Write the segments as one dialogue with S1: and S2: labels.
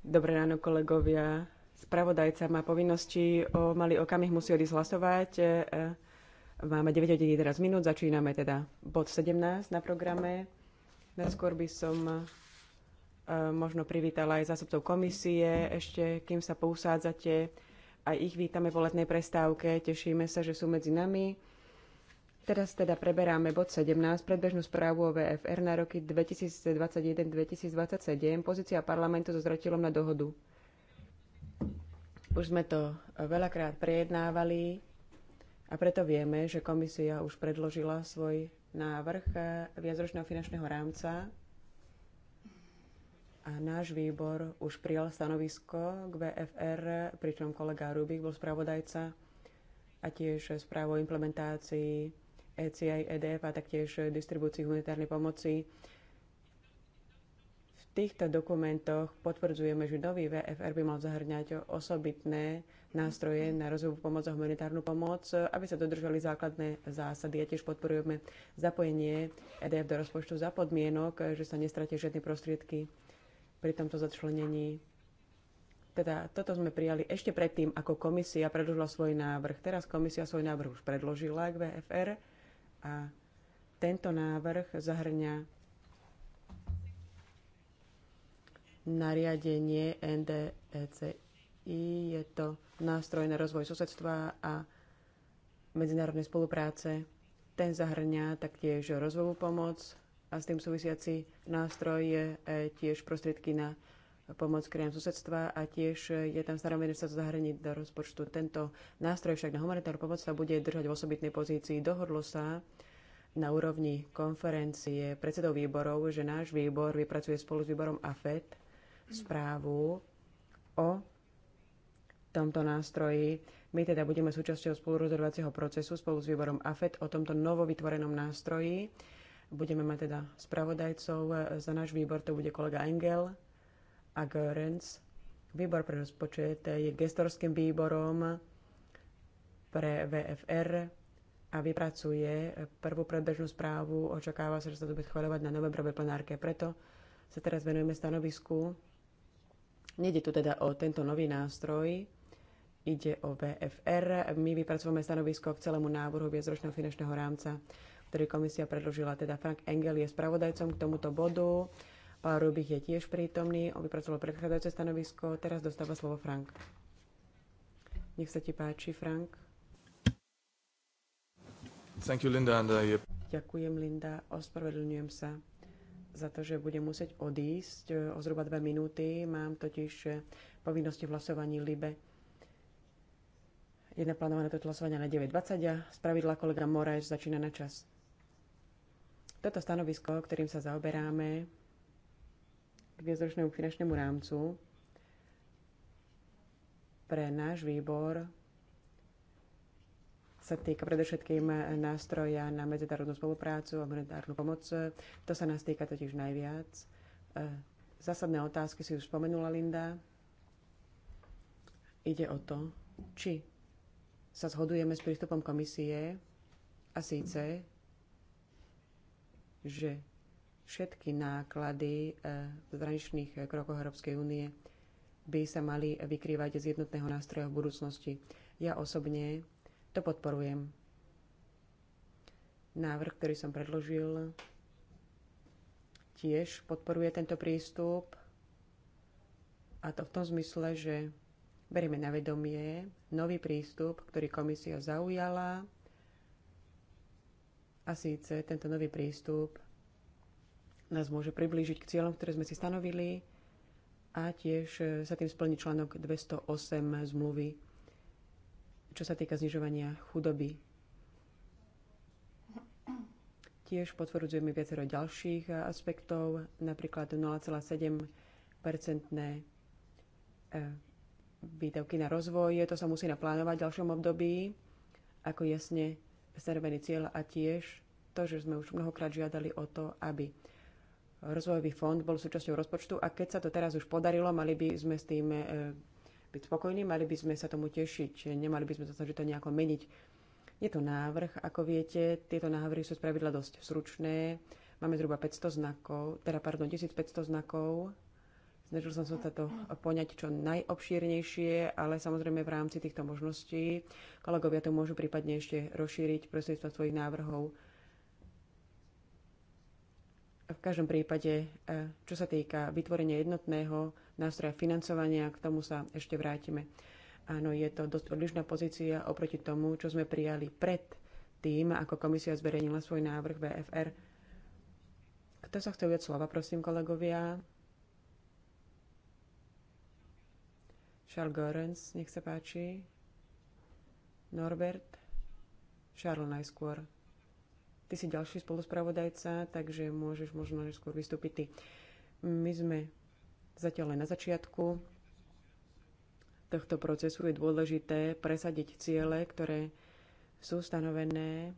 S1: Dobré ráno, kolegovia. Spravodajca má povinnosti, o malý okamih musí odísť hlasovať. E, máme 9 hodín 11 minút, začíname teda bod 17 na programe. Neskôr by som e, možno privítala aj zástupcov komisie, ešte kým sa pousádzate. Aj ich vítame po letnej prestávke, tešíme sa, že sú medzi nami Teraz teda preberáme bod 17, predbežnú správu o VFR na roky 2021-2027, pozícia parlamentu so zretilom na dohodu. Už sme to veľakrát prejednávali a preto vieme, že komisia už predložila svoj návrh viacročného finančného rámca a náš výbor už prijal stanovisko k VFR, pričom kolega Rubik bol spravodajca a tiež správu o implementácii ECI, EDF a taktiež distribúcii humanitárnej pomoci. V týchto dokumentoch potvrdzujeme, že nový VFR by mal zahrňať osobitné nástroje na rozvoj pomoc a humanitárnu pomoc, aby sa dodržali základné zásady. A tiež podporujeme zapojenie EDF do rozpočtu za podmienok, že sa nestratia žiadne prostriedky pri tomto začlenení teda toto sme prijali ešte predtým, ako komisia predložila svoj návrh. Teraz komisia svoj návrh už predložila k VFR a tento návrh zahrňa nariadenie NDECI. Je to nástroj na rozvoj susedstva a medzinárodnej spolupráce. Ten zahrňa taktiež rozvojovú pomoc a s tým súvisiaci nástroj je e, tiež prostriedky na pomoc krajinám susedstva a tiež je tam stará ministerstvo zahraniť do rozpočtu. Tento nástroj však na humanitárnu pomoc sa bude držať v osobitnej pozícii. Dohodlo sa na úrovni konferencie predsedov výborov, že náš výbor vypracuje spolu s výborom AFET správu o tomto nástroji. My teda budeme súčasťou spolurozhodovacieho procesu spolu s výborom AFET o tomto novovytvorenom nástroji. Budeme mať teda spravodajcov. Za náš výbor to bude kolega Engel, a Görens. Výbor pre rozpočet je gestorským výborom pre VFR a vypracuje prvú predbežnú správu. Očakáva sa, že sa to bude schváľovať na novembrovej plenárke. Preto sa teraz venujeme stanovisku. Nede tu teda o tento nový nástroj, ide o VFR. My vypracujeme stanovisko k celému návrhu viacročného finančného rámca, ktorý komisia predložila. Teda Frank Engel je spravodajcom k tomuto bodu. Pán Rubich je tiež prítomný, on vypracoval predchádzajúce stanovisko, teraz dostáva slovo Frank. Nech sa ti páči, Frank.
S2: Thank you, Linda, and, uh,
S1: Ďakujem, Linda. Ospravedlňujem sa za to, že budem musieť odísť e, o zhruba dve minúty. Mám totiž e, povinnosti v hlasovaní LIBE. Je naplánované toto hlasovanie na 9.20 a spravidla kolega Moraes začína na čas. Toto stanovisko, ktorým sa zaoberáme, k viacročnému finančnému rámcu pre náš výbor sa týka predovšetkým nástroja na medzinárodnú spoluprácu a humanitárnu pomoc. To sa nás týka totiž najviac. E, zásadné otázky si už spomenula Linda. Ide o to, či sa zhodujeme s prístupom komisie a síce, že všetky náklady e, v zraničných e, krokoch Európskej únie by sa mali vykrývať z jednotného nástroja v budúcnosti. Ja osobne to podporujem. Návrh, ktorý som predložil, tiež podporuje tento prístup a to v tom zmysle, že berieme na vedomie nový prístup, ktorý komisia zaujala a síce tento nový prístup nás môže priblížiť k cieľom, ktoré sme si stanovili a tiež e, sa tým splní článok 208 zmluvy, čo sa týka znižovania chudoby. Tiež potvrdzujeme viacero ďalších aspektov, napríklad 0,7-percentné e, výdavky na rozvoj. To sa musí naplánovať v ďalšom období ako jasne stanovený cieľ a tiež to, že sme už mnohokrát žiadali o to, aby rozvojový fond bol súčasťou rozpočtu a keď sa to teraz už podarilo, mali by sme s tým e, byť spokojní, mali by sme sa tomu tešiť, nemali by sme sa snažiť to nejako meniť. Je to návrh, ako viete, tieto návrhy sú spravidla dosť sručné, máme zhruba 500 znakov, teda pardon, 1500 znakov, Snažil som sa to poňať čo najobšírnejšie, ale samozrejme v rámci týchto možností kolegovia to môžu prípadne ešte rozšíriť prostredstvom svojich návrhov. V každom prípade, e, čo sa týka vytvorenia jednotného nástroja financovania, k tomu sa ešte vrátime. Áno, je to dosť odlišná pozícia oproti tomu, čo sme prijali pred tým, ako komisia zverejnila svoj návrh VFR. Kto sa chce ujať slova, prosím, kolegovia? Charles Gorens, nech sa páči. Norbert. Charles najskôr. Ty si ďalší spoluspravodajca, takže môžeš možno skôr vystúpiť ty. My sme zatiaľ len na začiatku tohto procesu. Je dôležité presadiť ciele, ktoré sú stanovené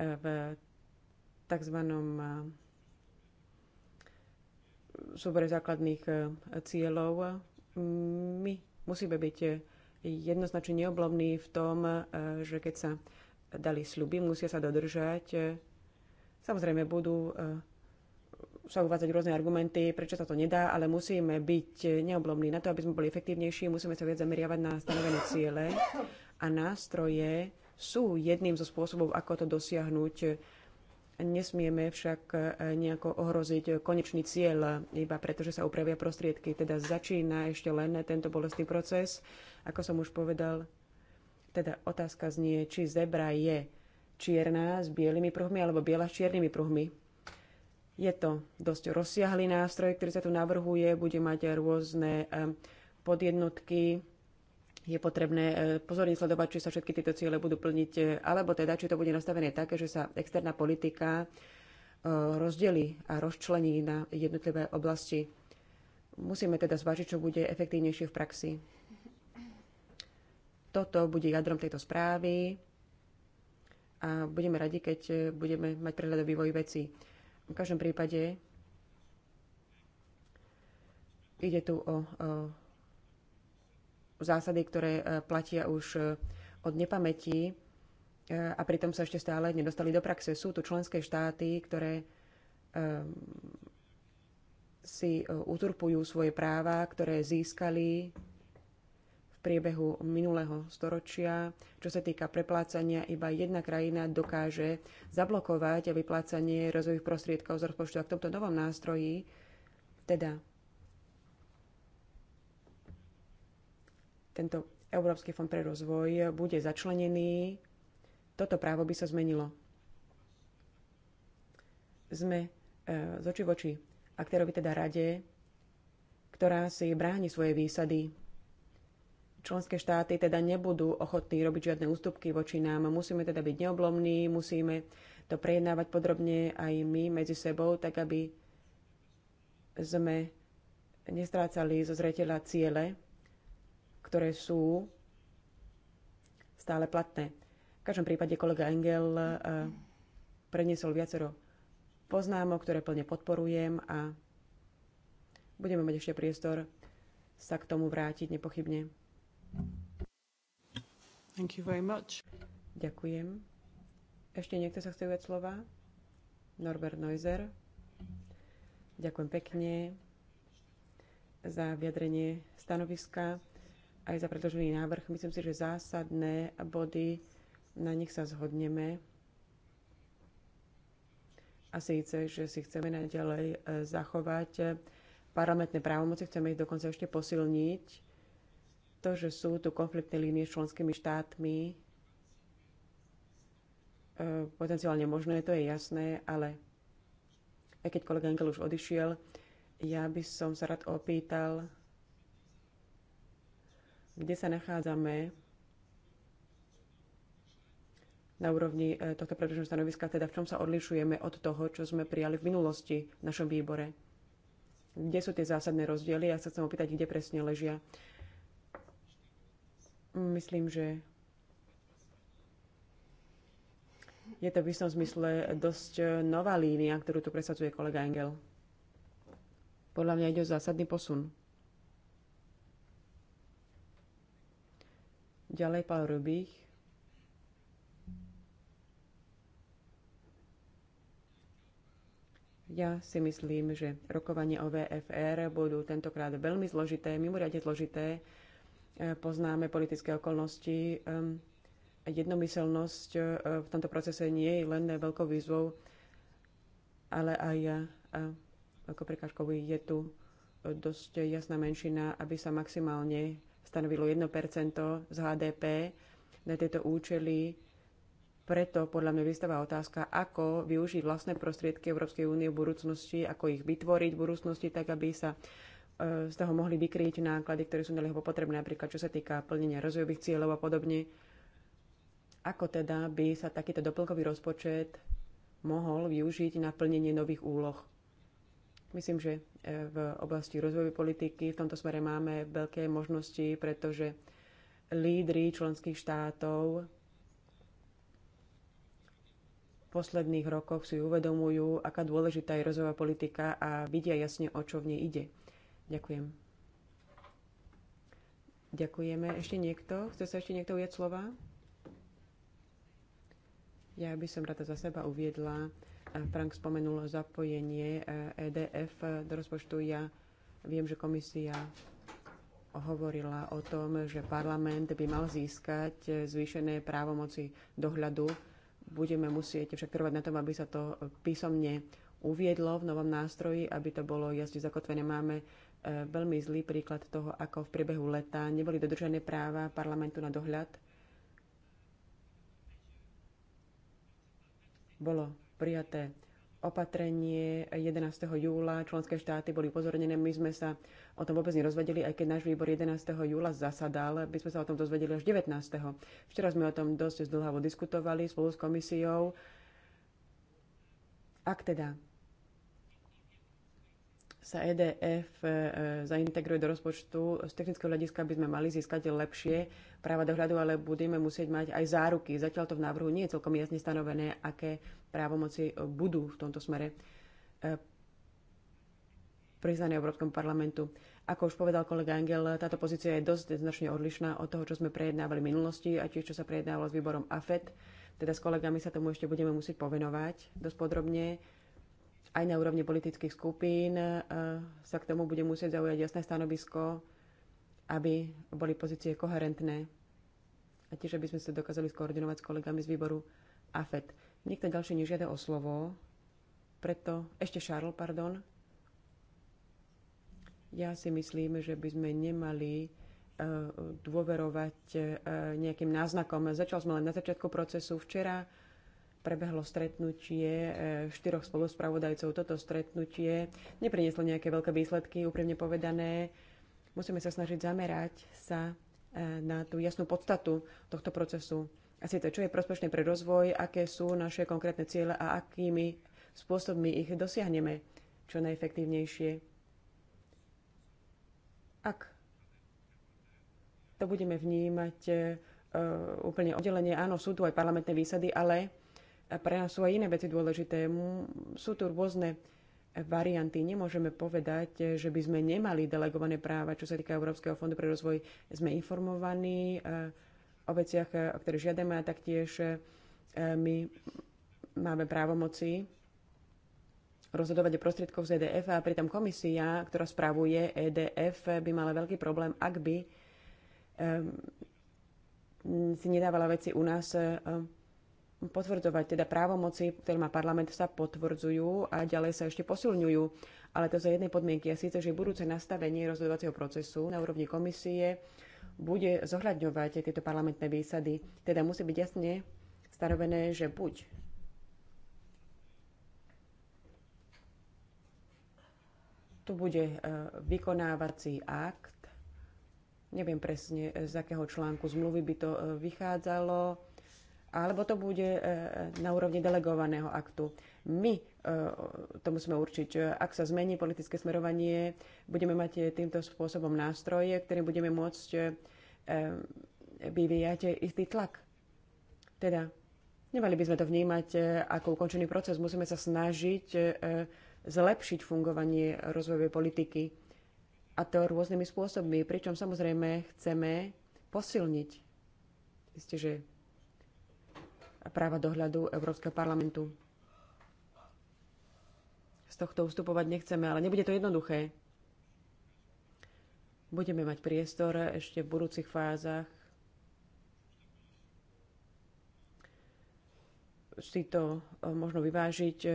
S1: eh, v tzv. Eh, súbore základných eh, cieľov. My musíme byť jednoznačne neoblomní v tom, že keď sa dali sľuby, musia sa dodržať. E, samozrejme budú e, sa uvádzať rôzne argumenty, prečo sa to nedá, ale musíme byť neoblomní. Na to, aby sme boli efektívnejší, musíme sa viac zameriavať na stanovené ciele a nástroje sú jedným zo spôsobov, ako to dosiahnuť. Nesmieme však e, nejako ohroziť konečný cieľ, iba pretože sa upravia prostriedky. Teda začína ešte len tento bolestný proces. Ako som už povedal, teda otázka znie, či zebra je čierna s bielými pruhmi alebo biela s čiernymi pruhmi. Je to dosť rozsiahlý nástroj, ktorý sa tu navrhuje, bude mať rôzne eh, podjednotky, je potrebné eh, pozorne sledovať, či sa všetky tieto ciele budú plniť, eh, alebo teda, či to bude nastavené také, že sa externá politika rozdeli a rozčlení na jednotlivé oblasti. Musíme teda zvážiť, čo bude efektívnejšie v praxi. Toto bude jadrom tejto správy a budeme radi, keď budeme mať prehľad o vývoji veci. V každom prípade ide tu o, o zásady, ktoré e, platia už e, od nepamäti e, a pritom sa ešte stále nedostali do praxe. Sú tu členské štáty, ktoré si uzurpujú svoje práva, ktoré získali v priebehu minulého storočia. Čo sa týka preplácania, iba jedna krajina dokáže zablokovať vyplácanie rozvojových prostriedkov z rozpočtu. A v tomto novom nástroji, teda tento Európsky fond pre rozvoj bude začlenený, toto právo by sa zmenilo. Sme e, z oči v oči aktérovi teda rade, ktorá si bráni svoje výsady Členské štáty teda nebudú ochotní robiť žiadne ústupky voči nám. Musíme teda byť neoblomní, musíme to prejednávať podrobne aj my medzi sebou, tak aby sme nestrácali zo zreteľa ciele, ktoré sú stále platné. V každom prípade kolega Engel eh, predniesol viacero poznámok, ktoré plne podporujem a budeme mať ešte priestor sa k tomu vrátiť nepochybne. Thank you very much. Ďakujem. Ešte niekto sa chce ujať slova? Norbert Neuser. Ďakujem pekne za vyjadrenie stanoviska aj za predložený návrh. Myslím si, že zásadné body, na nich sa zhodneme. A síce, že si chceme naďalej e, zachovať e, parlamentné právomoci, chceme ich dokonca ešte posilniť to, že sú tu konfliktné línie s členskými štátmi, e, potenciálne možné, to je jasné, ale aj keď kolega Engel už odišiel, ja by som sa rád opýtal, kde sa nachádzame na úrovni e, tohto predložného stanoviska, teda v čom sa odlišujeme od toho, čo sme prijali v minulosti v našom výbore. Kde sú tie zásadné rozdiely? Ja sa chcem opýtať, kde presne ležia. Myslím, že je to v istom zmysle dosť e, nová línia, ktorú tu presadzuje kolega Engel. Podľa mňa ide o zásadný posun. Ďalej pán Rubich. Ja si myslím, že rokovanie o VFR budú tentokrát veľmi zložité, mimoriadne zložité, poznáme politické okolnosti. Ehm, jednomyselnosť e, v tomto procese nie je len veľkou výzvou, ale aj e, e, ako prekážkou je tu dosť jasná menšina, aby sa maximálne stanovilo 1% z HDP na tieto účely. Preto podľa mňa vystáva otázka, ako využiť vlastné prostriedky Európskej únie v budúcnosti, ako ich vytvoriť v budúcnosti, tak aby sa z toho mohli vykryť náklady, ktoré sú naliehavo potrebné, napríklad čo sa týka plnenia rozvojových cieľov a podobne. Ako teda by sa takýto doplnkový rozpočet mohol využiť na plnenie nových úloh? Myslím, že e, v oblasti rozvojovej politiky v tomto smere máme veľké možnosti, pretože lídry členských štátov v posledných rokoch si uvedomujú, aká dôležitá je rozvojová politika a vidia jasne, o čo v nej ide. Ďakujem. Ďakujeme. Ešte niekto? Chce sa ešte niekto ujať slova? Ja by som rada za seba uviedla. Frank spomenul zapojenie EDF e do rozpočtu. Ja viem, že komisia hovorila o tom, že parlament by mal získať e, zvýšené právomoci dohľadu. Budeme musieť však trvať na tom, aby sa to e, písomne uviedlo v novom nástroji, aby to bolo jasne zakotvené. Máme E, veľmi zlý príklad toho, ako v priebehu leta neboli dodržané práva parlamentu na dohľad. Bolo prijaté opatrenie 11. júla. Členské štáty boli upozornené. My sme sa o tom vôbec nerozvedeli, aj keď náš výbor 11. júla zasadal. My sme sa o tom dozvedeli až 19. Včera sme o tom dosť zdlhavo diskutovali spolu s komisiou. Ak teda sa EDF e, e, zaintegruje do rozpočtu, z technického hľadiska by sme mali získať lepšie práva dohľadu, ale budeme musieť mať aj záruky. Zatiaľ to v návrhu nie je celkom jasne stanovené, aké právomoci budú v tomto smere e, priznané Európskom parlamentu. Ako už povedal kolega Angel, táto pozícia je dosť značne odlišná od toho, čo sme prejednávali v minulosti a tiež čo sa prejednávalo s výborom AFET. Teda s kolegami sa tomu ešte budeme musieť povenovať dosť podrobne aj na úrovni politických skupín e, sa k tomu bude musieť zaujať jasné stanovisko, aby boli pozície koherentné a tiež, aby sme sa dokázali skoordinovať s kolegami z výboru AFET. Nikto ďalší nežiada o slovo, preto ešte Charles, pardon. Ja si myslím, že by sme nemali e, dôverovať e, nejakým náznakom. Začal sme len na začiatku procesu. Včera prebehlo stretnutie eh, štyroch spoluspravodajcov. Toto stretnutie neprinieslo nejaké veľké výsledky, úprimne povedané. Musíme sa snažiť zamerať sa eh, na tú jasnú podstatu tohto procesu. A síce, čo je prospešné pre rozvoj, aké sú naše konkrétne ciele a akými spôsobmi ich dosiahneme čo najefektívnejšie. Ak to budeme vnímať eh, úplne oddelenie. Áno, sú tu aj parlamentné výsady, ale pre nás sú aj iné veci dôležité. Sú tu rôzne varianty. Nemôžeme povedať, že by sme nemali delegované práva, čo sa týka Európskeho fondu pre rozvoj. Sme informovaní e, o veciach, e, o ktorých žiadame a taktiež e, my máme právomoci rozhodovať o prostriedkoch z EDF a pritom komisia, ktorá spravuje EDF, by mala veľký problém, ak by si nedávala veci u nás potvrdzovať. Teda právomoci, ktoré má parlament, sa potvrdzujú a ďalej sa ešte posilňujú. Ale to za jednej podmienky a síce, že budúce nastavenie rozhodovacieho procesu na úrovni komisie bude zohľadňovať tieto parlamentné výsady. Teda musí byť jasne stanovené, že buď tu bude e, vykonávací akt, neviem presne z akého článku zmluvy by to e, vychádzalo, alebo to bude e, e, na úrovni delegovaného aktu. My e, to musíme určiť. Ak sa zmení politické smerovanie, budeme mať týmto spôsobom nástroje, ktorým budeme môcť vyvíjať istý tlak. Teda, nemali by sme to vnímať ako ukončený proces. Musíme sa snažiť zlepšiť fungovanie rozvojovej politiky. A to rôznymi spôsobmi, pričom samozrejme chceme posilniť. Isté, že práva dohľadu Európskeho parlamentu. Z tohto ustupovať nechceme, ale nebude to jednoduché. Budeme mať priestor ešte v budúcich fázach si to eh, možno vyvážiť, eh,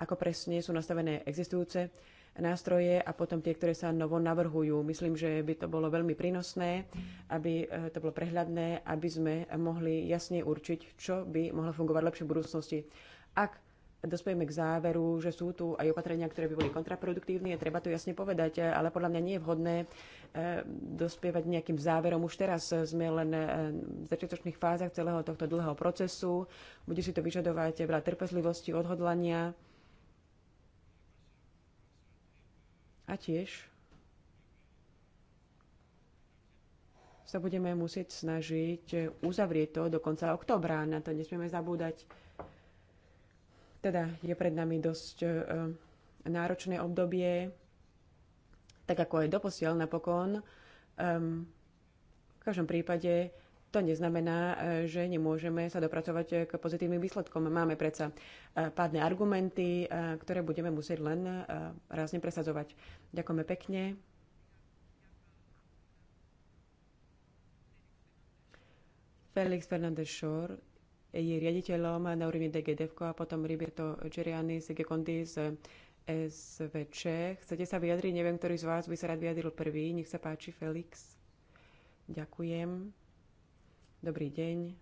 S1: ako presne sú nastavené existujúce nástroje a potom tie, ktoré sa novo navrhujú. Myslím, že by to bolo veľmi prínosné, aby e, to bolo prehľadné, aby sme mohli jasne určiť, čo by mohlo fungovať lepšie v budúcnosti. Ak dospejeme k záveru, že sú tu aj opatrenia, ktoré by boli kontraproduktívne, je treba to jasne povedať, ale podľa mňa nie je vhodné e, dospievať nejakým záverom. Už teraz sme len e, v začiatočných fázach celého tohto dlhého procesu. Bude si to vyžadovať veľa trpezlivosti, odhodlania A tiež sa budeme musieť snažiť uzavrieť to do konca oktobra. Na to nesmieme zabúdať. Teda je pred nami dosť e, náročné obdobie, tak ako aj doposiaľ napokon. Um, v každom prípade to neznamená, e, že nemôžeme sa dopracovať e, k pozitívnym výsledkom. Máme predsa e, pádne argumenty, ktoré budeme musieť len rázne presadzovať. Ďakujeme pekne. Felix Fernández Šor je riaditeľom na úrovni DGDFko a potom Riberto Geriani Gekondy z SVČ. Chcete sa vyjadriť? Neviem, ktorý z vás by sa rád vyjadril prvý. Nech sa páči, Felix. Ďakujem. Dobrý deň.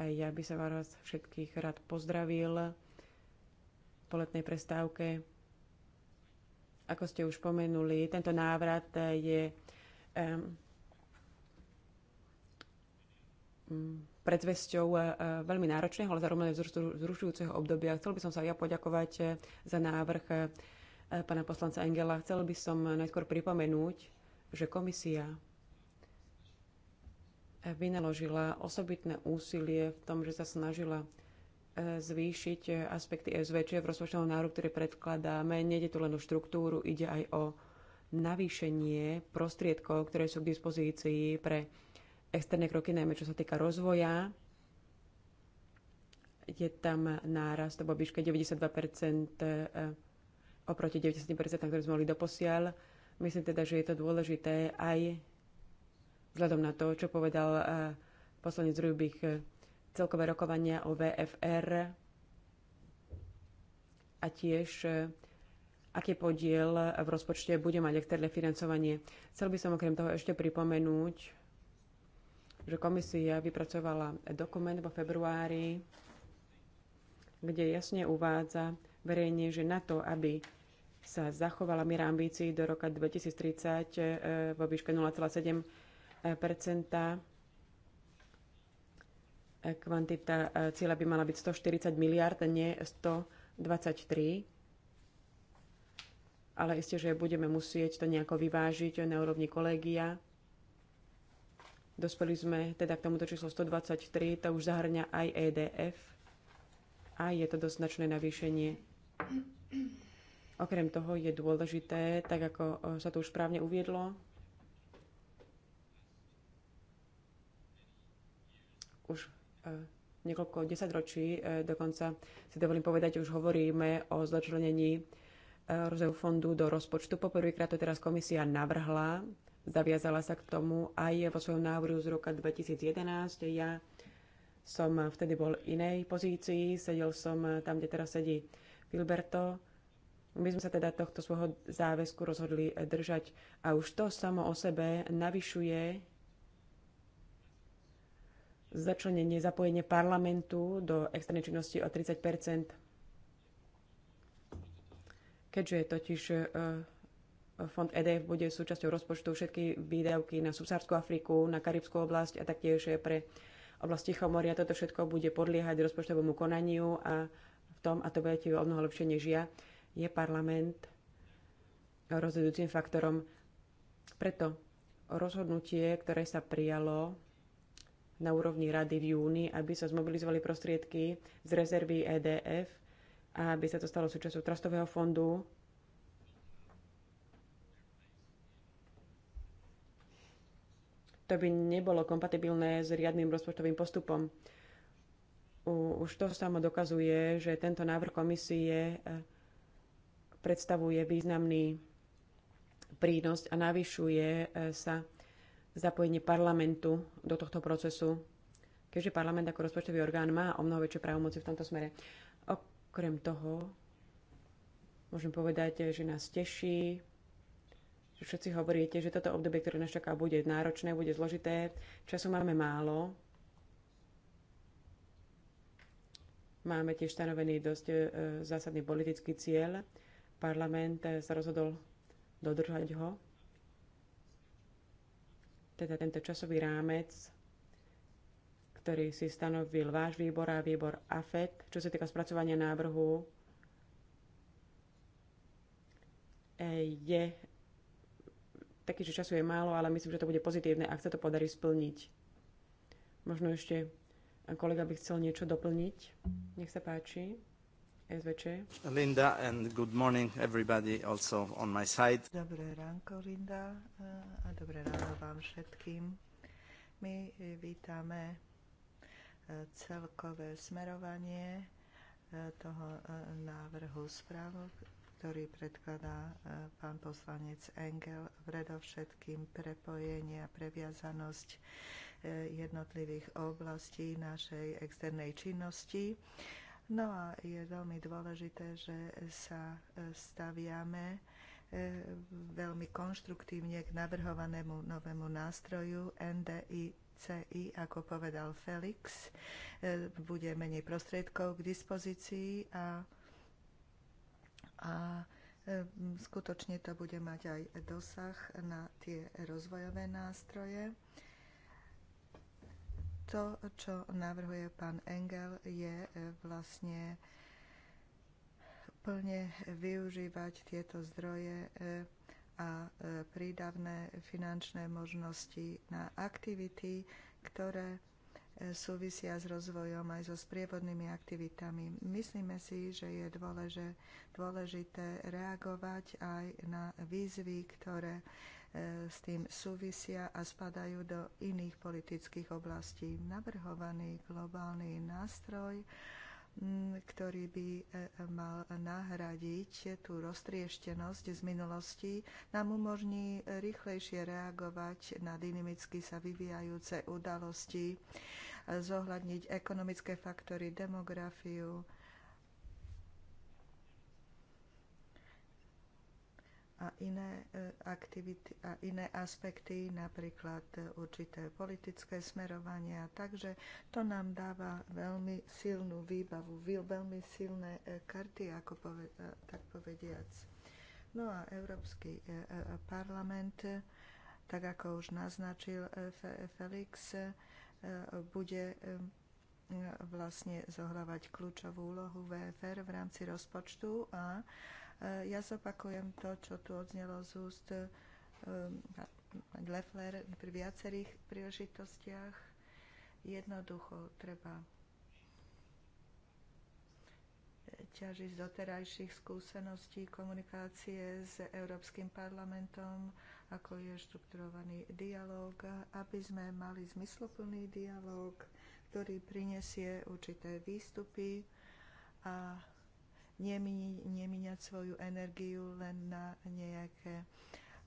S1: Aj ja by sa vás všetkých rád pozdravil po letnej prestávke. Ako ste už pomenuli, tento návrat je um, predzvesťou e, e, veľmi náročného, ale zároveň zrušujúceho obdobia. Chcel by som sa ja poďakovať e, za návrh pána poslanca Engela. Chcel by som najskôr pripomenúť, že komisia vynaložila osobitné úsilie v tom, že sa snažila e, zvýšiť e, aspekty SVČ v rozpočtovom náru, ktoré predkladáme. Nede tu len o štruktúru, ide aj o navýšenie prostriedkov, ktoré sú k dispozícii pre externé kroky, najmä čo sa týka rozvoja. Je tam nárast vo výške 92% e, oproti 90%, ktoré sme mali doposiaľ. Myslím teda, že je to dôležité aj vzhľadom na to, čo povedal eh, poslanec Rubich, eh, celkové rokovania o VFR a tiež eh, aký podiel v rozpočte bude mať externé financovanie. Chcel by som okrem toho ešte pripomenúť, že komisia vypracovala dokument vo februári, kde jasne uvádza verejne, že na to, aby sa zachovala miera ambícií do roka 2030 vo výške 0,7 E, kvantita e, cieľa by mala byť 140 miliard, nie 123. Ale isté, že budeme musieť to nejako vyvážiť na úrovni kolegia. Dospeli sme teda k tomuto číslo 123, to už zahrňa aj EDF a je to dosť značné navýšenie. Okrem toho je dôležité, tak ako e, sa to už správne uviedlo, už e, niekoľko desaťročí, e, dokonca si dovolím povedať, už hovoríme o začlenení e, rozvoju fondu do rozpočtu. Poprvýkrát to teraz komisia navrhla, zaviazala sa k tomu aj vo svojom návrhu z roka 2011. Ja som vtedy bol v inej pozícii, sedel som tam, kde teraz sedí Filberto. My sme sa teda tohto svojho záväzku rozhodli držať a už to samo o sebe navyšuje začlenenie, zapojenie parlamentu do externej činnosti o 30 Keďže totiž e, fond EDF bude súčasťou rozpočtu všetky výdavky na subsárskú Afriku, na Karibskú oblasť a taktiež pre oblasti Chomoria. Toto všetko bude podliehať rozpočtovému konaniu a v tom, a to budete o mnoho lepšie než ja, je parlament rozhodujúcim faktorom. Preto rozhodnutie, ktoré sa prijalo na úrovni rady v júni, aby sa zmobilizovali prostriedky z rezervy EDF a aby sa to stalo súčasťou trastového fondu. To by nebolo kompatibilné s riadnym rozpočtovým postupom. Už to samo dokazuje, že tento návrh komisie eh, predstavuje významný prínos a navyšuje eh, sa zapojenie parlamentu do tohto procesu, keďže parlament ako rozpočtový orgán má o mnoho väčšie právomoci v tomto smere. Okrem toho, môžem povedať, že nás teší, že všetci hovoríte, že toto obdobie, ktoré nás čaká, bude náročné, bude zložité, času máme málo, Máme tiež stanovený dosť e, zásadný politický cieľ. Parlament e, sa rozhodol dodržať ho teda tento časový rámec, ktorý si stanovil váš výbor a výbor AFET, čo sa týka spracovania návrhu, e, je taký, že času je málo, ale myslím, že to bude pozitívne, ak sa to podarí splniť. Možno ešte kolega by chcel niečo doplniť. Nech sa páči.
S3: Linda and good morning everybody also on my side.
S1: Dobré ránko Linda a
S3: dobré ráno vám všetkým. My eh, vítame eh, celkové smerovanie eh, toho návrhu správ, ktorý predkladá pán poslanec Engel, predovšetkým prepojenie a previazanosť jednotlivých oblastí našej externej činnosti No a je veľmi dôležité, že sa e, staviame e, veľmi konštruktívne k navrhovanému novému nástroju NDI CI, ako povedal Felix, e, bude menej prostriedkov k dispozícii a, a skutočne to bude mať aj dosah na tie rozvojové nástroje to, čo navrhuje pán Engel, je e, vlastne plne využívať tieto zdroje e, a e, prídavné finančné možnosti na aktivity, ktoré súvisia s rozvojom aj so sprievodnými aktivitami. Myslíme si, že je dôležité reagovať aj na výzvy, ktoré s tým súvisia a spadajú do iných politických oblastí. Navrhovaný globálny nástroj, mm, ktorý by e, e, mal nahradiť tú roztrieštenosť z minulosti, nám umožní rýchlejšie reagovať na dynamicky sa vyvíjajúce udalosti, e, zohľadniť ekonomické faktory, demografiu, a iné e, aktivity a iné aspekty, napríklad e, určité politické smerovania. Takže to nám dáva veľmi silnú výbavu, veľmi silné e, karty, ako poved, tak povediac. No a Európsky parlament, tak ako už naznačil Felix, bude vlastne zohrávať kľúčovú úlohu VFR v rámci rozpočtu a E, ja zopakujem to, čo tu odznelo z úst e, Leffler pri viacerých príležitostiach. Jednoducho treba e, ťažiť z doterajších skúseností komunikácie s Európskym parlamentom, ako je štrukturovaný dialog, aby sme mali zmysloplný dialog, ktorý prinesie určité výstupy a nemíňať svoju energiu len na nejaké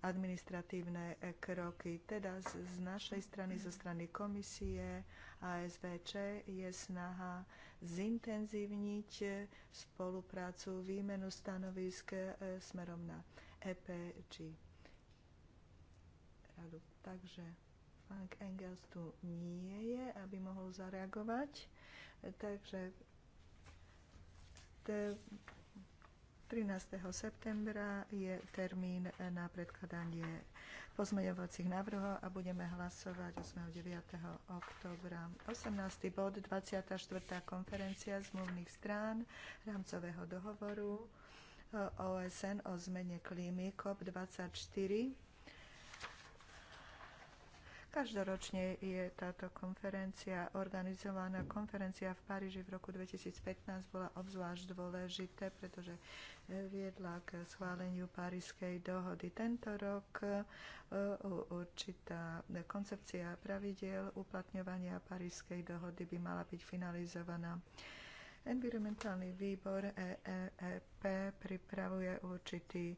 S3: administratívne eh, kroky. Teda z, z našej strany, zo strany komisie ASVČ je snaha zintenzívniť eh, spoluprácu, výmenu stanovisk eh, smerom na EPG. Takže Frank Engels tu nie je, aby mohol zareagovať. Takže 13. septembra je termín na predkladanie pozmeňovacích návrhov a budeme hlasovať 8. 9. oktobra. 18. bod, 24. konferencia zmluvných strán rámcového dohovoru e, OSN o zmene klímy COP24 Každoročne je táto konferencia organizovaná. Konferencia v Paríži v roku 2015 bola obzvlášť dôležité, pretože e, viedla k schváleniu Parískej dohody. Tento rok e, určitá koncepcia pravidiel uplatňovania Parískej dohody by mala byť finalizovaná. Environmentálny výbor EEP pripravuje určitý e,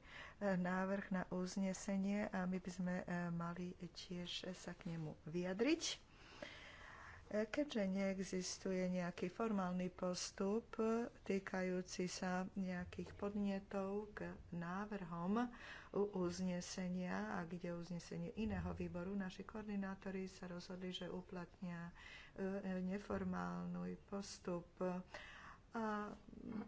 S3: návrh na uznesenie a my by sme e, mali tiež sa k nemu vyjadriť. E, keďže neexistuje nejaký formálny postup týkajúci sa nejakých podnetov k návrhom u uznesenia a kde uznesenie iného výboru, naši koordinátori sa rozhodli, že uplatnia neformálny postup a,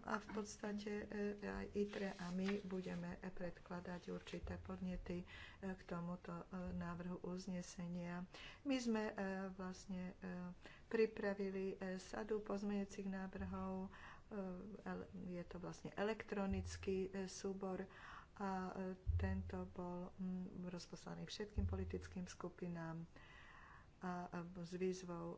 S3: a v podstate e, aj ITRE a my budeme predkladať určité podnety e, k tomuto e, návrhu uznesenia. My sme vlastne pripravili sadu pozmeňujúcich návrhov, je to vlastne elektronický súbor a tento bol rozposlaný všetkým politickým skupinám a s výzvou, e,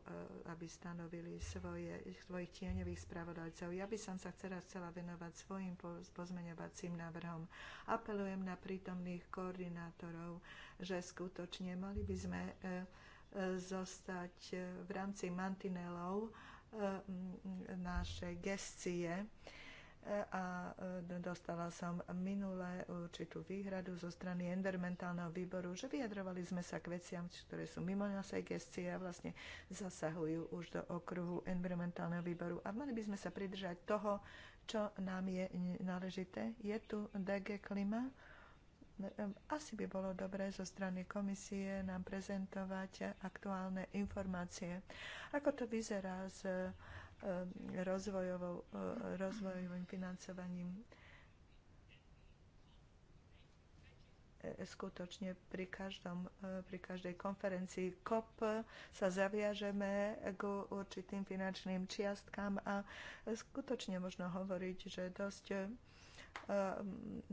S3: aby stanovili svoje, svojich tieňových spravodajcov. Ja by som sa teraz chcela venovať svojim pozmeňovacím návrhom. Apelujem na prítomných koordinátorov, že skutočne mali by sme e, e, zostať v rámci mantinelov našej gestie a e, dostala som minule určitú výhradu zo strany endermentálneho výboru, že vyjadrovali sme sa k veciam, ktoré sú mimo našej gestie a vlastne zasahujú už do okruhu environmentálneho výboru. A mali by sme sa pridržať toho, čo nám je náležité. Je tu DG Klima. Asi by bolo dobré zo strany komisie nám prezentovať aktuálne informácie. Ako to vyzerá s E, rozvojovou, e, rozvojovým financovaním e, skutočne pri, každom, pri každej konferencii COP sa zaviažeme k určitým finančným čiastkám a skutočne možno hovoriť, že dosť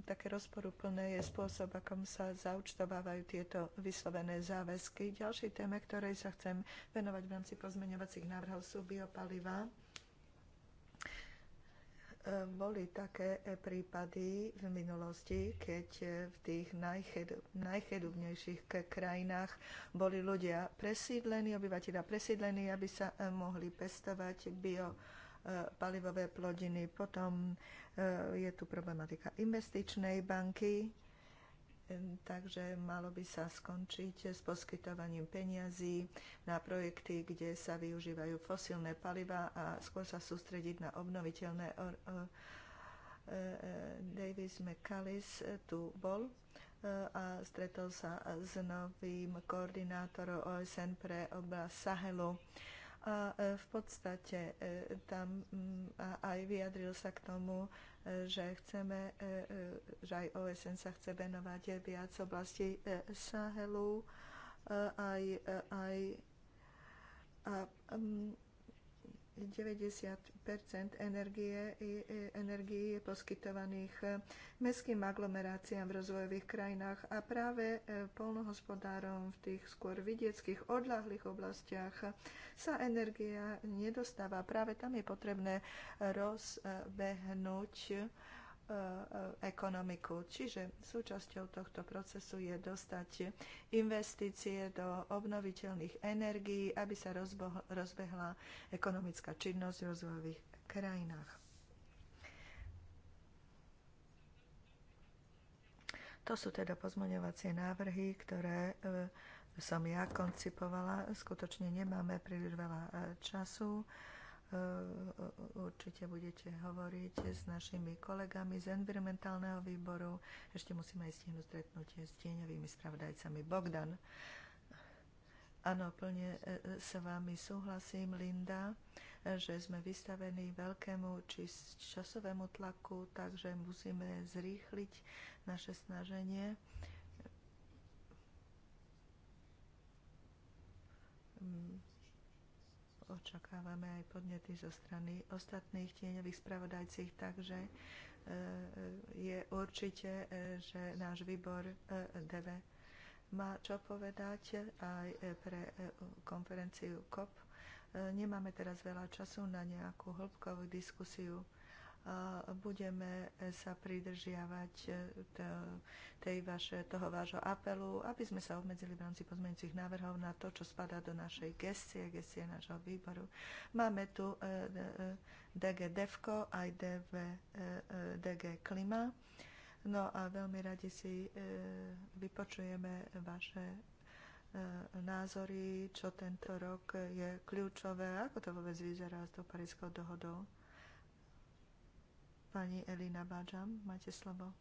S3: také rozporúplné je spôsob, akom sa zaučtovávajú tieto vyslovené záväzky. Ďalšej téme, ktorej sa chcem venovať v rámci pozmeňovacích návrhov, sú biopaliva. E, boli také e, prípady v minulosti, keď e, v tých najchedubnejších krajinách boli ľudia presídlení, obyvateľa presídlení, aby sa mohli pestovať biopaliva E, palivové plodiny. Potom e, je tu problematika investičnej banky, e, takže malo by sa skončiť s poskytovaním peniazí na projekty, kde sa využívajú fosílne paliva a skôr sa sústrediť na obnoviteľné. Davis McCallis tu bol a stretol sa s novým koordinátorom OSN pre oblasť Sahelu a e, v podstate e, tam mm, aj vyjadril sa k tomu, e, že chceme, že aj OSN sa chce venovať viac oblasti Sahelu, aj, aj a, mm, 90 energie, energie je poskytovaných mestským aglomeráciám v rozvojových krajinách a práve e, polnohospodárom v tých skôr vidieckých odľahlých oblastiach sa energia nedostáva. Práve tam je potrebné rozbehnúť E, e, ekonomiku. Čiže súčasťou tohto procesu je dostať investície do obnoviteľných energií, aby sa rozbehla ekonomická činnosť v rozvojových krajinách. To sú teda pozmoňovacie návrhy, ktoré e, som ja koncipovala. Skutočne nemáme príliš veľa času. E, určite budete hovoriť s našimi kolegami z environmentálneho výboru. Ešte musíme aj stihnúť stretnutie s tieňovými spravodajcami. Bogdan. Áno, plne e, e, s vami súhlasím, Linda, že sme vystavení veľkému či časovému tlaku, takže musíme zrýchliť naše snaženie. Mm očakávame aj podnety zo strany ostatných tieňových spravodajcích, takže e, e, je určite, e, že náš výbor DV má čo povedať aj pre konferenciu COP. Nemáme teraz veľa času na nejakú hĺbkovú diskusiu a budeme sa pridržiavať e, tej vaše, toho vášho apelu, aby sme sa obmedzili v rámci pozmeňujúcich návrhov na to, čo spadá do našej gestie, gestie nášho výboru. Máme tu e, DG e, DEVKO aj DV, DG Klima. No a veľmi radi si vypočujeme vaše názory, čo tento rok je kľúčové, ako to vôbec vyzerá s tou Parískou dohodou. Pani Elina Bádžam, máte slovo.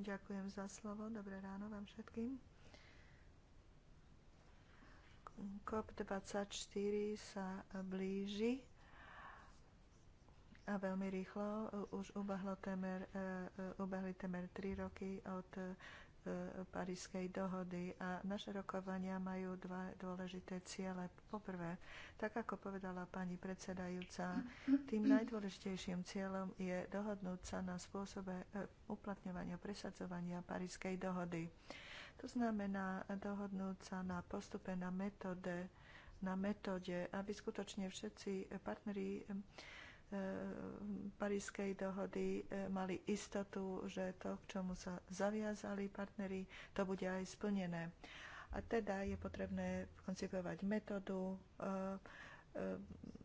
S3: Ďakujem za slovo. Dobré ráno vám všetkým. COP24 sa blíži a veľmi rýchlo. Už ubehlo temer, e, e, ubehli temer 3 roky od E, Parískej dohody a naše rokovania majú dva dôležité ciele. Poprvé, tak ako povedala pani predsedajúca, tým najdôležitejším cieľom je dohodnúť sa na spôsobe e, uplatňovania, presadzovania Parískej dohody. To znamená dohodnúť sa na postupe, na metóde, na metode, aby skutočne všetci partneri E, Parískej dohody e, mali istotu, že to, k čomu sa zaviazali partnery, to bude aj splnené. A teda je potrebné koncipovať metódu, e,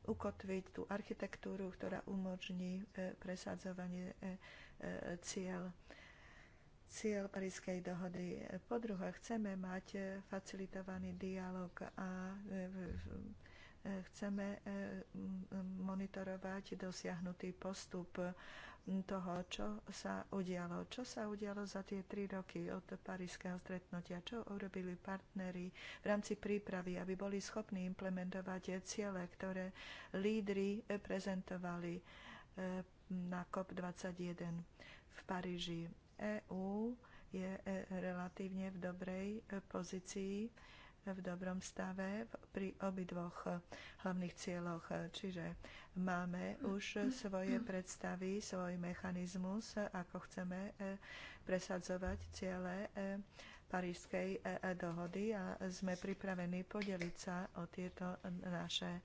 S3: ukotviť tú architektúru, ktorá umožní presadzovanie cieľ cieľ Parískej dohody. Po druhé, chceme mať facilitovaný dialog a chceme e, monitorovať dosiahnutý postup toho, čo sa udialo. Čo sa udialo za tie tri roky od parížského stretnutia? Čo urobili partnery v rámci prípravy, aby boli schopní implementovať ciele, ktoré lídry prezentovali e, na COP21 v Paríži? EÚ e je relatívne v dobrej pozícii v dobrom stave pri obidvoch hlavných cieľoch. Čiže máme už svoje predstavy, svoj mechanizmus, ako chceme e, presadzovať ciele e, Parískej e, dohody a sme pripravení podeliť sa o tieto naše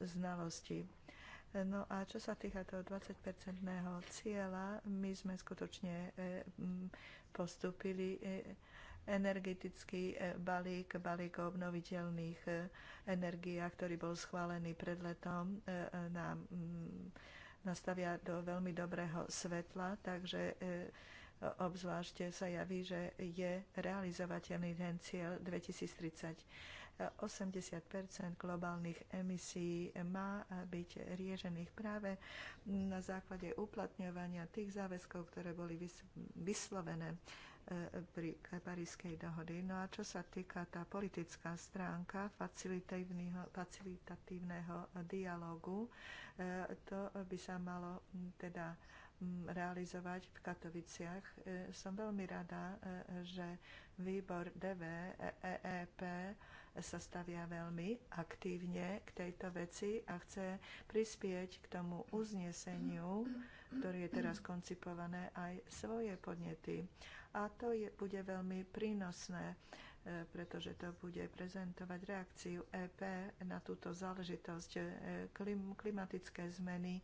S3: znalosti. No a čo sa týka toho 20-percentného cieľa, my sme skutočne postupili energetický e, balík, balík o obnoviteľných e, energiách, ktorý bol schválený pred letom, e, nám mm, nastavia do veľmi dobrého svetla, takže obzvlášť sa javí, že je realizovateľný ten cieľ 2030. 80 globálnych emisí má byť riežených práve na základe uplatňovania tých záväzkov, ktoré boli vyslovené E, pri e, Parískej dohody. No a čo sa týka tá politická stránka facilitatívneho dialogu, e, to by sa malo teda realizovať v Katoviciach. E, som veľmi rada, e, že výbor DV EEP e sa stavia veľmi aktívne k tejto veci a chce prispieť k tomu uzneseniu, ktoré je teraz koncipované, aj svoje podnety. A to je, bude veľmi prínosné pretože to bude prezentovať reakciu EP na túto záležitosť klim, klimatické zmeny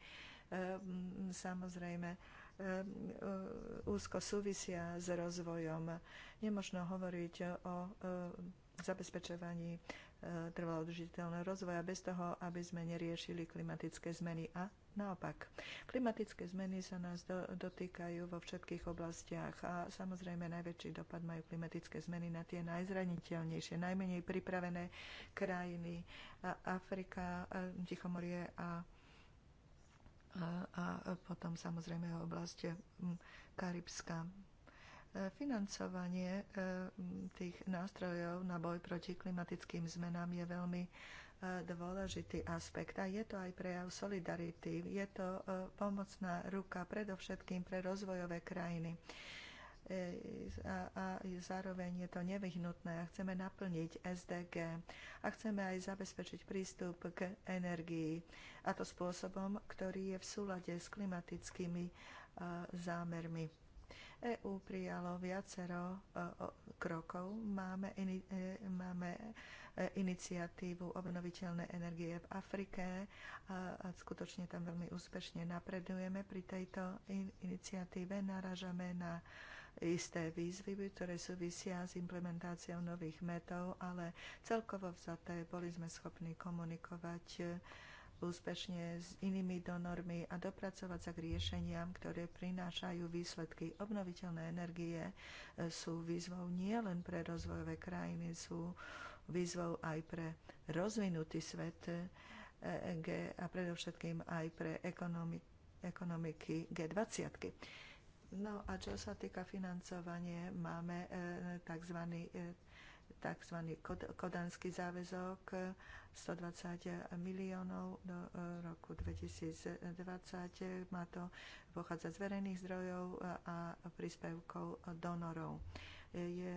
S3: Ehm, samozrejme ehm, e, úzko súvisia s rozvojom. Nemožno hovoriť o e, zabezpečovaní e, trvalo rozvoja bez toho, aby sme neriešili klimatické zmeny a naopak. Klimatické zmeny sa nás do, dotýkajú vo všetkých oblastiach a samozrejme najväčší dopad majú klimatické zmeny na tie najzraniteľnejšie, najmenej pripravené krajiny Afrika, Tichomorie a a potom samozrejme oblasť Karibská. E, financovanie e, tých nástrojov na boj proti klimatickým zmenám je veľmi e, dôležitý aspekt a je to aj prejav solidarity. Je to pomocná ruka predovšetkým pre rozvojové krajiny. E, a, a zároveň je to nevyhnutné a chceme naplniť SDG a chceme aj zabezpečiť prístup k energii a to spôsobom, ktorý je v súlade s klimatickými e, zámermi. EU prijalo viacero e, krokov. Máme, in, máme iniciatívu obnoviteľnej energie v Afrike a, a skutočne tam veľmi úspešne napredujeme. Pri tejto in, iniciatíve naražame na isté výzvy, ktoré súvisia s implementáciou nových metov, ale celkovo vzaté boli sme schopní komunikovať e, úspešne s inými donormi a dopracovať sa k riešeniam, ktoré prinášajú výsledky. Obnoviteľné energie e, sú výzvou nielen pre rozvojové krajiny, sú výzvou aj pre rozvinutý svet e, a predovšetkým aj pre ekonomiky G20. No a čo sa týka financovanie, máme e, tzv. E, tzv. kodanský záväzok 120 e, miliónov do roku 2020. Má to pochádza z verejných zdrojov a príspevkov donorov. Je,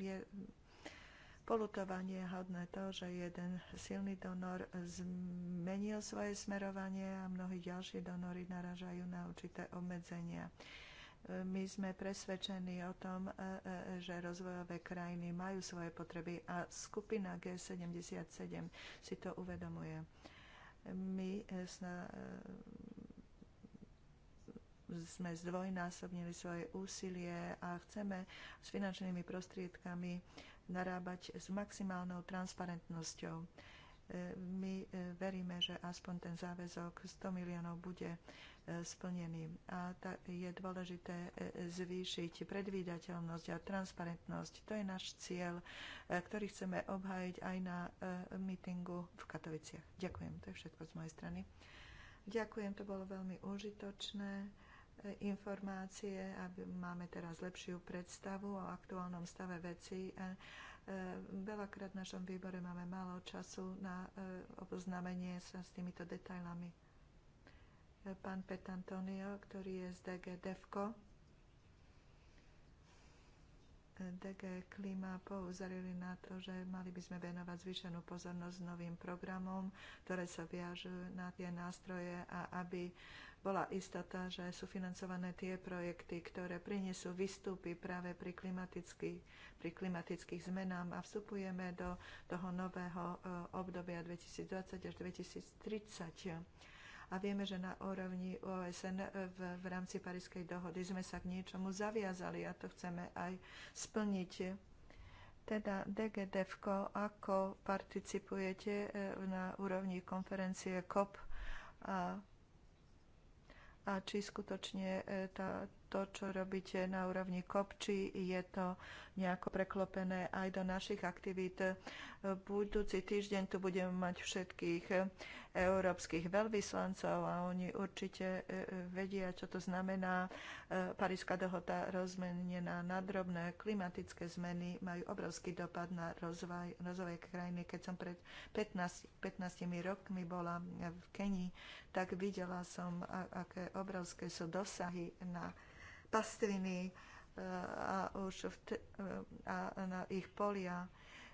S3: je Polutovanie hodné to, že jeden silný donor zmenil svoje smerovanie a mnohí ďalší donory naražajú na určité obmedzenia. My sme presvedčení o tom, e, e, že rozvojové krajiny majú svoje potreby a skupina G77 si to uvedomuje. My e, sme zdvojnásobnili svoje úsilie a chceme s finančnými prostriedkami narábať s maximálnou transparentnosťou. E, my e, veríme, že aspoň ten záväzok 100 miliónov bude e, splnený. A je dôležité zvýšiť predvídateľnosť a transparentnosť. To je náš cieľ, ktorý chceme obhájiť aj na mítingu v Katoviciach. Ďakujem, to je všetko z mojej strany. Ďakujem, to bolo veľmi užitočné informácie, aby máme teraz lepšiu predstavu o aktuálnom stave veci. E, e, veľakrát v našom výbore máme málo času na e, oboznámenie sa s týmito detailami. Pán Antonio, ktorý je z DG DEFCO, DG Klima pouzarili na to, že mali by sme venovať zvýšenú pozornosť novým programom, ktoré sa viažujú na tie nástroje a aby bola istota, že sú financované tie projekty, ktoré prinesú výstupy práve pri, klimatický, pri klimatických zmenám a vstupujeme do toho nového e, obdobia 2020 až 2030 a vieme, že na úrovni OSN e, v, v rámci Parískej dohody sme sa k niečomu zaviazali a to chceme aj splniť. Teda DGDFko, ako participujete e, na úrovni konferencie COP a a či skutočne e, tá, to, čo robíte na úrovni kopčí, je to nejako preklopené aj do našich aktivít. E, budúci týždeň tu budeme mať všetkých európskych veľvyslancov a oni určite e, e, vedia, čo to znamená. E, Paríska dohoda rozmenená na drobné. Klimatické zmeny majú obrovský dopad na rozvoj, rozvoj krajiny. Keď som pred 15, 15 rokmi bola v Kenii, tak videla som, aké obrovské sú dosahy na pastviny a, už a na ich polia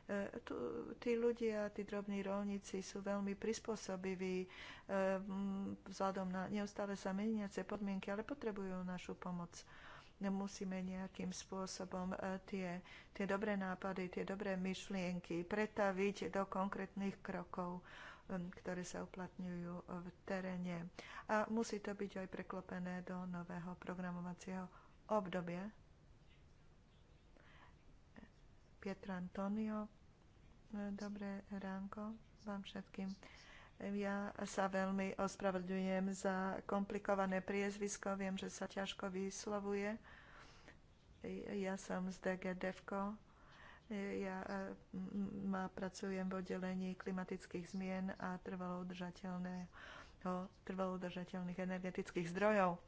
S3: E, tu, tí ľudia, tí drobní rolníci sú veľmi prispôsobiví e, vzhľadom na neustále sa meniace podmienky, ale potrebujú našu pomoc. Musíme nejakým spôsobom e, tie, tie dobré nápady, tie dobré myšlienky pretaviť do konkrétnych krokov ktoré sa uplatňujú v teréne. A musí to byť aj preklopené do nového programovacieho obdobia, Pietro Antonio. Dobré ránko vám všetkým. Ja sa veľmi ospravedlňujem za komplikované priezvisko. Viem, že sa ťažko vyslovuje. Ja som z DGDFko. Ja e, ma pracujem v oddelení klimatických zmien a trvalo trvalo udržateľných energetických zdrojov. Uh,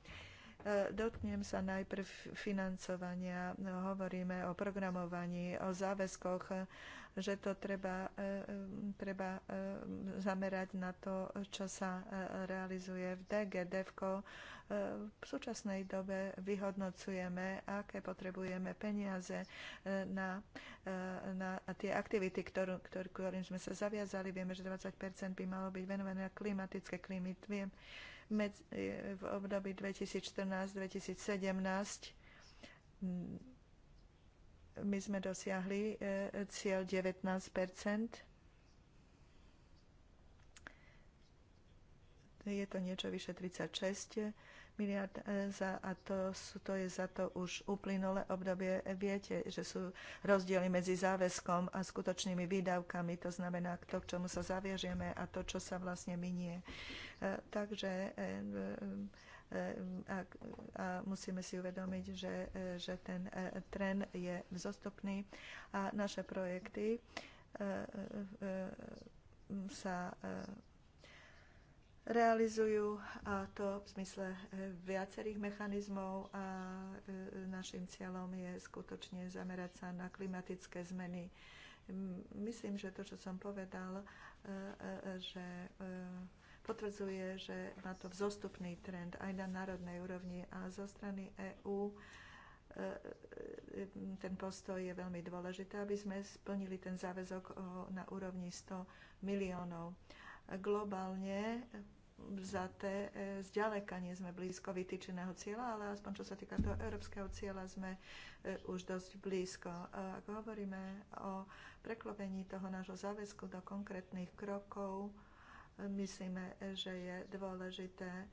S3: Dotknem sa najprv financovania. Hovoríme o programovaní, o záväzkoch, že to treba, e, treba e, zamerať na to, čo sa e, realizuje v DGDFko. V súčasnej dobe vyhodnocujeme, aké potrebujeme peniaze na, na tie aktivity, ktorú, ktorým sme sa zaviazali. Vieme, že 20 by malo byť venované klimatické klímy. Viem, med, e, v období 2014-2017 my sme dosiahli e, cieľ 19 Je to niečo vyše 36 miliard e, za, a to, sú, to je za to už uplynulé obdobie. Viete, že sú rozdiely medzi záväzkom a skutočnými výdavkami, to znamená to, k čomu sa zaviažeme a to, čo sa vlastne minie. E, takže e, a, a musíme si uvedomiť, že, že ten trend je vzostupný a naše projekty sa realizujú a to v zmysle e, viacerých mechanizmov a e, našim cieľom je skutočne zamerať sa na klimatické zmeny. Myslím, že to, čo som povedal, e, že potvrdzuje, že má to vzostupný trend aj na národnej úrovni a zo strany EÚ ten postoj je veľmi dôležitý, aby sme splnili ten záväzok na úrovni 100 miliónov globálne vzaté, e, zďaleka nie sme blízko vytýčeného cieľa, ale aspoň čo sa týka toho európskeho cieľa, sme e, už dosť blízko. Ak hovoríme o preklopení toho nášho záväzku do konkrétnych krokov, myslíme, že je dôležité e,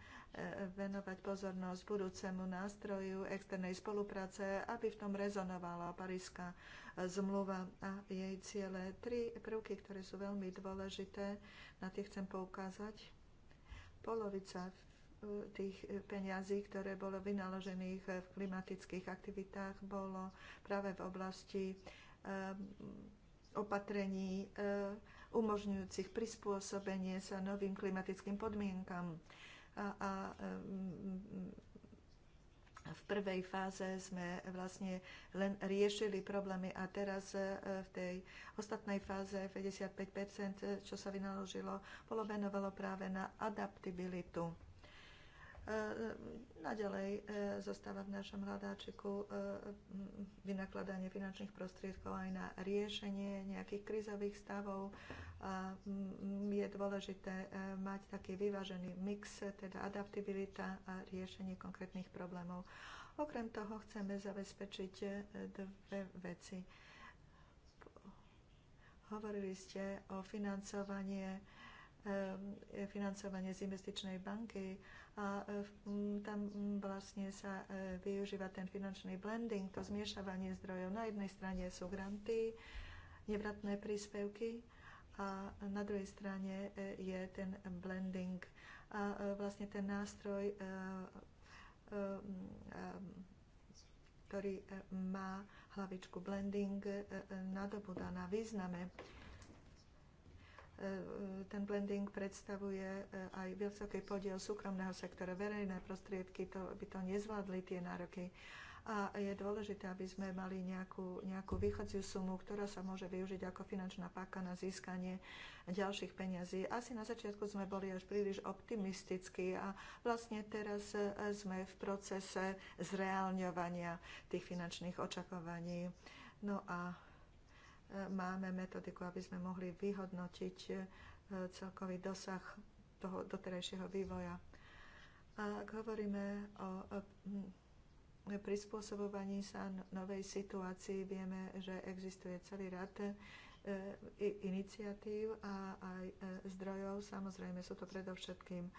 S3: venovať pozornosť budúcemu nástroju externej spolupráce, aby v tom rezonovala Paríska zmluva a jej ciele. Tri prvky, ktoré sú veľmi dôležité, na tie chcem poukázať polovica e, tých e, peňazí, ktoré bolo vynaložených e, v klimatických aktivitách, bolo práve v oblasti opatrení umožňujúcich prispôsobenie sa novým klimatickým podmienkam. A, a v prvej fáze sme vlastne len riešili problémy a teraz e, v tej ostatnej fáze 55%, e, čo sa vynaložilo, bolo venovalo práve na adaptibilitu. E, e, naďalej e, zostáva v našom hľadáčiku vynakladanie finančných prostriedkov aj na riešenie nejakých krizových stavov. Je dôležité mať taký vyvážený mix, teda adaptibilita a riešenie konkrétnych problémov. Okrem toho chceme zabezpečiť dve veci. Hovorili ste o financovanie, financovanie z investičnej banky a e, tam vlastne sa e, využíva ten finančný blending, to zmiešavanie zdrojov. Na jednej strane sú granty, nevratné príspevky a na druhej strane e, je ten blending a vlastne ten nástroj, ktorý má hlavičku blending, nadobúda na význame E, e, ten blending predstavuje e, aj vysoký podiel súkromného sektora. Verejné prostriedky to, by to nezvládli tie nároky. A je dôležité, aby sme mali nejakú, nejakú východziu sumu, ktorá sa môže využiť ako finančná páka na získanie ďalších peňazí. Asi na začiatku sme boli až príliš optimistickí a vlastne teraz sme v procese zreálňovania tých finančných očakovaní. No a máme metodiku, aby sme mohli vyhodnotiť e, celkový dosah toho doterajšieho vývoja. A ak hovoríme o prispôsobovaní sa no-, novej situácii, vieme, že existuje celý rad e, iniciatív a aj e, zdrojov. Samozrejme sú to predovšetkým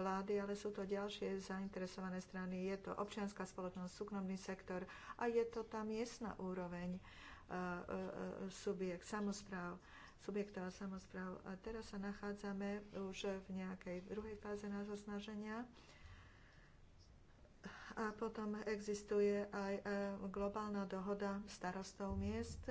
S3: vlády, ale sú to ďalšie zainteresované strany. Je to občianská spoločnosť, súkromný sektor a je to tá miestna úroveň subjekt, samozpráv, subjektov a samozpráv. A teraz sa nachádzame už v nejakej druhej fáze nášho snaženia. A potom existuje aj e, globálna dohoda starostov miest,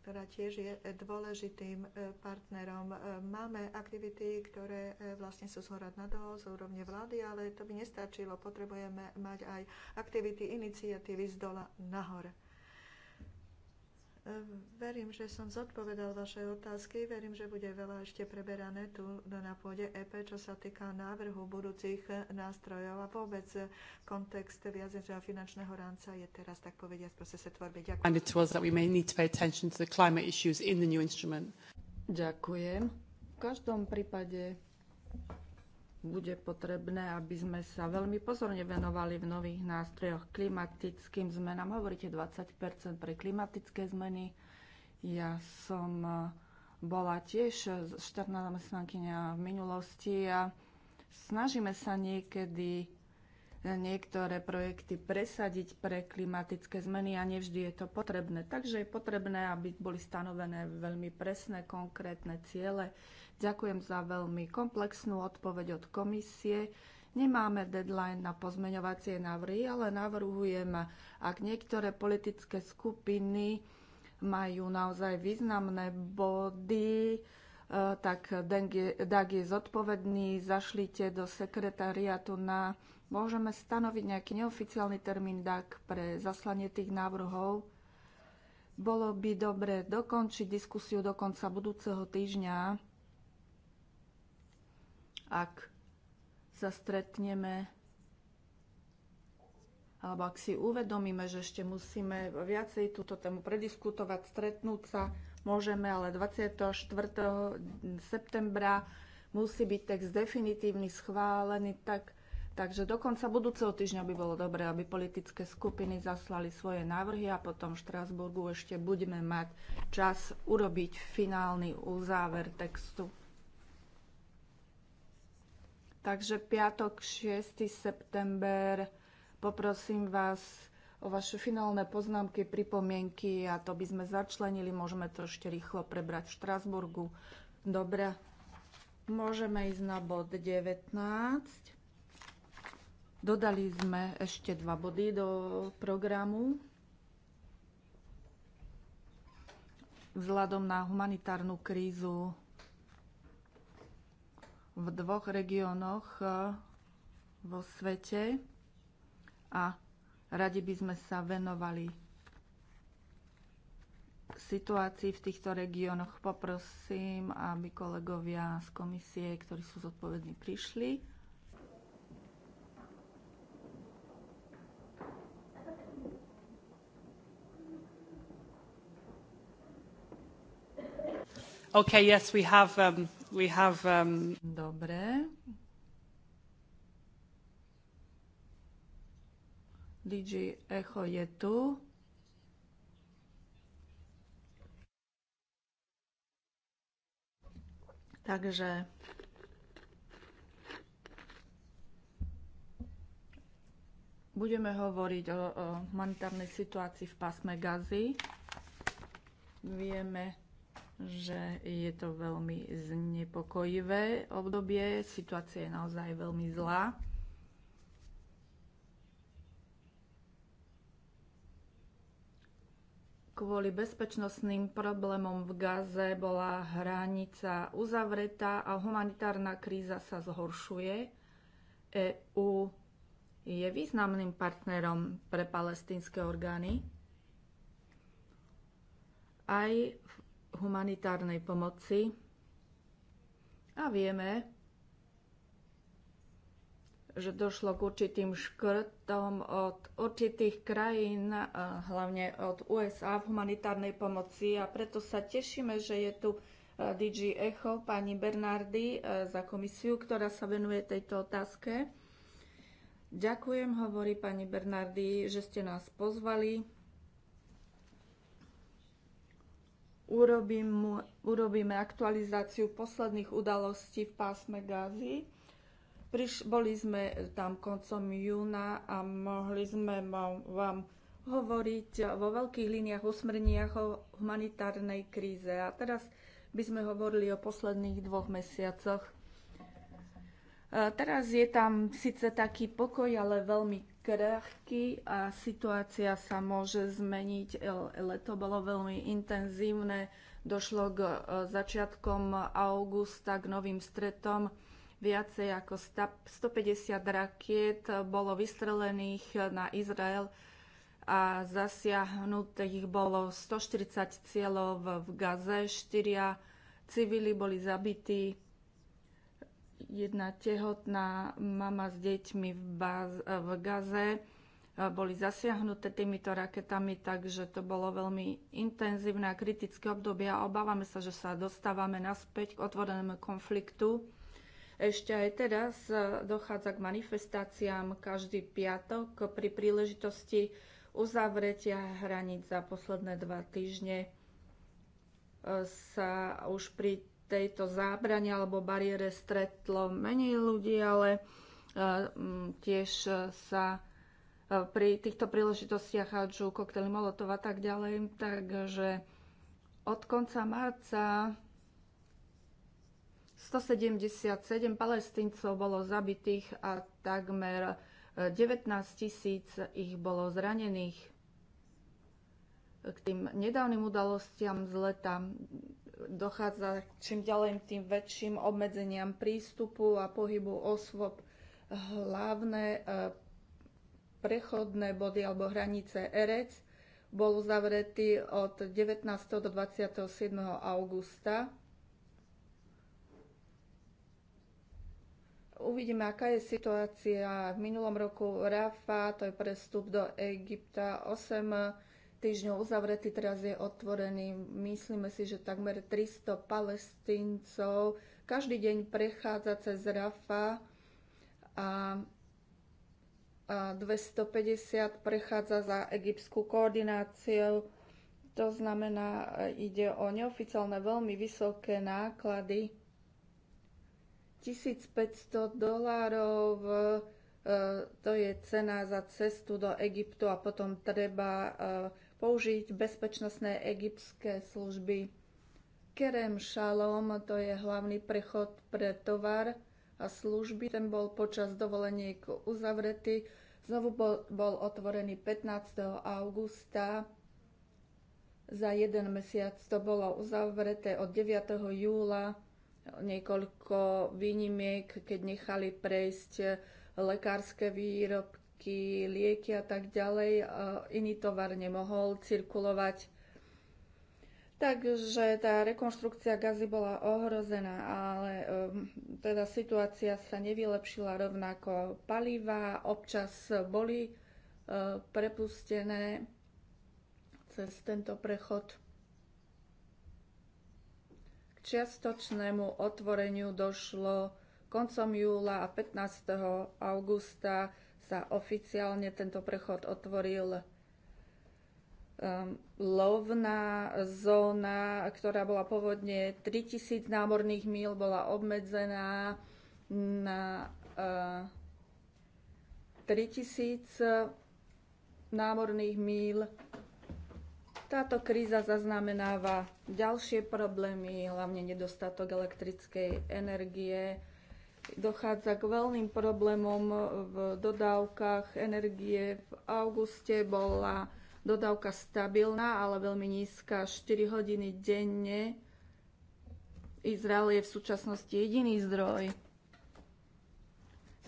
S3: ktorá tiež je dôležitým e, partnerom. E, máme aktivity, ktoré vlastne sú zhorad na dol, z úrovne vlády, ale to by nestačilo. Potrebujeme mať aj aktivity, iniciatívy z dola nahor. Ehm, verím, že som zodpovedal vaše otázky. Verím, že bude veľa ešte preberané tu na pôde EP, čo sa týka návrhu budúcich nástrojov a vôbec kontext viacečného finančného rámca je teraz, tak povediať, v procese tvorby.
S1: Ďakujem. Ďakujem.
S3: V každom prípade
S2: bude potrebné, aby sme sa veľmi pozorne venovali v nových nástrojoch klimatickým zmenám. Hovoríte 20 pre klimatické zmeny. Ja som eh, bola tiež štátna zamestnankyňa v minulosti a snažíme sa niekedy niektoré projekty presadiť pre klimatické zmeny a nevždy je to potrebné. Takže je potrebné, aby boli stanovené veľmi presné, konkrétne ciele. Ďakujem za veľmi komplexnú odpoveď od komisie. Nemáme deadline na pozmeňovacie návrhy, ale navrhujem, ak niektoré politické skupiny majú naozaj významné body, eh, tak DAG je zodpovedný, zašlite do sekretariatu na Môžeme stanoviť nejaký neoficiálny termín DAC pre zaslanie tých návrhov. Bolo by dobre dokončiť diskusiu do konca budúceho týždňa, ak sa stretneme alebo ak si uvedomíme, že ešte musíme viacej túto tému prediskutovať, stretnúť sa, môžeme, ale 24. septembra musí byť text definitívny, schválený, tak Takže do konca budúceho týždňa by bolo dobré, aby politické skupiny zaslali svoje návrhy a potom v Štrásburgu ešte budeme mať čas urobiť finálny uzáver textu. Takže piatok 6. september poprosím vás o vaše finálne poznámky, pripomienky a to by sme začlenili. Môžeme to ešte rýchlo prebrať v Štrásburgu. Dobre, môžeme ísť na bod 19. Dodali sme ešte dva body do programu. Vzhľadom na humanitárnu krízu v dvoch regiónoch e, vo svete a radi by sme sa venovali situácii v týchto regiónoch. Poprosím, aby kolegovia z komisie, ktorí sú zodpovední, prišli. Okay, yes, we have, um, we have, um... Dobre. DG Echo je tu. Takže budeme hovoriť o, o humanitárnej situácii v pásme Gazy. Vieme, že je to veľmi znepokojivé obdobie. Situácia je naozaj veľmi zlá. Kvôli bezpečnostným problémom v Gaze bola hranica uzavretá a humanitárna kríza sa zhoršuje. EÚ je významným partnerom pre palestínske orgány. Aj humanitárnej pomoci a vieme, že došlo k určitým škrtom od určitých krajín, hlavne od USA v humanitárnej pomoci a preto sa tešíme, že je tu e, DG Echo, pani Bernardy e, za komisiu, ktorá sa venuje tejto otázke. Ďakujem, hovorí pani Bernardy, že ste nás pozvali. urobím, urobíme aktualizáciu posledných udalostí v pásme Gazy. Priš, boli sme tam koncom júna a mohli sme vám hovoriť vo veľkých líniách usmerniach o humanitárnej kríze. A teraz by sme hovorili o posledných dvoch mesiacoch. E, teraz je tam síce taký pokoj, ale veľmi krehky a situácia sa môže zmeniť. Leto bolo veľmi intenzívne, došlo k e, začiatkom augusta k novým stretom. Viacej ako 150 rakiet bolo vystrelených na Izrael a zasiahnutých bolo 140 cieľov v Gaze, štyria civili boli zabití jedna tehotná mama s deťmi v, Baz, v Gaze e, boli zasiahnuté týmito raketami, takže to bolo veľmi intenzívne a kritické obdobie a obávame sa, že sa dostávame naspäť k otvorenému konfliktu. Ešte aj teraz e, dochádza k manifestáciám každý piatok pri príležitosti uzavretia hraníc za posledné dva týždne e, sa už pri tejto zábrane alebo bariére stretlo menej ľudí, ale e, tiež sa e, pri týchto príležitostiach hádžu koktely Molotov a tak ďalej. Takže od konca marca 177 palestíncov bolo zabitých a takmer 19 e, tisíc ich bolo zranených. K tým nedávnym udalostiam z leta dochádza k čím ďalej tým väčším obmedzeniam prístupu a pohybu osôb. Hlavné eh, prechodné body alebo hranice EREC bol uzavretý od 19. do 27. augusta. Uvidíme, aká je situácia. V minulom roku Rafa, to je prestup do Egypta, 8 týždňov uzavretý, teraz je otvorený. Myslíme si, že takmer 300 palestíncov každý deň prechádza cez Rafa a, 250 prechádza za egyptskú koordináciu, To znamená, ide o neoficiálne veľmi vysoké náklady. 1500 dolárov e, to je cena za cestu do Egyptu a potom treba e, použiť bezpečnostné egyptské služby. Kerem Shalom, to je hlavný prechod pre tovar a služby, ten bol počas dovoleniek uzavretý, znovu bol, bol otvorený 15. augusta. Za jeden mesiac to bolo uzavreté od 9. júla niekoľko výnimiek, keď nechali prejsť lekárske výrobky lieky, lieky a tak ďalej, iný tovar nemohol cirkulovať. Takže tá rekonštrukcia gazy bola ohrozená, ale um, teda situácia sa nevylepšila rovnako. Paliva občas boli uh, prepustené cez tento prechod k čiastočnému otvoreniu došlo koncom júla a 15. augusta sa oficiálne tento prechod otvoril um, lovná zóna, ktorá bola pôvodne 3000 námorných míl, bola obmedzená na 3000 uh, námorných míl. Táto kríza zaznamenáva ďalšie problémy, hlavne nedostatok elektrickej energie, dochádza k veľným problémom v dodávkach energie. V auguste bola dodávka stabilná, ale veľmi nízka, 4 hodiny denne. Izrael je v súčasnosti jediný zdroj.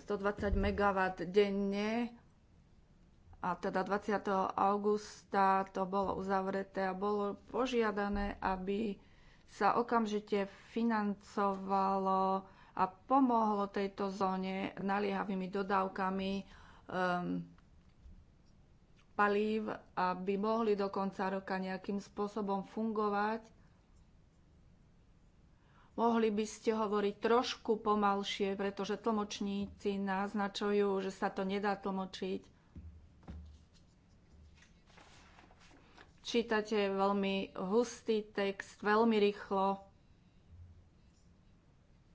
S2: 120 MW denne a teda 20. augusta to bolo uzavreté a bolo požiadané, aby sa okamžite financovalo a pomohlo tejto zóne naliehavými dodávkami um, palív, aby mohli do konca roka nejakým spôsobom fungovať. Mohli by ste hovoriť trošku pomalšie, pretože tlmočníci naznačujú, že sa to nedá tlmočiť. Čítate veľmi hustý text, veľmi rýchlo.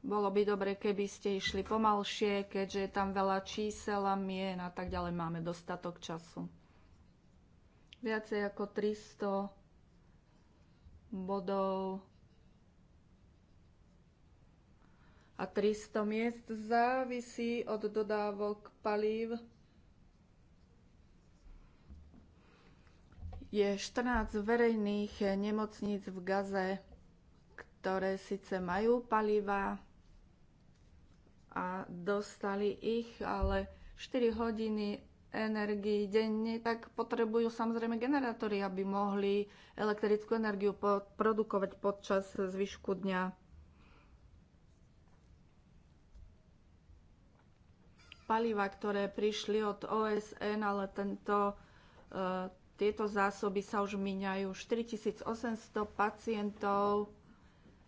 S2: Bolo by dobre, keby ste išli pomalšie, keďže je tam veľa čísel a mien a tak ďalej. Máme dostatok času. Viacej ako 300 bodov a 300 miest závisí od dodávok palív. Je 14 verejných nemocníc v Gaze, ktoré síce majú paliva, a dostali ich, ale 4 hodiny energii denne, tak potrebujú samozrejme generátory, aby mohli elektrickú energiu produkovať počas zvyšku dňa. Paliva, ktoré prišli od OSN, ale tento, e, tieto zásoby sa už míňajú. 4800 pacientov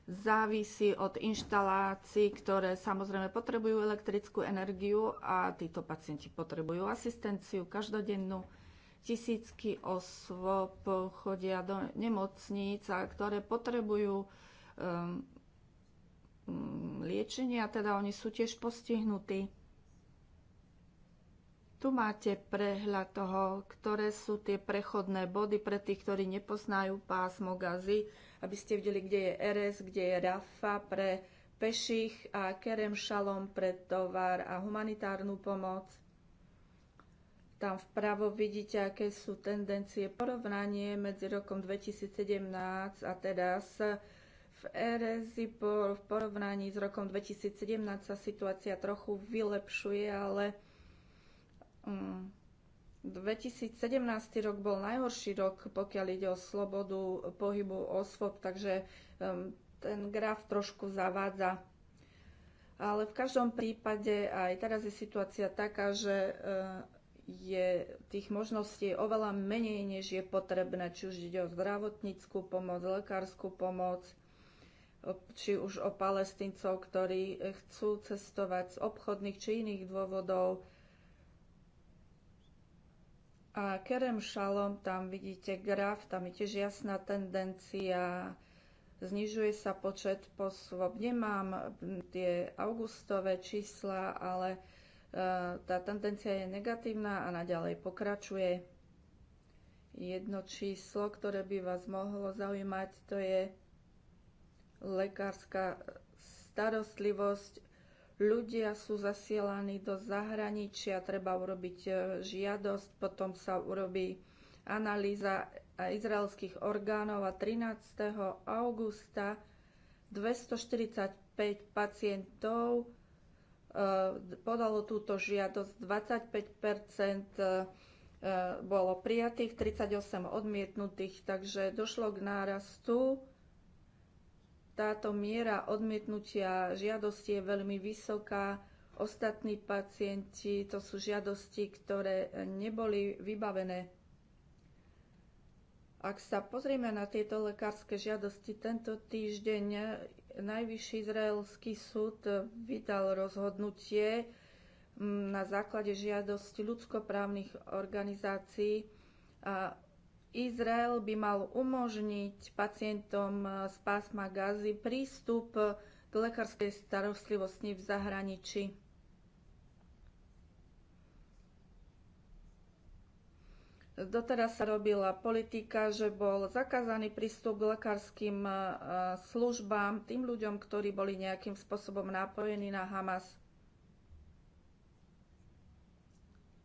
S2: závisí od inštalácií, ktoré samozrejme potrebujú elektrickú energiu a títo pacienti potrebujú asistenciu každodennú. Tisícky osôb chodia do nemocníc, ktoré potrebujú um, ehm, mm, liečenie a teda oni sú tiež postihnutí. Tu máte prehľad toho, ktoré sú tie prechodné body pre tých, ktorí nepoznajú pásmo gazy, aby ste videli, kde je RS, kde je RAFA pre peších a Kerem Šalom pre tovar a humanitárnu pomoc. Tam vpravo vidíte, aké sú tendencie porovnanie medzi rokom 2017 a teraz v Erezi v porovnaní s rokom 2017 sa situácia trochu vylepšuje, ale 2017 rok bol najhorší rok, pokiaľ ide o slobodu pohybu osôb, takže um, ten graf trošku zavádza. Ale v každom prípade aj teraz je situácia taká, že uh, je tých možností oveľa menej, než je potrebné, či už ide o zdravotníckú pomoc, lekárskú pomoc, či už o palestíncov, ktorí chcú cestovať z obchodných či iných dôvodov, a Kerem Šalom, tam vidíte graf, tam je tiež jasná tendencia, znižuje sa počet posôb. Nemám tie augustové čísla, ale e, tá tendencia je negatívna a naďalej pokračuje. Jedno číslo, ktoré by vás mohlo zaujímať, to je lekárska starostlivosť ľudia sú zasielaní do zahraničia, treba urobiť e, žiadosť, potom sa urobí analýza izraelských orgánov a 13. augusta 245 pacientov e, podalo túto žiadosť, 25 e, bolo prijatých, 38 odmietnutých, takže došlo k nárastu táto miera odmietnutia žiadosti je veľmi vysoká. Ostatní pacienti to sú žiadosti, ktoré neboli vybavené. Ak sa pozrieme na tieto lekárske žiadosti, tento týždeň Najvyšší izraelský súd vydal rozhodnutie mm, na základe žiadosti ľudskoprávnych organizácií a Izrael by mal umožniť pacientom eh, z pásma Gazy prístup eh, k lekárskej starostlivosti v zahraničí. Doteraz sa robila politika, že bol zakázaný prístup k lekárskym eh, službám tým ľuďom, ktorí boli nejakým spôsobom napojení na Hamas.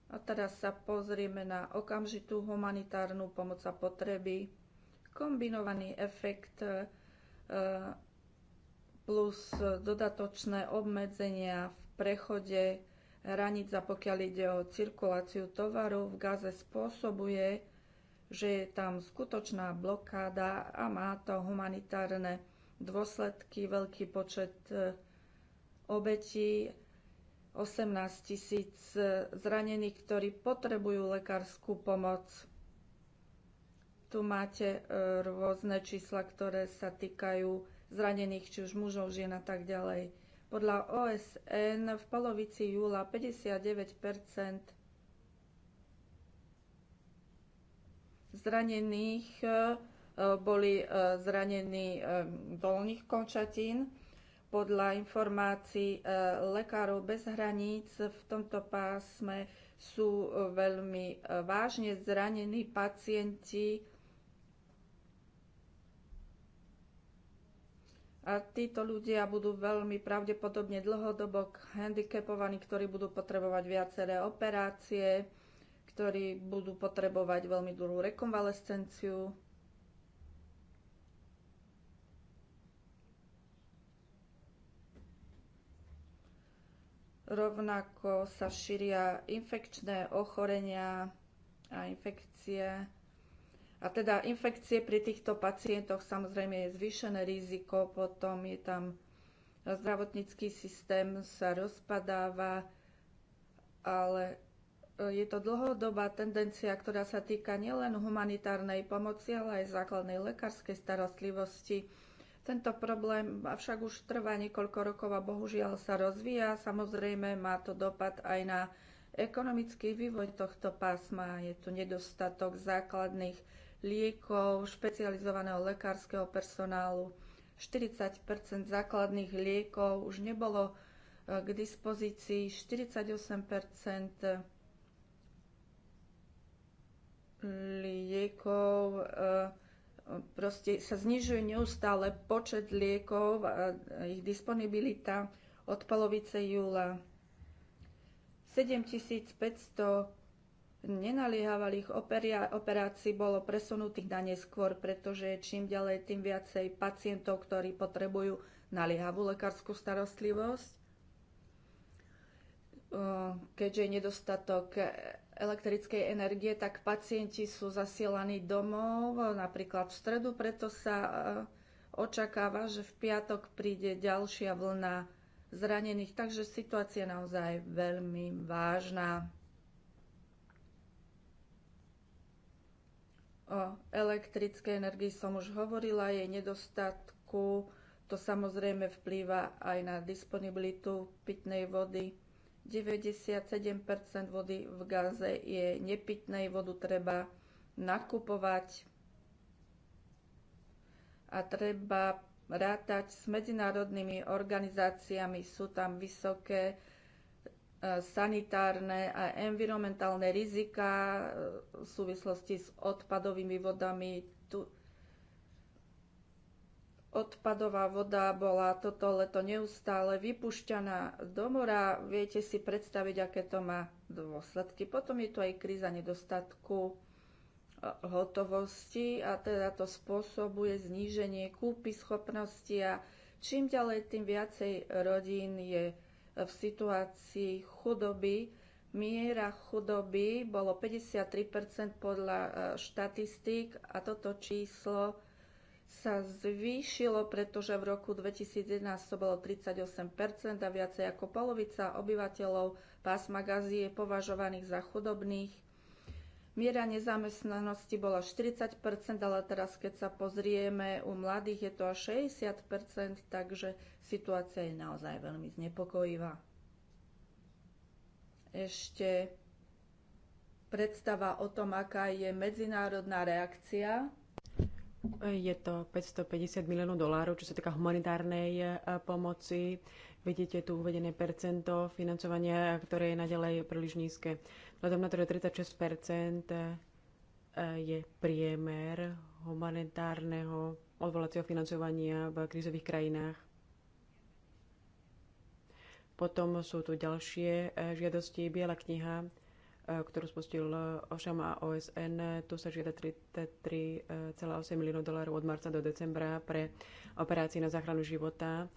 S2: A teraz sa pozrieme na okamžitú humanitárnu pomoc a potreby, kombinovaný efekt e, plus dodatočné obmedzenia v prechode hraníc a pokiaľ ide o cirkuláciu tovaru v Gaze spôsobuje, že je tam skutočná blokáda a má to humanitárne dôsledky, veľký počet e, obetí 18 tisíc e, zranených, ktorí potrebujú lekárskú pomoc. Tu máte e, rôzne čísla, ktoré sa týkajú zranených, či už mužov, žien a tak ďalej. Podľa OSN v polovici júla 59 zranených e, boli zranení dolných končatín podľa informácií e, lekárov bez hraníc v tomto pásme sú e, veľmi e, vážne zranení pacienti a títo ľudia budú veľmi pravdepodobne dlhodobo handicapovaní, ktorí budú potrebovať viaceré operácie, ktorí budú potrebovať veľmi dlhú rekonvalescenciu. Rovnako sa šíria infekčné ochorenia a infekcie. A teda infekcie pri týchto pacientoch samozrejme je zvýšené riziko, potom je tam zdravotnícky systém sa rozpadáva, ale e, je to dlhodobá tendencia, ktorá sa týka nielen humanitárnej pomoci, ale aj základnej lekárskej starostlivosti. Tento problém však už trvá niekoľko rokov a bohužiaľ sa rozvíja. Samozrejme má to dopad aj na ekonomický vývoj tohto pásma. Je tu nedostatok základných liekov, špecializovaného lekárskeho personálu. 40 základných liekov už nebolo e, k dispozícii, 48 liekov e, proste sa znižuje neustále počet liekov a ich disponibilita od polovice júla. 7500 nenaliehavých operácií bolo presunutých na neskôr, pretože čím ďalej, tým viacej pacientov, ktorí potrebujú naliehavú lekárskú starostlivosť. Keďže je nedostatok elektrickej energie, tak pacienti sú zasielaní domov, napríklad v stredu, preto sa e, očakáva, že v piatok príde ďalšia vlna zranených, takže situácia je naozaj veľmi vážna. O elektrickej energii som už hovorila, jej nedostatku. To samozrejme vplýva aj na disponibilitu pitnej vody. 97 vody v Gaze je nepitnej, vodu treba nakupovať a treba rátať s medzinárodnými organizáciami. Sú tam vysoké e, sanitárne a environmentálne rizika e, v súvislosti s odpadovými vodami. Tu odpadová voda bola toto leto neustále vypušťaná do mora. Viete si predstaviť, aké to má dôsledky. Potom je tu aj kríza nedostatku e, hotovosti a teda to spôsobuje zníženie kúpy schopnosti a čím ďalej, tým viacej rodín je v situácii chudoby. Miera chudoby bolo 53% podľa e, štatistík a toto číslo sa zvýšilo, pretože v roku 2011 to bolo 38 a viacej ako polovica obyvateľov pásma Gazy je považovaných za chudobných. Miera nezamestnanosti bola 40 ale teraz keď sa pozrieme u mladých je to až 60 takže situácia je naozaj veľmi znepokojivá. Ešte predstava o tom, aká je
S1: medzinárodná reakcia je to 550 miliónov dolárov, čo sa týka humanitárnej e, pomoci. Vidíte tu uvedené percento financovania, ktoré je naďalej príliš nízke. Vzhľadom na to, že 36 e, je priemer humanitárneho odvolacieho financovania v krízových krajinách. Potom sú tu ďalšie e, žiadosti, biela kniha Eh, ktorú spustil eh, Ošama a OSN. Tu sa žiada 33,8 eh, miliónov dolárov od marca do decembra pre operácie na záchranu života.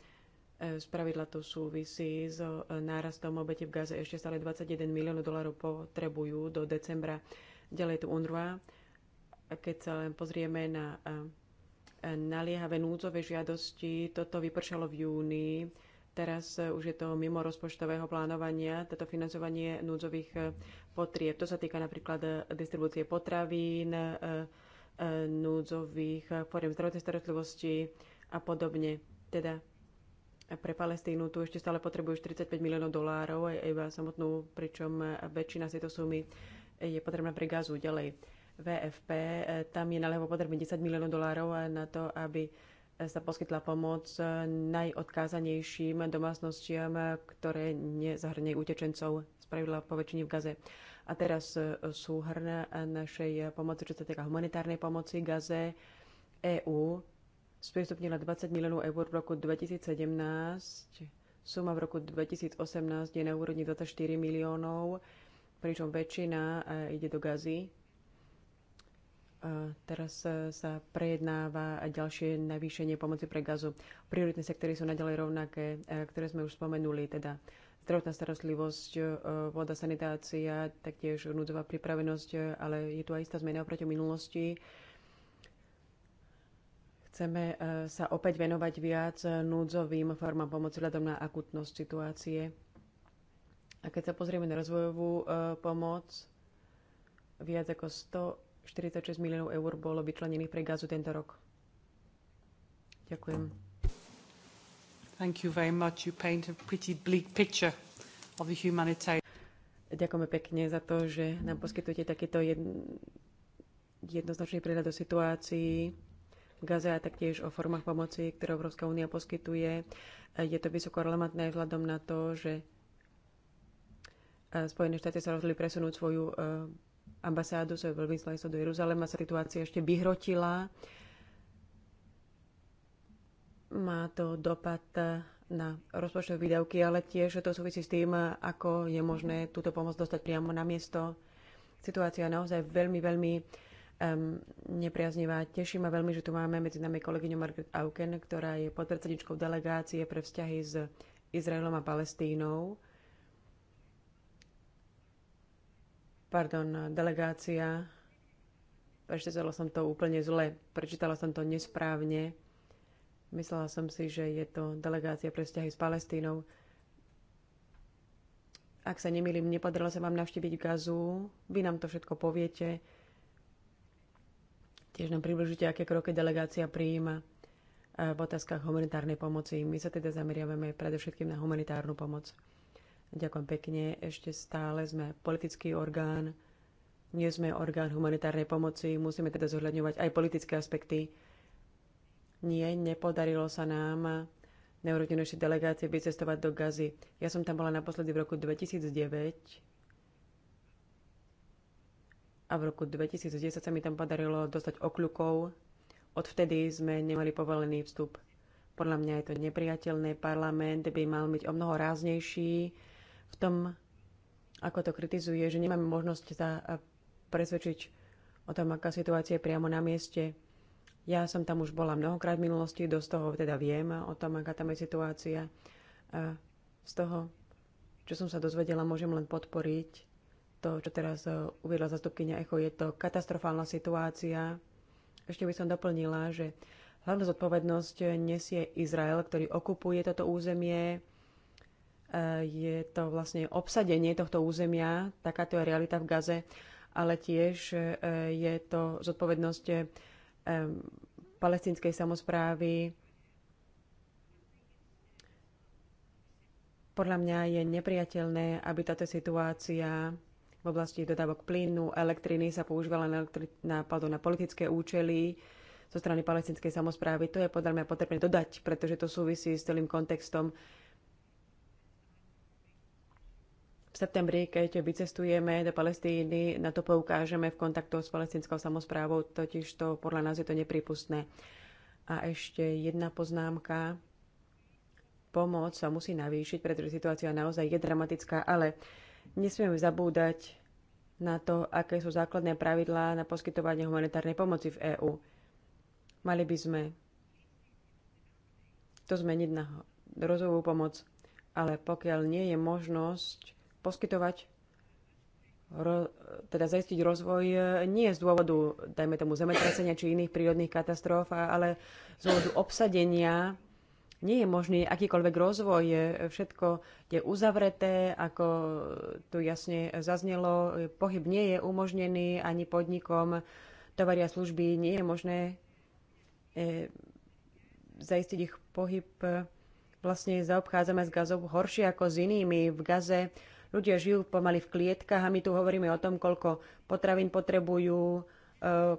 S1: Spravidla to súvisí s nárastom obete v Gaze. Ešte stále 21 miliónov dolárov potrebujú do decembra. Ďalej tu UNRWA. Keď sa len pozrieme na naliehavé núdzové žiadosti, toto vypršalo v júni. Teraz už je to mimo rozpočtového plánovania, toto financovanie núdzových potrieb. To sa týka napríklad eh, distribúcie potravín, eh, eh, núdzových foriem zdravotnej starostlivosti a podobne. Teda pre Palestínu tu ešte stále potrebujú 45 miliónov dolárov, aj iba samotnú, pričom väčšina z tejto sumy je potrebná pre gazu ďalej. VFP, tam je nalevo potrebné 10 miliónov dolárov na to, aby sa poskytla pomoc najodkázanejším domácnostiam, ktoré nezahrňajú utečencov spravila po väčšine v Gaze. A teraz e, súhrn našej pomoci, čo sa týka humanitárnej pomoci Gaze, EÚ sprístupnila 20 miliónov eur v roku 2017. Suma v roku 2018 je na úrovni 24 miliónov, pričom väčšina e, ide do Gazy. E, teraz sa prejednáva ďalšie navýšenie pomoci pre gazu. Prioritné sektory sú naďalej rovnaké, ktoré sme už spomenuli, teda zdravotná starostlivosť, e, voda, sanitácia, taktiež núdzová pripravenosť, ale je tu aj istá zmena oproti minulosti. Chceme e, sa opäť venovať viac núdzovým formám pomoci vzhľadom na akutnosť situácie. A keď sa pozrieme na rozvojovú e, pomoc, viac ako 146 miliónov eur bolo vyčlenených pre gazu tento rok. Ďakujem. Thank you very much. You paint a pretty bleak picture of the humanitarian... Ďakujeme pekne za to, že nám poskytujete takýto jednoznačný prehľad o situácii v Gaze a taktiež o formách pomoci, ktoré Európska únia poskytuje. Je to vysoko relevantné vzhľadom na to, že eh, Spojené štáty sa rozhodli presunúť svoju eh, ambasádu, svoje veľvyslanectvo do Jeruzalema. Situácia ešte vyhrotila má to dopad na rozpočtové výdavky, ale tiež to súvisí s tým, ako je možné túto pomoc dostať priamo na miesto. Situácia je naozaj veľmi, veľmi um, nepriaznivá. Teší ma veľmi, že tu máme medzi nami kolegyňu Margaret Auken, ktorá je podpredsedničkou delegácie pre vzťahy s Izraelom a Palestínou. Pardon, delegácia. Prečítala som to úplne zle. Prečítala som to nesprávne. Myslela som si, že je to delegácia pre vzťahy s Palestínou. Ak sa nemýlim, nepodarilo sa vám navštíviť Gazu. Vy nám to všetko poviete. Tiež nám približíte, aké kroky delegácia prijíma eh, v otázkach humanitárnej pomoci. My sa teda zameriavame predovšetkým na humanitárnu pomoc. Ďakujem pekne. Ešte stále sme politický orgán, nie sme orgán humanitárnej pomoci, musíme teda zohľadňovať aj politické aspekty nie, nepodarilo sa nám neurodenejšie delegácie vycestovať do Gazy. Ja som tam bola naposledy v roku 2009 a v roku 2010 sa mi tam podarilo dostať okľukov. Odvtedy sme nemali povolený vstup. Podľa mňa je to nepriateľné. Parlament by mal byť o mnoho ráznejší v tom, ako to kritizuje, že nemáme možnosť sa presvedčiť o tom, aká situácia je priamo na mieste. Ja som tam už bola mnohokrát v minulosti, dosť toho teda viem o tom, aká tam je situácia. A z toho, čo som sa dozvedela, môžem len podporiť to, čo teraz eh, uviedla zastupkynia Echo. Je to katastrofálna situácia. Ešte by som doplnila, že hlavnú zodpovednosť nesie Izrael, ktorý okupuje toto územie. Eh, je to vlastne obsadenie tohto územia, takáto je realita v Gaze, ale tiež eh, je to zodpovednosť palestinskej samozprávy. Podľa mňa je nepriateľné, aby táto situácia v oblasti dodávok plynu, elektriny sa používala na, elektri- na, pardon, na politické účely zo strany palestinskej samozprávy. To je podľa mňa potrebné dodať, pretože to súvisí s celým kontextom v septembri, keď vycestujeme do Palestíny, na to poukážeme v kontaktu s palestinskou samozprávou, totiž to podľa nás je to nepripustné. A ešte jedna poznámka. Pomoc sa musí navýšiť, pretože situácia naozaj je dramatická, ale nesmieme zabúdať na to, aké sú základné pravidlá na poskytovanie humanitárnej pomoci v EÚ. Mali by sme to zmeniť na rozvojovú pomoc, ale pokiaľ nie je možnosť poskytovať ro, teda zaistiť rozvoj e, nie z dôvodu, dajme tomu, zemetrasenia či iných prírodných katastrof, ale z dôvodu obsadenia nie je možný akýkoľvek rozvoj. E, všetko je uzavreté, ako tu jasne zaznelo. E, pohyb nie je umožnený ani podnikom. Tovaria služby nie je možné e, zaistiť ich pohyb. Vlastne zaobchádzame s gazou horšie ako s inými. V gaze Ľudia žijú pomaly v klietkách a my tu hovoríme o tom, koľko potravín potrebujú, e,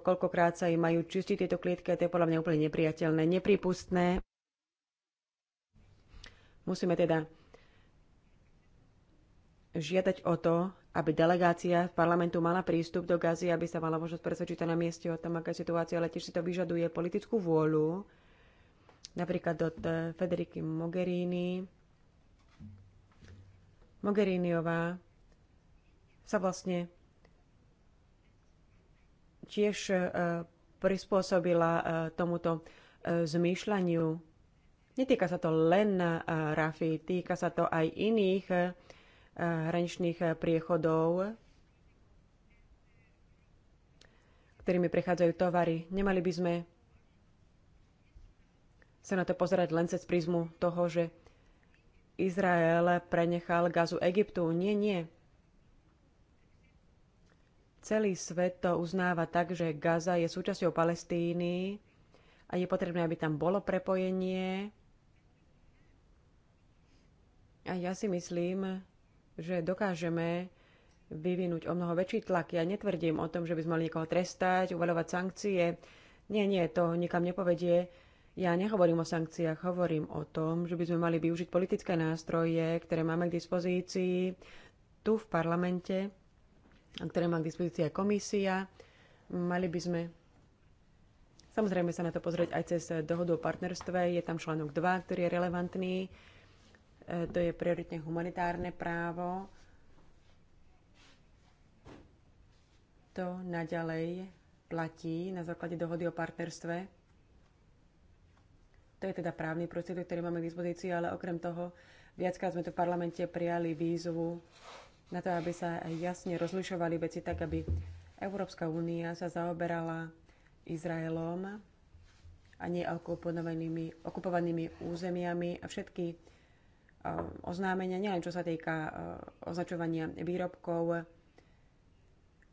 S1: koľkokrát sa im majú čistiť tieto klietky a to je podľa mňa úplne nepriateľné, nepripustné. Musíme teda žiadať o to, aby delegácia parlamentu mala prístup do Gazy, aby sa mala možnosť presvedčiť na mieste o tom, aká je situácia, ale tiež si to vyžaduje politickú vôľu, napríklad od e, Federiky Mogherini, Mogheriniová sa vlastne tiež e, prispôsobila e, tomuto e, zmýšľaniu. Netýka sa to len Rafi, týka sa to aj iných hraničných priechodov, ktorými prechádzajú tovary. Nemali by sme sa na to pozerať len cez prízmu toho, že Izrael prenechal gazu Egyptu. Nie, nie. Celý svet to uznáva tak, že Gaza je súčasťou Palestíny a je potrebné, aby tam bolo prepojenie. A ja si myslím, že dokážeme vyvinúť o mnoho väčší tlak. Ja netvrdím o tom, že by sme mali niekoho trestať, uvaľovať sankcie. Nie, nie, to nikam nepovedie. Ja nehovorím o sankciách, hovorím o tom, že by sme mali využiť politické nástroje, ktoré máme k dispozícii tu v parlamente, a ktoré má k dispozícii aj komisia. Mali by sme samozrejme sa na to pozrieť aj cez dohodu o partnerstve. Je tam článok 2, ktorý je relevantný. E, to je prioritne humanitárne právo. To naďalej platí na základe dohody o partnerstve to je teda právny prostriedok, ktorý máme k dispozícii, ale okrem toho viackrát sme tu v parlamente prijali výzvu na to, aby sa jasne rozlišovali veci tak, aby Európska únia sa zaoberala Izraelom a nie okupovanými, okupovanými územiami a všetky eh, oznámenia, nielen čo sa týka eh, označovania výrobkov,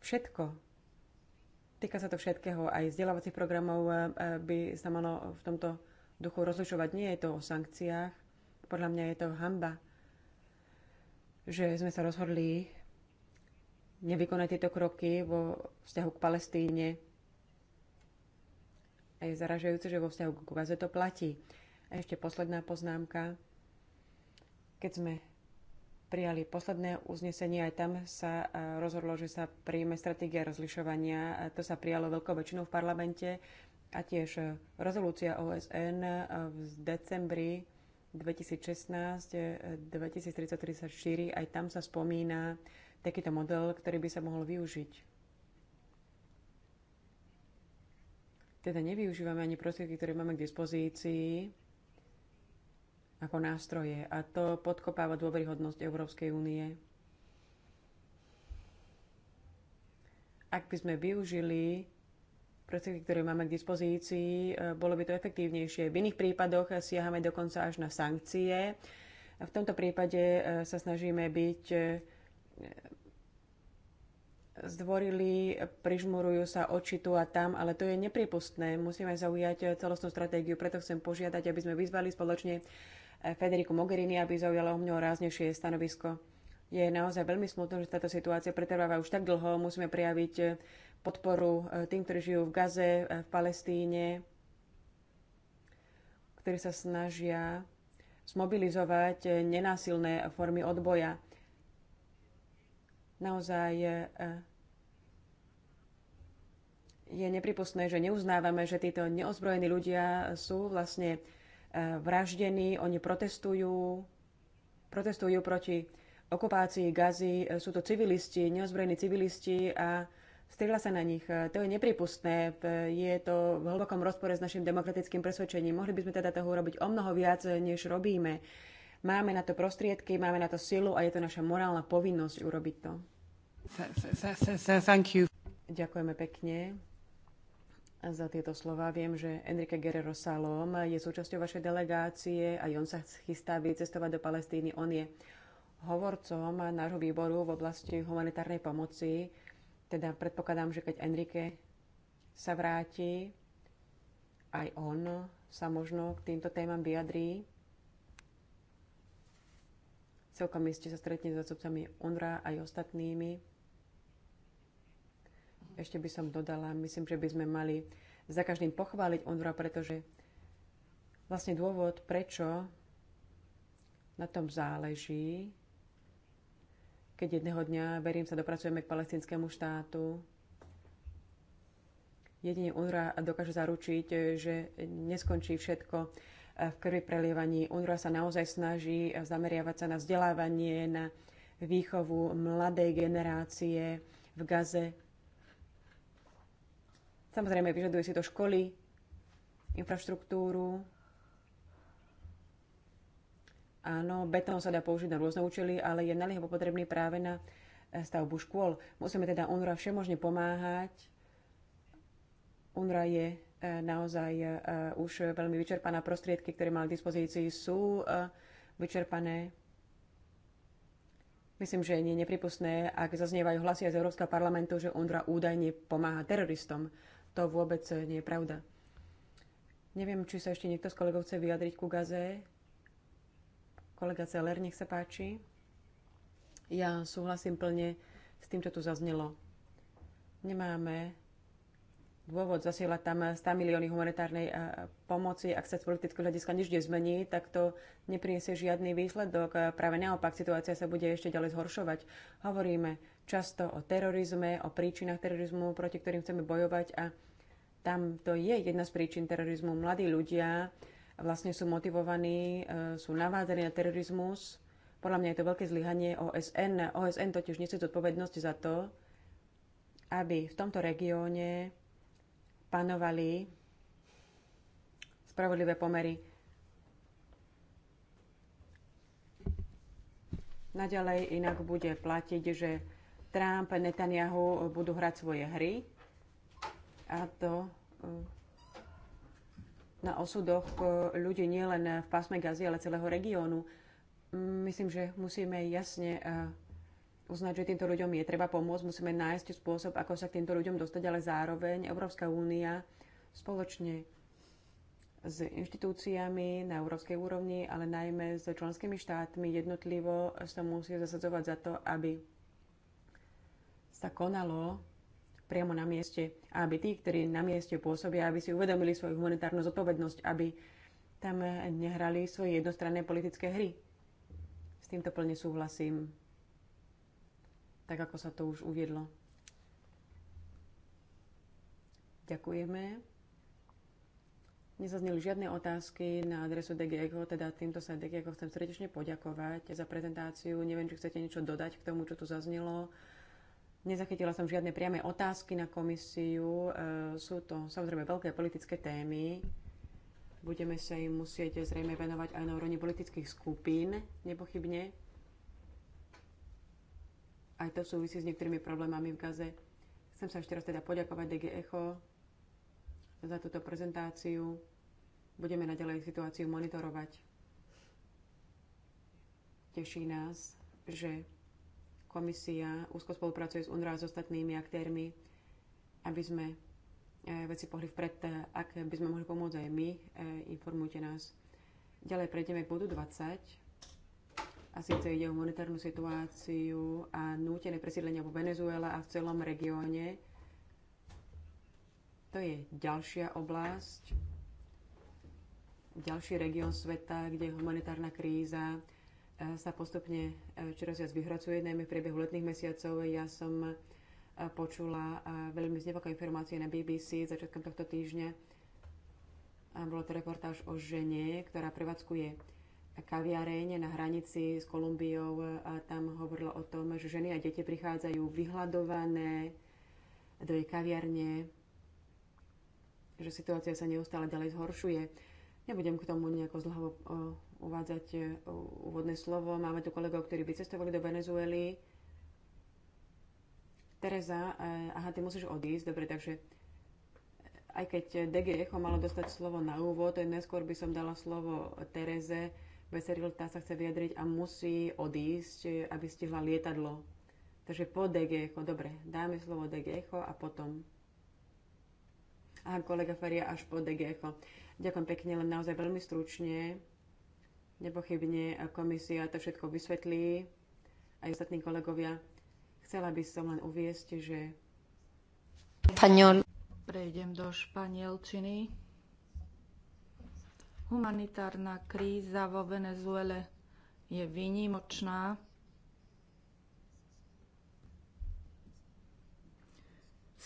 S1: všetko. Týka sa to všetkého, aj vzdelávacích programov eh, by sa malo v tomto duchu rozlišovať. Nie je to o sankciách, podľa mňa je to hamba, že sme sa rozhodli nevykonať tieto kroky vo vzťahu k Palestíne. A je zaražajúce, že vo vzťahu k Gaze to platí. A ešte posledná poznámka. Keď sme prijali posledné uznesenie, aj tam sa eh, rozhodlo, že sa príjme stratégia rozlišovania. a To sa prijalo veľkou väčšinou v parlamente a tiež e, rezolúcia OSN e, v decembri 2016 2034 e, aj tam sa spomína takýto model, ktorý by sa mohol využiť. Teda nevyužívame ani prostriedky, ktoré máme k dispozícii ako nástroje a to podkopáva dôveryhodnosť Európskej únie. Ak by sme využili prostriedky, ktoré máme k dispozícii, e, bolo by to efektívnejšie. V iných prípadoch siahame dokonca až na sankcie. A v tomto prípade e, sa snažíme byť e, zdvorili, prižmurujú sa oči tu a tam, ale to je nepripustné. Musíme zaujať celostnú stratégiu, preto chcem požiadať, aby sme vyzvali spoločne Federiku Mogherini, aby zaujala o mňo ráznejšie stanovisko. Je naozaj veľmi smutné, že táto situácia pretrváva už tak dlho. Musíme prejaviť podporu e, tým, ktorí žijú v Gaze, e, v Palestíne, ktorí sa snažia zmobilizovať e, nenásilné formy odboja. Naozaj je nepripustné, že neuznávame, že títo neozbrojení ľudia sú vlastne vraždení, oni protestujú, protestujú proti okupácii Gazy, sú to civilisti, neozbrojení civilisti a strieľa sa na nich. E, to je nepripustné, e, je to v hlbokom rozpore s našim demokratickým presvedčením. Mohli by sme teda toho urobiť o mnoho viac, e, než robíme. Máme na to prostriedky, máme na to silu a je to naša morálna povinnosť urobiť to. Thank you. Ďakujeme pekne za tieto slova. Viem, že Enrique Guerrero Salom je súčasťou vašej delegácie a on sa chystá vycestovať do Palestíny. On je hovorcom nášho výboru v oblasti humanitárnej pomoci teda predpokladám, že keď Enrique sa vráti, aj on sa možno k týmto témam vyjadrí. Celkom iste sa stretne s zástupcami UNRA aj ostatnými. Ešte by som dodala, myslím, že by sme mali za každým pochváliť UNRA, pretože vlastne dôvod, prečo na tom záleží, keď jedného dňa, verím, sa dopracujeme k palestinskému štátu. Jedine UNRWA dokáže zaručiť, že neskončí všetko v krvi prelievaní. UNRWA sa naozaj snaží zameriavať sa na vzdelávanie, na výchovu mladej generácie v Gaze. Samozrejme, vyžaduje si to školy, infraštruktúru, Áno, betón sa dá použiť na rôzne účely, ale je naliehavo potrebný práve na eh, stavbu škôl. Musíme teda UNRWA všemožne pomáhať. UNRWA je eh, naozaj eh, už veľmi vyčerpaná. Prostriedky, ktoré mali k dispozícii, sú vyčerpané. Myslím, že nie je nepripustné, ak zaznievajú hlasy z Európskeho parlamentu, že UNRWA údajne pomáha teroristom. To vôbec nie je pravda. Neviem, či sa ešte niekto z kolegov chce vyjadriť ku Gaze. Kolega Celer, nech sa páči. Ja súhlasím plne s tým, čo tu zaznelo. Nemáme dôvod zasielať tam 100 milióny humanitárnej pomoci, ak sa z politického hľadiska nič nezmení, tak to nepriniesie žiadny výsledok. Práve naopak, situácia sa bude ešte ďalej zhoršovať. Hovoríme často o terorizme, o príčinách terorizmu, proti ktorým chceme bojovať a tam to je jedna z príčin terorizmu. Mladí ľudia vlastne sú motivovaní, e, sú navádzaní na terorizmus. Podľa mňa je to veľké zlyhanie OSN. OSN totiž nesie zodpovednosť za to, aby v tomto regióne panovali spravodlivé pomery. Naďalej inak bude platiť, že Trump, a Netanyahu budú hrať svoje hry a to e, na osudoch e, ľudí nielen v pásme Gazy, ale celého regiónu. Myslím, že musíme jasne e, uznať, že týmto ľuďom je treba pomôcť, musíme nájsť spôsob, ako sa k týmto ľuďom dostať, ale zároveň Európska únia spoločne s inštitúciami na európskej úrovni, ale najmä s členskými štátmi jednotlivo sa musí zasadzovať za to, aby sa konalo priamo na mieste a aby tí, ktorí na mieste pôsobia, aby si uvedomili svoju humanitárnu zodpovednosť, aby tam nehrali svoje jednostranné politické hry. S týmto plne súhlasím, tak ako sa to už uviedlo. Ďakujeme. Nezazneli žiadne otázky na adresu DGECO, teda týmto sa DGECO chcem srdečne poďakovať za prezentáciu. Neviem, či chcete niečo dodať k tomu, čo tu zaznelo Nezachytila som žiadne priame otázky na komisiu. E, sú to samozrejme veľké politické témy. Budeme sa im musieť zrejme venovať aj na úrovni politických skupín, nepochybne. Aj to súvisí s niektorými problémami v Gaze. Chcem sa ešte raz teda poďakovať DG Echo za túto prezentáciu. Budeme naďalej situáciu monitorovať. Teší nás, že Komisia úzko spolupracuje s UNRWA a s ostatnými aktérmi, aby sme e, veci pohli vpred, e, ak by sme mohli pomôcť aj my, e, informujte nás. Ďalej prejdeme k bodu 20. A síce ide o monetárnu situáciu a nútené presídlenia vo Venezuele a v celom regióne. To je ďalšia oblasť, ďalší región sveta, kde je humanitárna kríza E, sa postupne e, čoraz viac vyhracuje, najmä v priebehu letných mesiacov. Ja som e, počula veľmi znepokojivé informácie na BBC začiatkom tohto týždňa. Bola to reportáž o žene, ktorá prevádzkuje kaviareň na hranici s Kolumbiou a tam hovorila o tom, že ženy a deti prichádzajú vyhľadované do jej kaviarne, že situácia sa neustále ďalej zhoršuje. Nebudem k tomu nejako zlhavo uvádzať e, úvodné slovo. Máme tu kolegov, ktorí vycestovali do Venezuely. Tereza, e, aha, ty musíš odísť, dobre, takže e, aj keď DG Echo malo dostať slovo na úvod, neskôr by som dala slovo Tereze. Veseril tá sa chce vyjadriť a musí odísť, aby stihla lietadlo. Takže po DG Echo, dobre, dáme slovo DG Echo a potom. Aha, kolega Feria až po DG Echo. Ďakujem pekne, len naozaj veľmi stručne. Nepochybne komisia to všetko vysvetlí, aj ostatní kolegovia. Chcela by som len uviesť, že... Prejdem do španielčiny.
S2: Humanitárna kríza vo Venezuele je výnimočná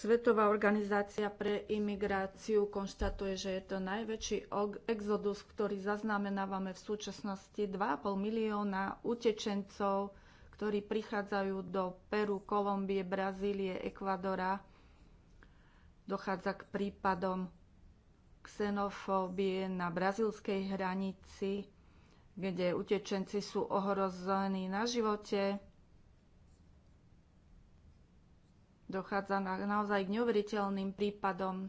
S2: Svetová organizácia pre imigráciu konštatuje, že je to najväčší exodus, ktorý zaznamenávame v súčasnosti 2,5 milióna utečencov, ktorí prichádzajú do Peru, Kolumbie, Brazílie, Ekvadora. Dochádza k prípadom xenofóbie na brazílskej hranici, kde utečenci sú ohrození na živote Dochádza na, naozaj k neuveriteľným prípadom.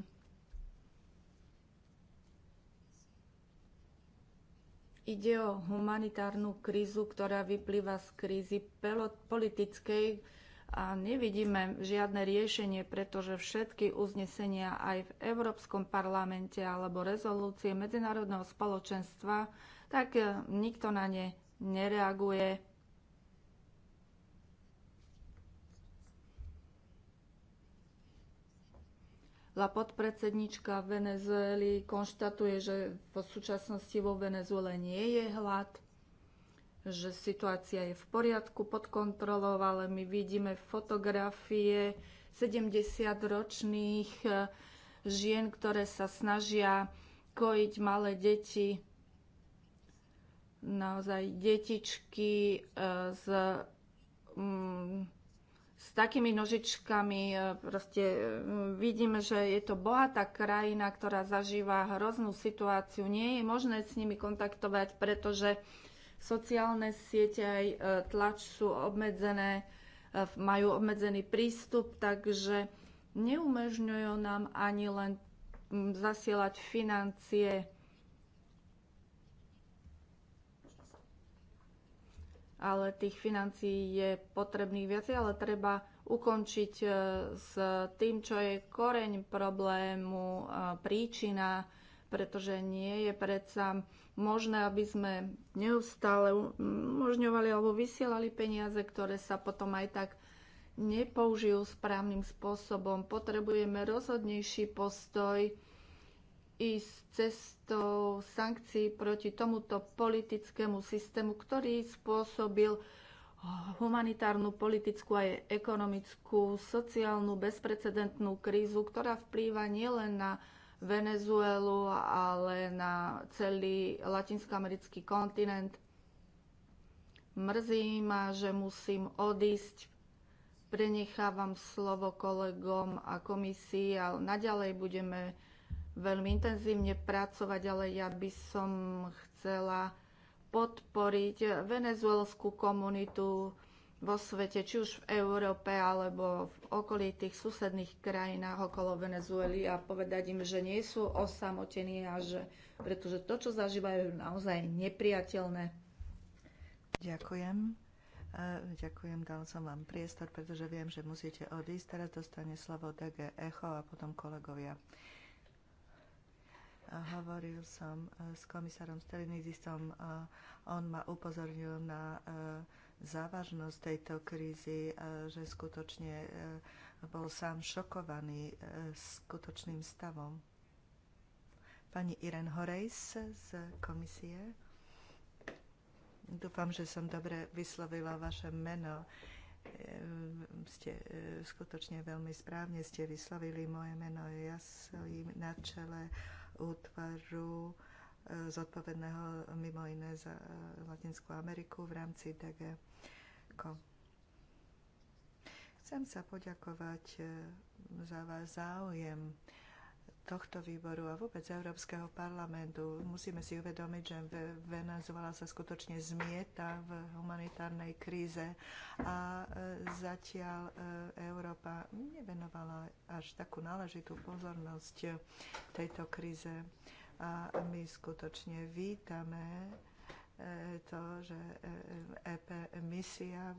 S2: Ide o humanitárnu krízu, ktorá vyplýva z krízy politickej a nevidíme žiadne riešenie, pretože všetky uznesenia aj v Európskom parlamente alebo rezolúcie medzinárodného spoločenstva, tak eh, nikto na ne nereaguje. La podpredsednička Venezuely konštatuje, že v súčasnosti vo Venezuele nie je hlad, že situácia je v poriadku, pod kontrolou, ale my vidíme fotografie 70-ročných eh, žien, ktoré sa snažia kojiť malé deti, naozaj detičky eh, z mm, s takými nožičkami. E, proste e, vidíme, že je to bohatá krajina, ktorá zažíva hroznú situáciu. Nie je možné s nimi kontaktovať, pretože sociálne siete aj e, tlač sú obmedzené, majú obmedzený prístup, takže neumožňujú nám ani len zasielať financie ale tých financií je potrebných viacej, ale treba ukončiť e, s tým, čo je koreň problému, e, príčina, pretože nie je predsa možné, aby sme neustále umožňovali alebo vysielali peniaze, ktoré sa potom aj tak nepoužijú správnym spôsobom. Potrebujeme rozhodnejší postoj, ísť cestou sankcií proti tomuto politickému systému, ktorý spôsobil humanitárnu, politickú aj ekonomickú, sociálnu, bezprecedentnú krízu, ktorá vplýva nielen na Venezuelu, ale na celý latinskoamerický kontinent. Mrzí ma, že musím odísť. Prenechávam slovo kolegom a komisii a naďalej budeme veľmi intenzívne pracovať, ale ja by som chcela podporiť venezuelskú komunitu vo svete, či už v Európe alebo v okolitých susedných krajinách okolo Venezuely a povedať im, že nie sú osamotení a že pretože to, čo zažívajú, je naozaj
S3: nepriateľné. Ďakujem. E, ďakujem, dal som vám priestor, pretože viem, že musíte odísť. Teraz dostane slovo DG Echo a potom kolegovia hovoril som e, s komisárom Stelinizistom a e, on ma upozornil na e, závažnosť tejto krízy, že skutočne bol sám šokovaný skutočným stavom. Pani Irene Horejs z komisie. Dúfam, že som dobre vyslovila vaše meno ste skutočne veľmi správne ste vyslovili moje meno. Ja som na čele útvaru e, zodpovedného mimo iné za e, Latinskú Ameriku v rámci DGCO. Chcem sa poďakovať e, za váš záujem tohto výboru a vôbec Európskeho parlamentu. Musíme si uvedomiť, že Venezuela sa skutočne zmieta v humanitárnej kríze a e, zatiaľ e, Európa nevenovala až takú náležitú pozornosť tejto kríze. A my skutočne vítame e, to, že EP misia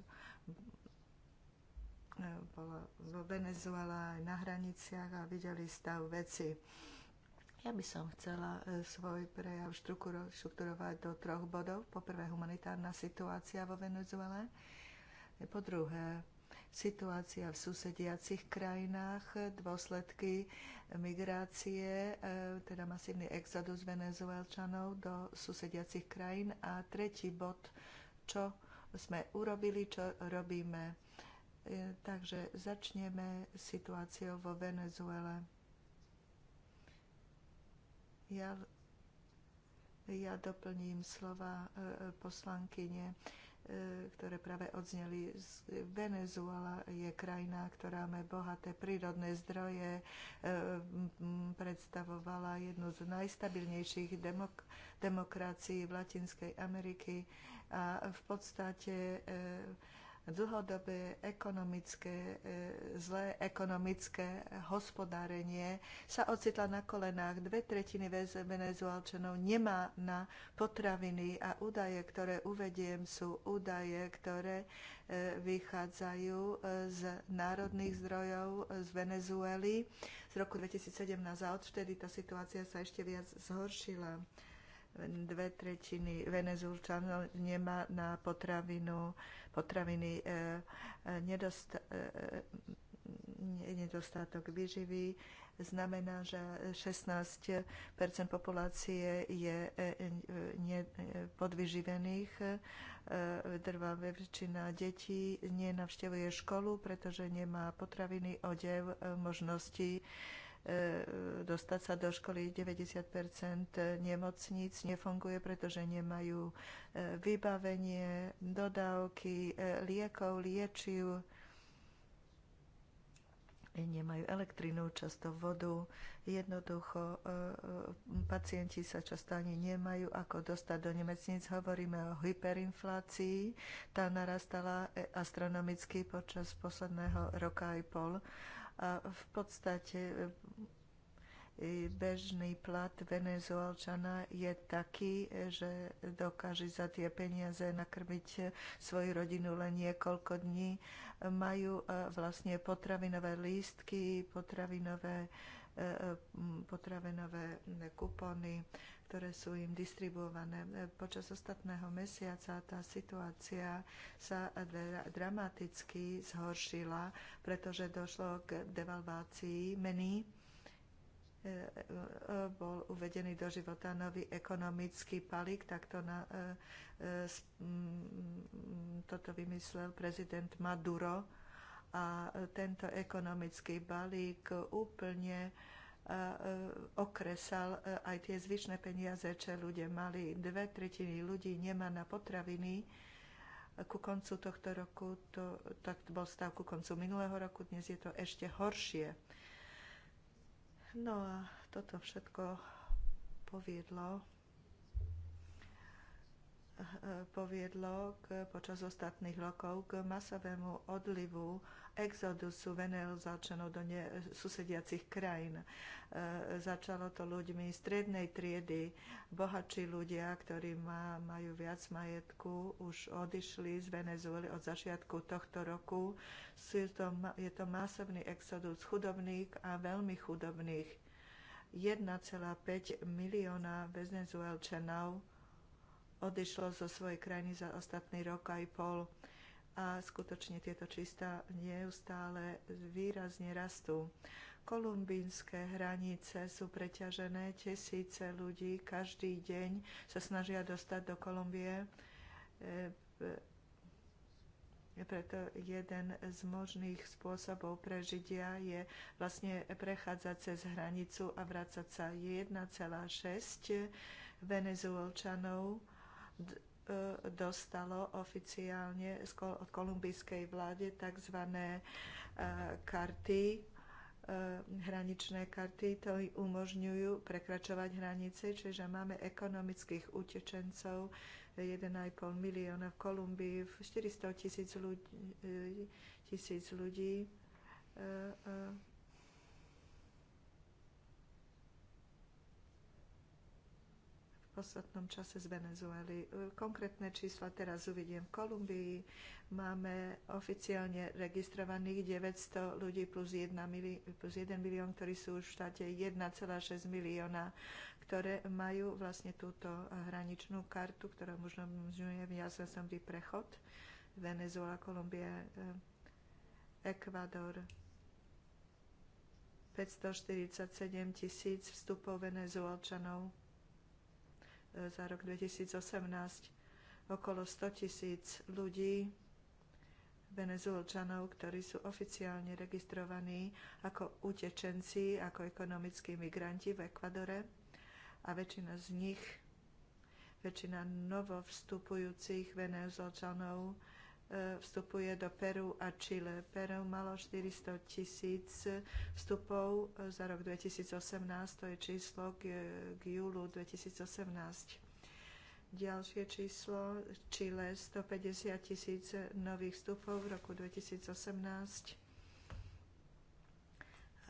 S3: bola vo Venezuela aj na hraniciach a videli stav veci. Ja by som chcela e, svoj prejav štrukturovať do troch bodov. Po prvé, humanitárna situácia vo Venezuele. Po druhé, situácia v susediacich krajinách, dôsledky migrácie, e, teda masívny exodus venezuelčanov do susediacich krajín. A tretí bod, čo sme urobili, čo robíme E, takže začneme situáciou vo Venezuele. Ja, ja doplním slova e, poslankyne, e, ktoré práve odzneli. Venezuela je krajina, ktorá má bohaté prírodné zdroje, predstavovala jednu z najstabilnejších demok- demokracií v Latinskej Ameriky a v podstate dlhodobé ekonomické, e, zlé ekonomické hospodárenie sa ocitla na kolenách. Dve tretiny venezuelčanov nemá na potraviny a údaje, ktoré uvediem, sú údaje, ktoré e, vychádzajú e, z národných zdrojov z Venezuely z roku 2017 a odvtedy tá situácia sa ešte viac zhoršila dve tretiny Venezuelčanov nemá na potravinu potraviny, e, e, nedost, e, nedostatok výživy, znamená, že 16 populácie je podvyživených. Drvá väčšina detí nenavštevuje školu, pretože nemá potraviny, odev, možnosti E, dostať sa do školy. 90 nemocníc nefunguje, pretože nemajú e, vybavenie, dodávky e, liekov, liečiv, nemajú elektrinu, často vodu. Jednoducho pacienti sa často ani nemajú ako dostať do nemocnic. Hovoríme o hyperinflácii. Tá narastala astronomicky počas posledného roka aj pol a v podstate e, e, bežný plat venezuelčana je taký, že dokáže za tie peniaze nakrmiť svoju rodinu len niekoľko dní. Majú e, vlastne potravinové lístky, potravinové, potravinové kupony ktoré sú im distribuované. Počas ostatného mesiaca tá situácia sa dramaticky zhoršila, pretože došlo k devalvácii meny e, e, bol uvedený do života nový ekonomický palík, to na, e, mm, toto vymyslel prezident Maduro a tento ekonomický balík úplne a e, okresal e, aj tie zvyšné peniaze, čo ľudia mali. Dve tretiny ľudí nemá na potraviny. Ku koncu tohto roku, to, to bol stav ku koncu minulého roku, dnes je to ešte horšie. No a toto všetko poviedlo e, poviedlo k, počas ostatných rokov k masovému odlivu exodusu venezuelčanov do ne, susediacich krajín. E, začalo to ľuďmi strednej triedy. Bohatší ľudia, ktorí má, majú viac majetku, už odišli z Venezuely od začiatku tohto roku. Je to, je to masovný exodus chudobných a veľmi chudobných. 1,5 milióna venezuelčanov odišlo zo svojej krajiny za ostatný rok aj pol a skutočne tieto čísla neustále výrazne rastú. Kolumbínske hranice sú preťažené, tisíce ľudí každý deň sa snažia dostať do Kolumbie. E, e, preto jeden z možných spôsobov prežitia je vlastne prechádzať cez hranicu a vrácať sa 1,6 venezuelčanov E, dostalo oficiálne od kolumbijskej vlády tzv. E, karty, e, hraničné karty, to umožňujú prekračovať hranice, čiže máme ekonomických utečencov 1,5 milióna v Kolumbii, 400 tisíc ľudí, tisíc ľudí ostatnom čase z Venezuely. E, konkrétne čísla teraz uvidím v Kolumbii. Máme oficiálne registrovaných 900 ľudí plus 1, mili- plus 1 milión, ktorí sú už v štáte 1,6 milióna, ktoré majú vlastne túto hraničnú kartu, ktorá možno umožňuje jasný prechod. Venezuela, Kolumbia, e, Ekvador. 547 tisíc vstupov venezuelčanov za rok 2018 okolo 100 tisíc ľudí, venezuelčanov, ktorí sú oficiálne registrovaní ako utečenci, ako ekonomickí migranti v Ekvadore a väčšina z nich, väčšina novovstupujúcich venezuelčanov vstupuje do Peru a Chile. Peru malo 400 tisíc vstupov za rok 2018, to je číslo k, k júlu 2018. Ďalšie číslo Chile 150 tisíc nových vstupov v roku 2018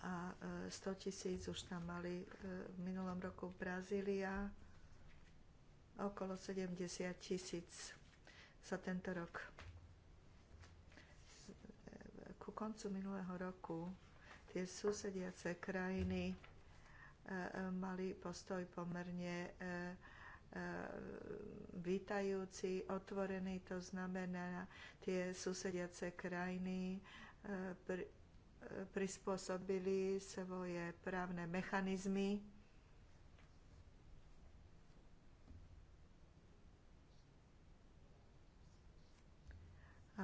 S3: a 100 e, tisíc už tam mali e, v minulom roku Brazília, okolo 70 tisíc za tento rok koncu minulého roku tie susediace krajiny e, e, mali postoj pomerne e, vítajúci, otvorený, to znamená, tie susediace krajiny prispôsobili svoje právne mechanizmy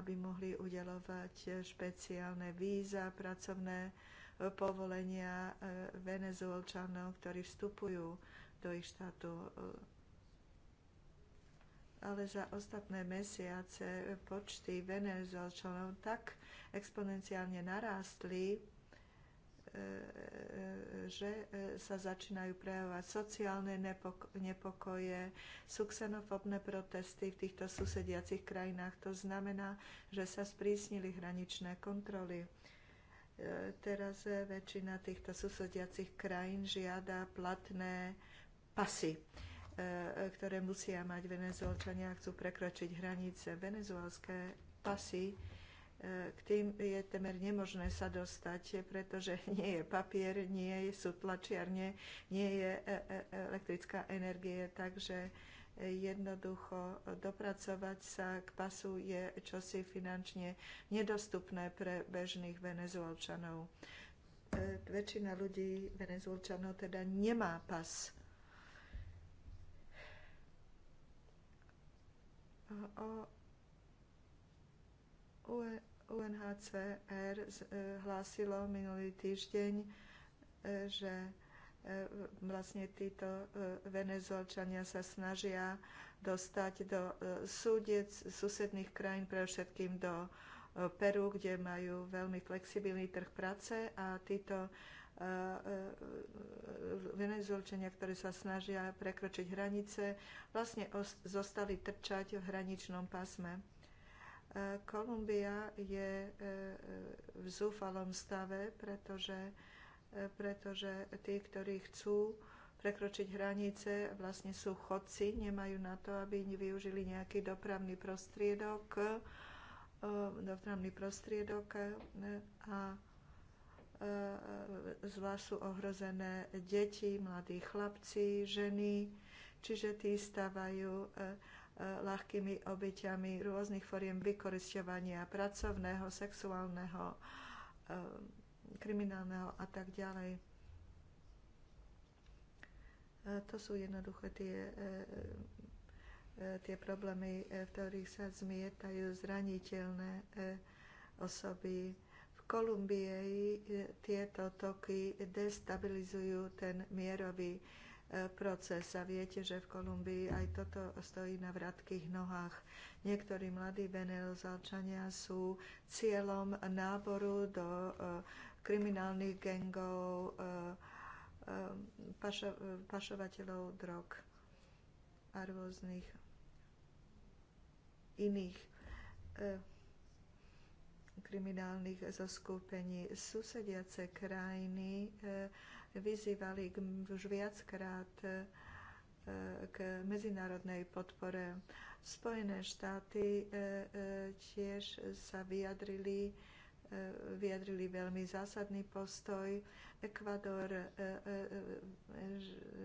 S3: aby mohli udelovať špeciálne víza, pracovné e, povolenia e, venezuelčanov, ktorí vstupujú do ich štátu. E, ale za ostatné mesiace počty venezuelčanov tak exponenciálne narástli, že e, sa začínajú prejavovať sociálne nepokoje, sú xenofobné protesty v týchto susediacich krajinách. To znamená, že sa sprísnili hraničné kontroly. E, teraz e, väčšina týchto susediacich krajín žiada platné pasy ktoré musia mať venezuelčania, chcú prekročiť hranice. Venezuelské pasy k tým je temer nemožné sa dostať, pretože nie je papier, nie sú tlačiarne, nie je e, e, elektrická energie, takže jednoducho dopracovať sa k pasu je čosi finančne nedostupné pre bežných venezuelčanov. E, väčšina ľudí, venezuelčanov, teda nemá pas. O, o, UNHCR e, hlásilo minulý týždeň, e, že e, vlastne títo venezolčania sa snažia dostať do súdec susedných krajín, pre všetkým do Peru, kde majú veľmi flexibilný trh práce a títo venezuelčania, ktorí sa snažia prekročiť hranice, vlastne zostali trčať v hraničnom pásme. Kolumbia je e, e, v zúfalom stave, pretože, e, pretože tí, ktorí chcú prekročiť hranice, vlastne sú chodci, nemajú na to, aby využili nejaký dopravný prostriedok, dopravný prostriedok a zvlášť sú ohrozené deti, mladí chlapci, ženy, čiže tí stávajú. E, ľahkými obyťami rôznych foriem vykorisťovania pracovného, sexuálneho, e, kriminálneho a tak ďalej. E, to sú jednoduché tie, tie problémy, v ktorých sa zmietajú zraniteľné osoby. V Kolumbii tieto toky destabilizujú ten mierový proces. A viete, že v Kolumbii aj toto stojí na vratkých nohách. Niektorí mladí venezolčania sú cieľom náboru do eh, kriminálnych gengov, eh, eh, pašovateľov drog a rôznych iných kriminálnych zoskúpení, Susediace krajiny vyzývali už viackrát e, e, k medzinárodnej podpore. Spojené štáty e, tiež sa vyjadrili vyjadrili veľmi zásadný postoj. Ekvador e, e, e,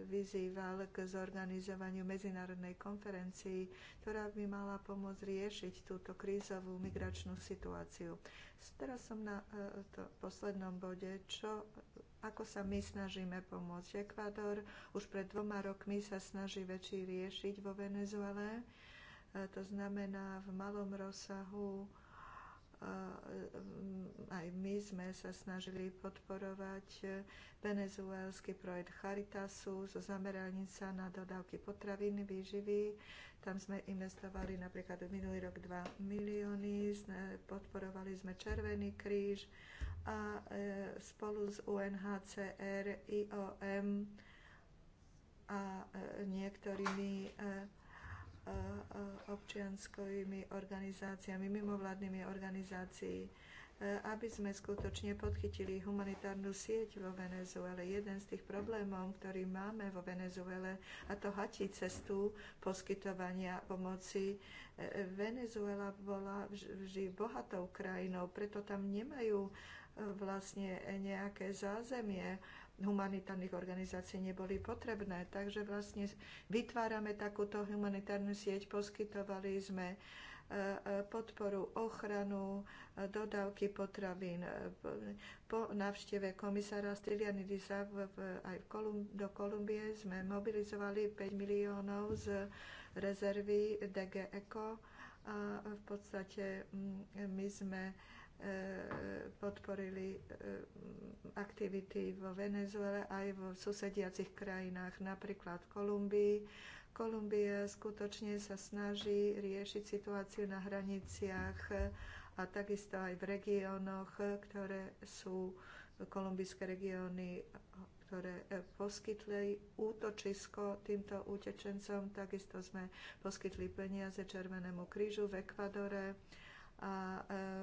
S3: vyzýval k zorganizovaniu medzinárodnej konferencii, ktorá by mala pomôcť riešiť túto krízovú migračnú situáciu. Teraz som na poslednom bode, čo ako sa my snažíme pomôcť. Ekvador už pred dvoma rokmi sa snaží väčší riešiť vo Venezuele. To znamená v malom rozsahu a mm, aj my sme sa snažili podporovať e, venezuelský projekt Charitasu so zameraním sa na dodávky potravín, výživy. Tam sme investovali napríklad minulý rok 2 milióny, podporovali sme Červený kríž a e, spolu s UNHCR, IOM a e, niektorými občianskými organizáciami, mimovládnymi organizáciami, e, aby sme skutočne podchytili humanitárnu sieť vo Venezuele. Jeden z tých problémov, ktorý máme vo Venezuele, a to hatí cestu poskytovania pomoci. E, Venezuela bola vždy bohatou krajinou, preto tam nemajú e, vlastne nejaké zázemie humanitárnych organizácií neboli potrebné. Takže vlastne vytvárame takúto humanitárnu sieť, poskytovali sme e, e, podporu, ochranu, e, dodávky potravín. Po návšteve komisára Stylianidisa aj v Kolum- do Kolumbie sme mobilizovali 5 miliónov z rezervy DG ECO a v podstate mm, my sme E, podporili e, aktivity vo Venezuele aj v susediacich krajinách, napríklad v Kolumbii. Kolumbia skutočne sa snaží riešiť situáciu na hraniciach a takisto aj v regiónoch, ktoré sú kolumbijské regióny, ktoré e, poskytli útočisko týmto utečencom. Takisto sme poskytli peniaze Červenému krížu v Ekvadore a e,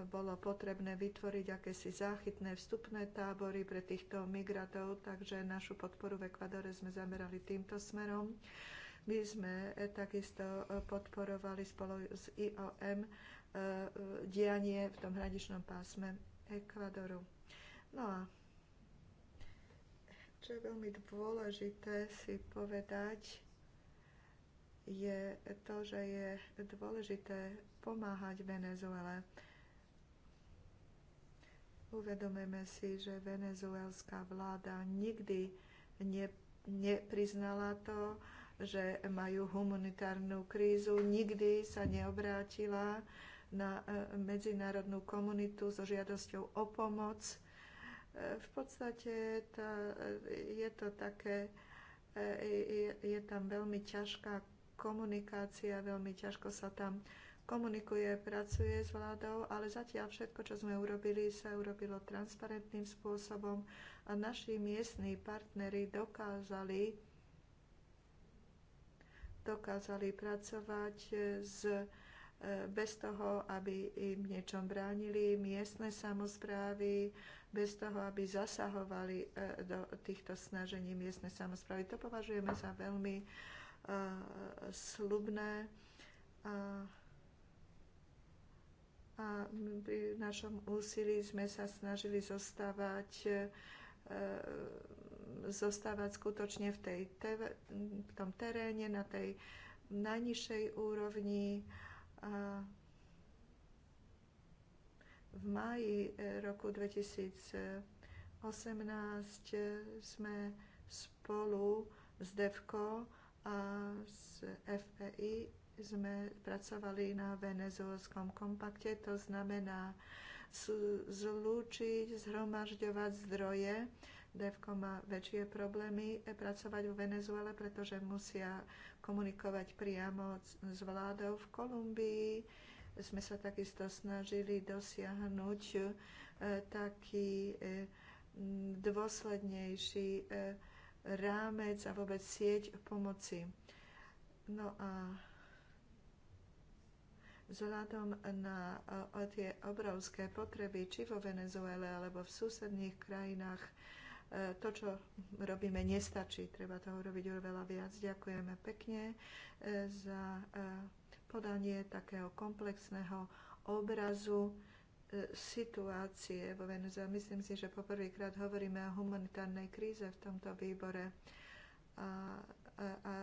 S3: bolo potrebné vytvoriť akési záchytné vstupné tábory pre týchto migratov, takže našu podporu v Ekvadore sme zamerali týmto smerom. My sme e, takisto e, podporovali spolu s IOM dianie v tom hradičnom pásme Ekvadoru. No a čo je veľmi dôležité si povedať, je to, že je dôležité pomáhať Venezuele. Uvedomujeme si, že venezuelská vláda nikdy ne, nepriznala to, že majú humanitárnu krízu, nikdy sa neobrátila na e, medzinárodnú komunitu so žiadosťou o pomoc. E, v podstate tá, e, je to také, je, je tam veľmi ťažká komunikácia, veľmi ťažko sa tam komunikuje, pracuje s vládou, ale zatiaľ všetko, čo sme urobili, sa urobilo transparentným spôsobom a naši miestni partnery dokázali dokázali pracovať s, e, bez toho, aby im niečom bránili miestne samozprávy, bez toho, aby zasahovali e, do týchto snažení miestne samozprávy. To považujeme za veľmi slubné a, a pri našom úsilí sme sa snažili zostávať e, zostávať skutočne v, tej, v tom teréne, na tej najnižšej úrovni. A v máji e, roku 2018 e, sme spolu s DEVKO a z FEI sme pracovali na venezuelskom kompakte, to znamená zlúčiť, zhromažďovať zdroje. DEVKO má väčšie problémy e, pracovať v Venezuele, pretože musia komunikovať priamo s vládou v Kolumbii. Sme sa takisto snažili dosiahnuť e, taký e, dôslednejší rámec a vôbec sieť pomoci. No a vzhľadom na e, tie obrovské potreby, či vo Venezuele alebo v susedných krajinách, e, to, čo robíme, nestačí. Treba toho robiť oveľa viac. Ďakujeme pekne e, za podanie takého komplexného obrazu situácie vo Venezuele. Myslím si, že poprvýkrát hovoríme o humanitárnej kríze v tomto výbore. A, a, a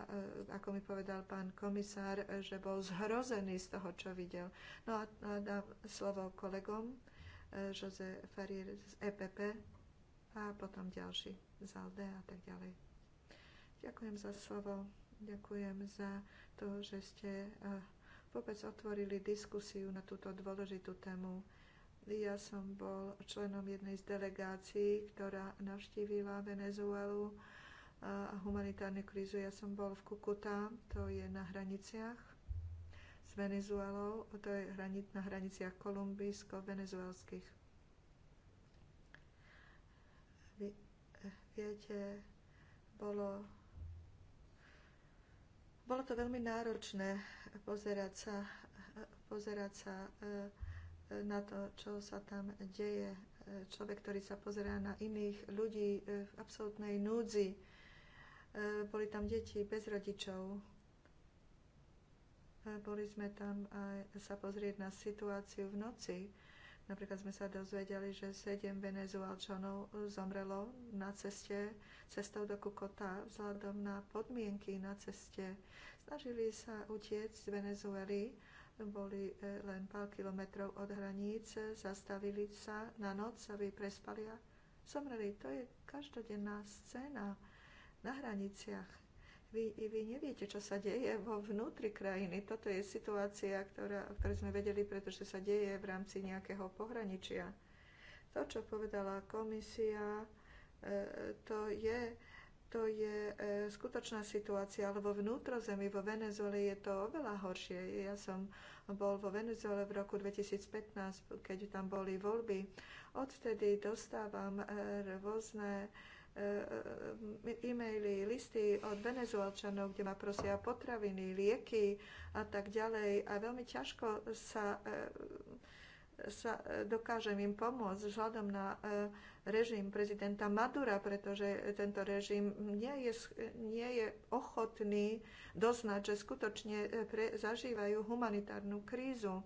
S3: ako mi povedal pán komisár, že bol zhrozený z toho, čo videl. No a, a dám slovo kolegom, e, Jose Farier z EPP a potom ďalší z ALDE a tak ďalej. Ďakujem za slovo, ďakujem za to, že ste e, vôbec otvorili diskusiu na túto dôležitú tému ja som bol členom jednej z delegácií, ktorá navštívila Venezuelu a humanitárnu krízu. Ja som bol v Kukuta, to je na hraniciach s Venezuelou, to je na hraniciach kolumbijsko-venezuelských. Viete, bolo, bolo to veľmi náročné pozerať sa, pozerať sa e, na to, čo sa tam deje. Človek, ktorý sa pozerá na iných ľudí e, v absolútnej núdzi. E, boli tam deti bez rodičov. E, boli sme tam aj sa pozrieť na situáciu v noci. Napríklad sme sa dozvedeli, že 7 venezuelčanov zomrelo na ceste, cestou do Kukota vzhľadom na podmienky na ceste. Snažili sa utiecť z Venezuely, boli e, len pár kilometrov od hraníc, e, zastavili sa na noc, aby prespali a zomreli. To je každodenná scéna na hraniciach. Vy, vy neviete, čo sa deje vo vnútri krajiny. Toto je situácia, ktorá, o ktorej sme vedeli, pretože sa deje v rámci nejakého pohraničia. To, čo povedala komisia, e, to je to je e, skutočná situácia, ale vo vnútrozemí, vo Venezuele je to oveľa horšie. Ja som bol vo Venezuele v roku 2015, keď tam boli voľby. Odvtedy dostávam e, rôzne e, e-maily, listy od venezuelčanov, kde ma prosia potraviny, lieky a tak ďalej. A veľmi ťažko sa, sa dokážem im pomôcť vzhľadom na e, režim prezidenta Madura, pretože tento režim nie je, nie je ochotný doznať, že skutočne e, pre, zažívajú humanitárnu krízu.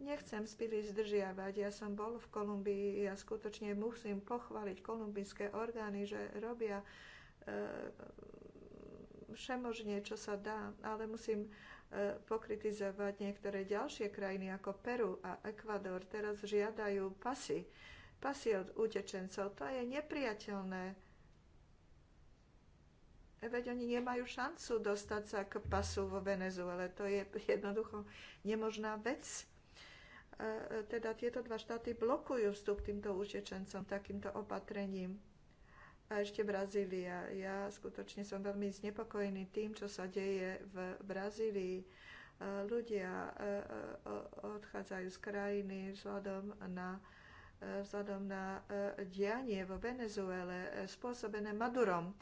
S3: Nechcem spíli zdržiavať. Ja som bol v Kolumbii a ja skutočne musím pochváliť kolumbijské orgány, že robia e, všemožne, čo sa dá, ale musím e, pokritizovať niektoré ďalšie krajiny ako Peru a Ekvador. Teraz žiadajú pasy od utečencov. To je nepriateľné. E, veď oni nemajú šancu dostať sa k pasu vo Venezuele. To je jednoducho nemožná vec. E, e, teda tieto dva štáty blokujú vstup týmto utečencom takýmto opatrením. A ešte Brazília. Ja skutočne som veľmi znepokojený tým, čo sa deje v Brazílii. Ľudia odchádzajú z krajiny vzhľadom na E, vzhľadom na e, dianie vo Venezuele e, spôsobené Madurom.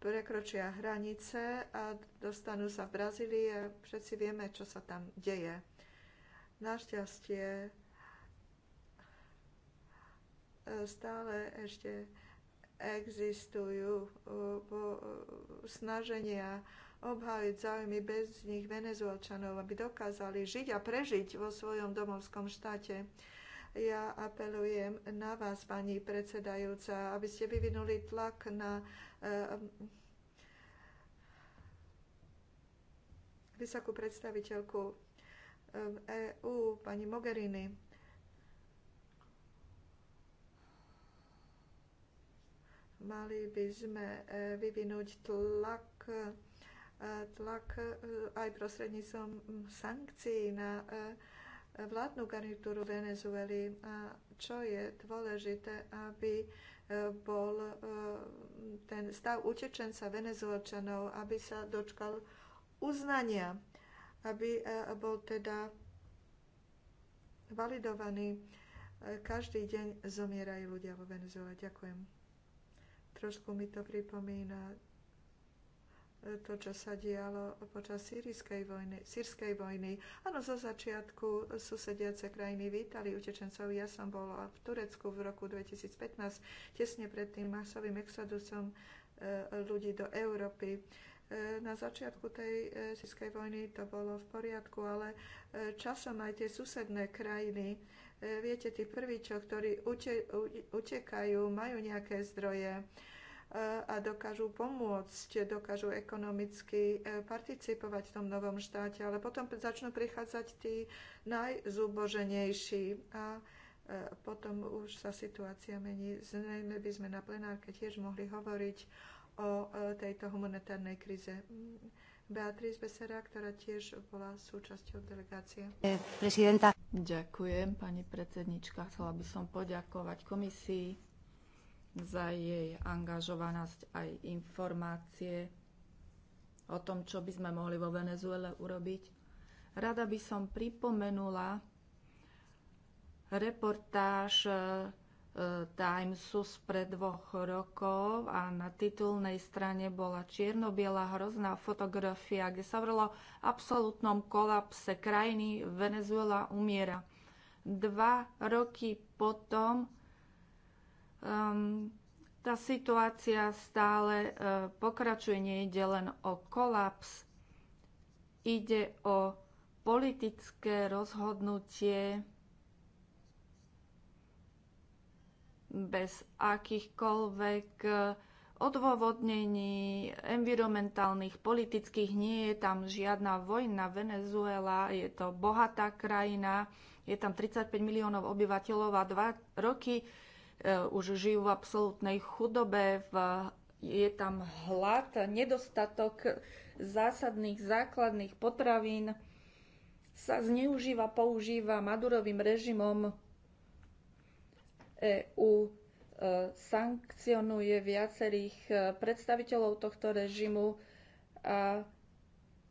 S3: Prekročia hranice a dostanú sa v Brazílii a všetci vieme, čo sa tam deje. Našťastie stále ešte existujú snaženia obhájiť záujmy bez nich venezuelčanov, aby dokázali žiť a prežiť vo svojom domovskom štáte. Ja apelujem na vás, pani predsedajúca, aby ste vyvinuli tlak na eh, vysokú predstaviteľku v eh, EÚ, pani Mogherini. Mali by sme eh, vyvinúť tlak, tlak aj prostredníctvom sankcií na uh, vládnu garnitúru Venezuely a čo je dôležité, aby e, bol e, ten stav utečenca venezuelčanov, aby sa dočkal uznania, aby e, bol teda validovaný. Každý deň zomierajú ľudia vo Venezuele. Ďakujem. Trošku mi to pripomína to, čo sa dialo počas sírskej vojny. Sírskej vojny. Áno, zo začiatku susediace krajiny vítali utečencov. Ja som bola v Turecku v roku 2015, tesne pred tým masovým exodusom e, ľudí do Európy. E, na začiatku tej e, sírskej vojny to bolo v poriadku, ale časom aj tie susedné krajiny, viete, tí prví, čo, ktorí utekajú, majú nejaké zdroje, a dokážu pomôcť, dokážu ekonomicky e, participovať v tom novom štáte, ale potom začnú prichádzať tí najzúboženejší a e, potom už sa situácia mení. Zrejme by sme na plenárke tiež mohli hovoriť o e, tejto humanitárnej kríze. Beatriz Besera, ktorá tiež bola súčasťou delegácie.
S2: Prezidenta. Ďakujem, pani predsednička. Chcela by som poďakovať komisii za jej angažovanosť aj informácie o tom, čo by sme mohli vo Venezuele urobiť. Rada by som pripomenula reportáž e, Timesu spred dvoch rokov a na titulnej strane bola čierno-biela hrozná fotografia, kde sa vrlo absolútnom kolapse krajiny Venezuela umiera. Dva roky potom um, tá situácia stále uh, pokračuje, ide len o kolaps, ide o politické rozhodnutie bez akýchkoľvek e, odôvodnení environmentálnych, politických. Nie je tam žiadna vojna. Venezuela je to bohatá krajina, je tam 35 miliónov obyvateľov a dva roky E, už žijú v absolútnej chudobe, v, je tam hlad, nedostatok zásadných základných potravín sa zneužíva, používa Madurovým režimom EU e, sankcionuje viacerých e, predstaviteľov tohto režimu a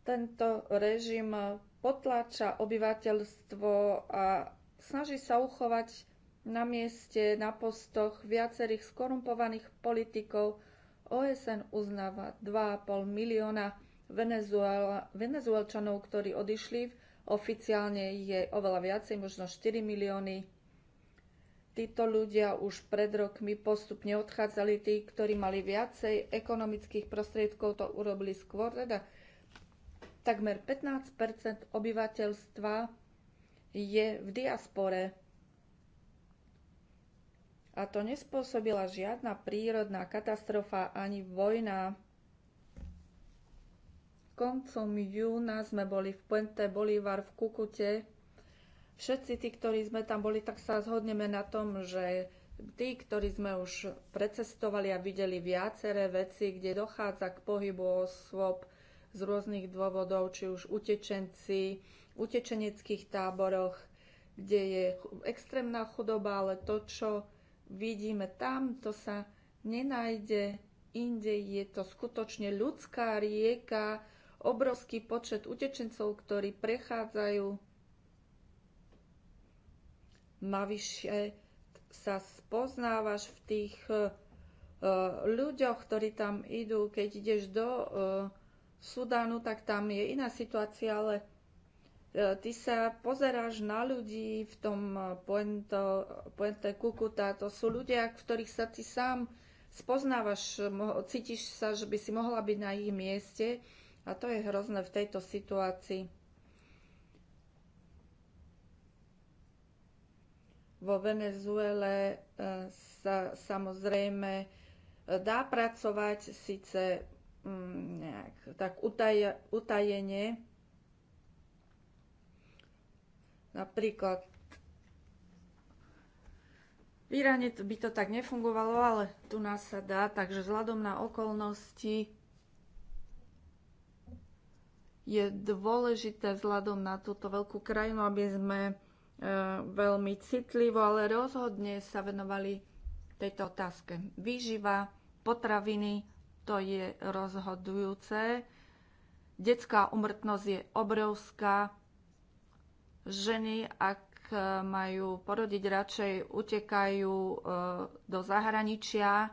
S2: tento režim potláča obyvateľstvo a snaží sa uchovať na mieste, na postoch viacerých skorumpovaných politikov. OSN uznáva 2,5 milióna venezuelčanov, ktorí odišli. Oficiálne je oveľa viacej, možno 4 milióny. Títo ľudia už pred rokmi postupne odchádzali. Tí, ktorí mali viacej ekonomických prostriedkov, to urobili skôr. Teda takmer 15 obyvateľstva je v diaspore a to nespôsobila žiadna prírodná katastrofa ani vojna. Koncom júna sme boli v Puente Bolívar v Kukute. Všetci tí, ktorí sme tam boli, tak sa zhodneme na tom, že tí, ktorí sme už precestovali a videli viaceré veci, kde dochádza k pohybu osôb z rôznych dôvodov, či už utečenci, utečeneckých táboroch, kde je extrémna chudoba, ale to, čo vidíme tam, to sa nenájde inde. Je to skutočne ľudská rieka, obrovský počet utečencov, ktorí prechádzajú navyše sa spoznávaš v tých uh, ľuďoch, ktorí tam idú. Keď ideš do uh, Sudánu, tak tam je iná situácia, ale E, ty sa pozeráš na ľudí v tom Puente, Puente Kukuta, to sú ľudia, v ktorých sa ty sám spoznávaš, cítiš sa, že by si mohla byť na ich mieste a to je hrozné v tejto situácii. Vo Venezuele e, sa samozrejme e, dá pracovať síce mm, nejak tak utaj, utajenie, Napríklad v Iráne by to tak nefungovalo, ale tu nás sa dá, takže vzhľadom na okolnosti je dôležité vzhľadom na túto veľkú krajinu, aby sme e, veľmi citlivo, ale rozhodne sa venovali tejto otázke. Výživa, potraviny, to je rozhodujúce. Detská umrtnosť je obrovská, ženy, ak e, majú porodiť, radšej utekajú e, do zahraničia.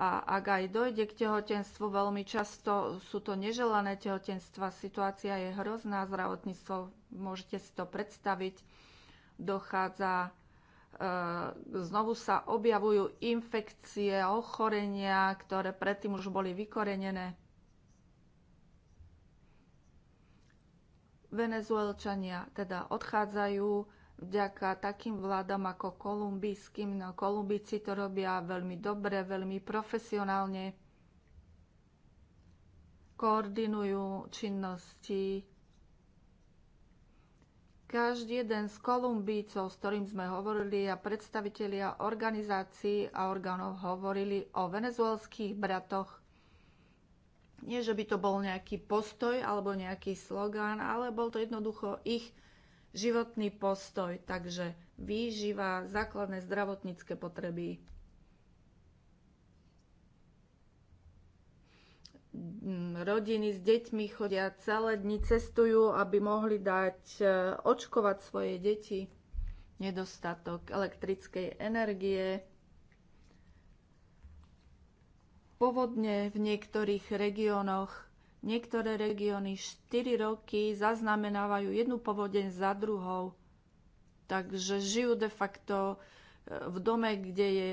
S2: A ak aj dojde k tehotenstvu, veľmi často sú to neželané tehotenstva. Situácia je hrozná, zdravotníctvo, môžete si to predstaviť, dochádza e, znovu sa objavujú infekcie, ochorenia, ktoré predtým už boli vykorenené. Venezuelčania teda odchádzajú vďaka takým vládam ako kolumbijským. No, Kolumbici to robia veľmi dobre, veľmi profesionálne. Koordinujú činnosti. Každý jeden z Kolumbícov, s ktorým sme hovorili, a predstavitelia organizácií a orgánov hovorili o venezuelských bratoch nie, že by to bol nejaký postoj alebo nejaký slogán, ale bol to jednoducho ich životný postoj. Takže výživa, základné zdravotnícke potreby. Mm, rodiny s deťmi chodia celé dni, cestujú, aby mohli dať e, očkovať svoje deti. Nedostatok elektrickej energie, povodne v niektorých regiónoch. Niektoré regióny 4 roky zaznamenávajú jednu povodeň za druhou. Takže žijú de facto e, v dome, kde je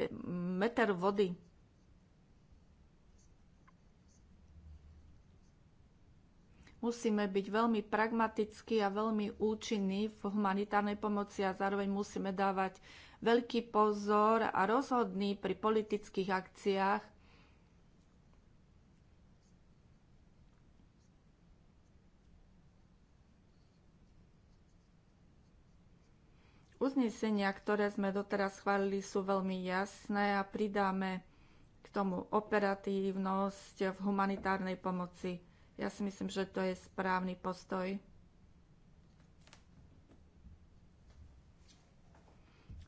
S2: meter vody. Musíme byť veľmi pragmatickí a veľmi účinní v humanitárnej pomoci a zároveň musíme dávať veľký pozor a rozhodný pri politických akciách, Uznesenia, ktoré sme doteraz chválili, sú veľmi jasné a pridáme k tomu operatívnosť v humanitárnej pomoci. Ja si myslím, že to je správny postoj.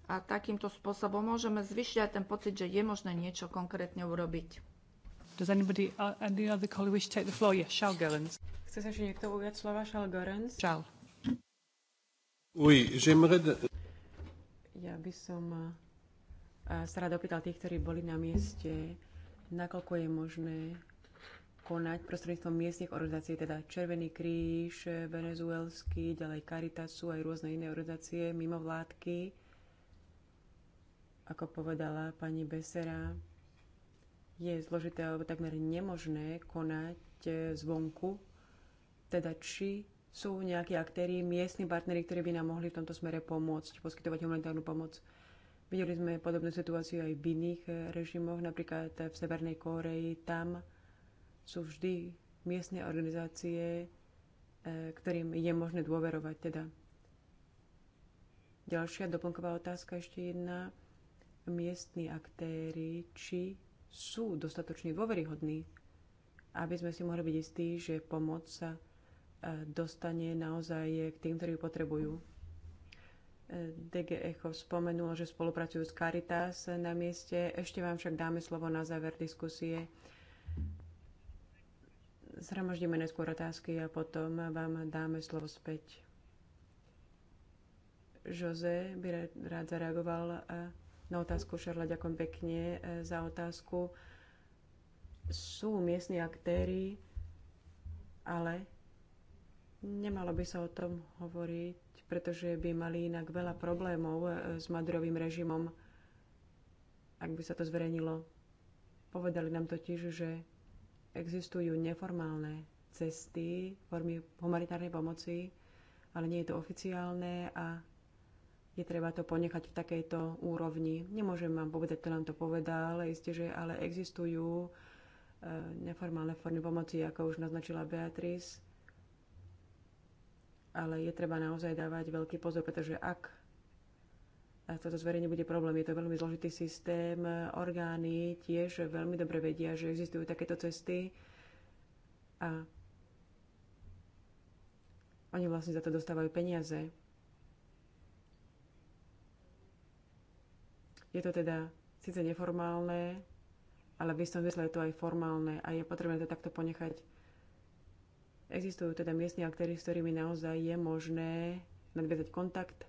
S2: A takýmto spôsobom môžeme zvyšiť aj ten pocit, že je možné niečo konkrétne
S1: urobiť. Does anybody, uh, any other colleague wish to take the floor? Gerens. Chce sa ešte niekto ujať slova? Charles Gerens? Charles. Oui, j'aimerais... Ja by som eh, eh, sa rád opýtal tých, ktorí boli na mieste, nakoľko je možné konať prostredníctvom miestnych organizácií, teda Červený kríž, venezuelský, ďalej Caritasu, aj rôzne iné organizácie, mimo vládky, ako povedala pani Besera, je zložité alebo takmer nemožné konať eh, zvonku, teda či sú nejakí aktéry, miestni partnery, ktorí by nám mohli v tomto smere pomôcť, poskytovať humanitárnu pomoc. Videli sme podobnú situáciu aj v iných eh, režimoch, napríklad v Severnej Kóreji. Tam sú vždy miestne organizácie, eh, ktorým je možné dôverovať. Teda. Ďalšia doplnková otázka, ešte jedna. Miestni aktéry, či sú dostatočne dôveryhodní, aby sme si mohli byť istí, že pomoc sa dostane naozaj k tým, ktorí ju potrebujú. E, DG Echo spomenulo, že spolupracujú s Caritas na mieste. Ešte vám však dáme slovo na záver diskusie. Zhromaždíme najskôr otázky a potom vám dáme slovo späť. Jose by rád zareagoval na otázku Šarla. Ďakujem pekne e, za otázku. Sú miestni aktéry, ale Nemalo by sa o tom hovoriť, pretože by mali inak veľa problémov e, s Madurovým režimom, ak by sa to zverejnilo. Povedali nám totiž, že existujú neformálne cesty, formy humanitárnej pomoci, ale nie je to oficiálne a je treba to ponechať v takejto úrovni. Nemôžem vám povedať, kto nám to povedal, isté, že ale existujú e, neformálne formy pomoci, ako už naznačila Beatrice ale je treba naozaj dávať veľký pozor, pretože ak toto zverejne bude problém, je to veľmi zložitý systém, orgány tiež veľmi dobre vedia, že existujú takéto cesty a oni vlastne za to dostávajú peniaze. Je to teda síce neformálne, ale v istom zmysle je to aj formálne a je potrebné to takto ponechať Existujú teda miestni aktéry, s ktorými naozaj je možné nadviazať kontakt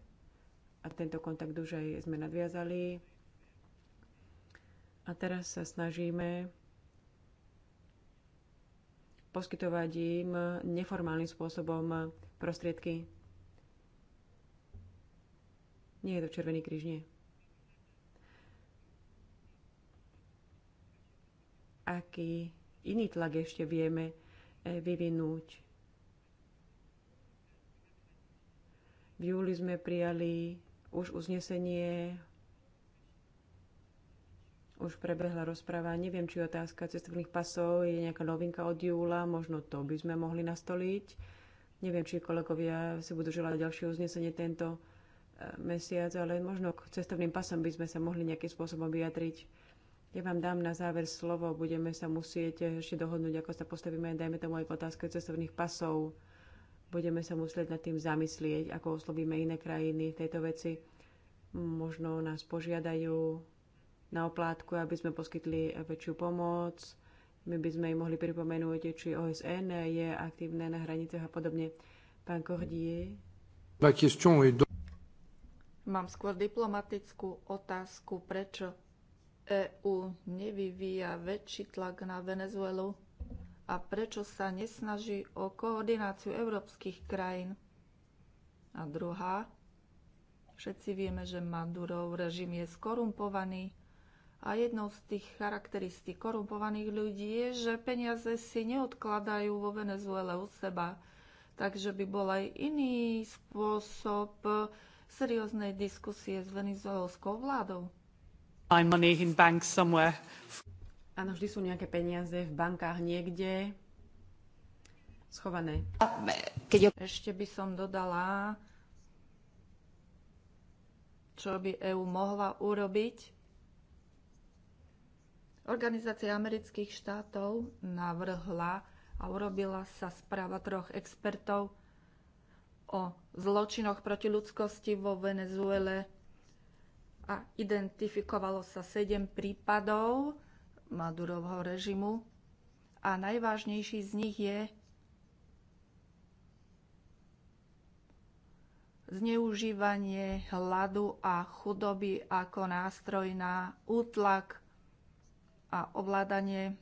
S1: a tento kontakt už aj sme nadviazali. A teraz sa snažíme poskytovať im neformálnym spôsobom prostriedky. Nie je to Červený kríž, nie. Aký iný tlak ešte vieme Eh, vyvinúť. V júli sme prijali už uznesenie, už prebehla rozpráva. Neviem, či otázka cestovných pasov je nejaká novinka od júla, možno to by sme mohli nastoliť. Neviem, či kolegovia si budú želať ďalšie uznesenie tento eh, mesiac, ale možno k cestovným pasom by sme sa mohli nejakým spôsobom vyjadriť. Ja vám dám na záver slovo, budeme sa musieť ešte dohodnúť, ako sa postavíme, dajme tomu aj k otázke cestovných pasov. Budeme sa musieť nad tým zamyslieť, ako oslovíme iné krajiny v tejto veci. Možno nás požiadajú na oplátku, aby sme poskytli väčšiu pomoc. My by sme im mohli pripomenúť, či OSN je aktívne na hraniciach a podobne. Pán Kordier.
S2: Mám skôr diplomatickú otázku, prečo EÚ nevyvíja väčší tlak na Venezuelu a prečo sa nesnaží o koordináciu európskych krajín? A druhá, všetci vieme, že Madurov režim je skorumpovaný a jednou z tých charakteristík korumpovaných ľudí je, že peniaze si neodkladajú vo Venezuele u seba. Takže by bol aj iný spôsob serióznej
S1: diskusie s venezuelskou vládou. Áno, vždy sú nejaké peniaze v bankách niekde schované. Keď... Ešte by som dodala,
S2: čo by EU mohla urobiť. Organizácia amerických štátov navrhla a urobila sa správa troch expertov o zločinoch proti ľudskosti vo Venezuele a identifikovalo sa 7 prípadov Madurovho režimu a najvážnejší z nich je zneužívanie hladu a chudoby ako nástroj na útlak a ovládanie.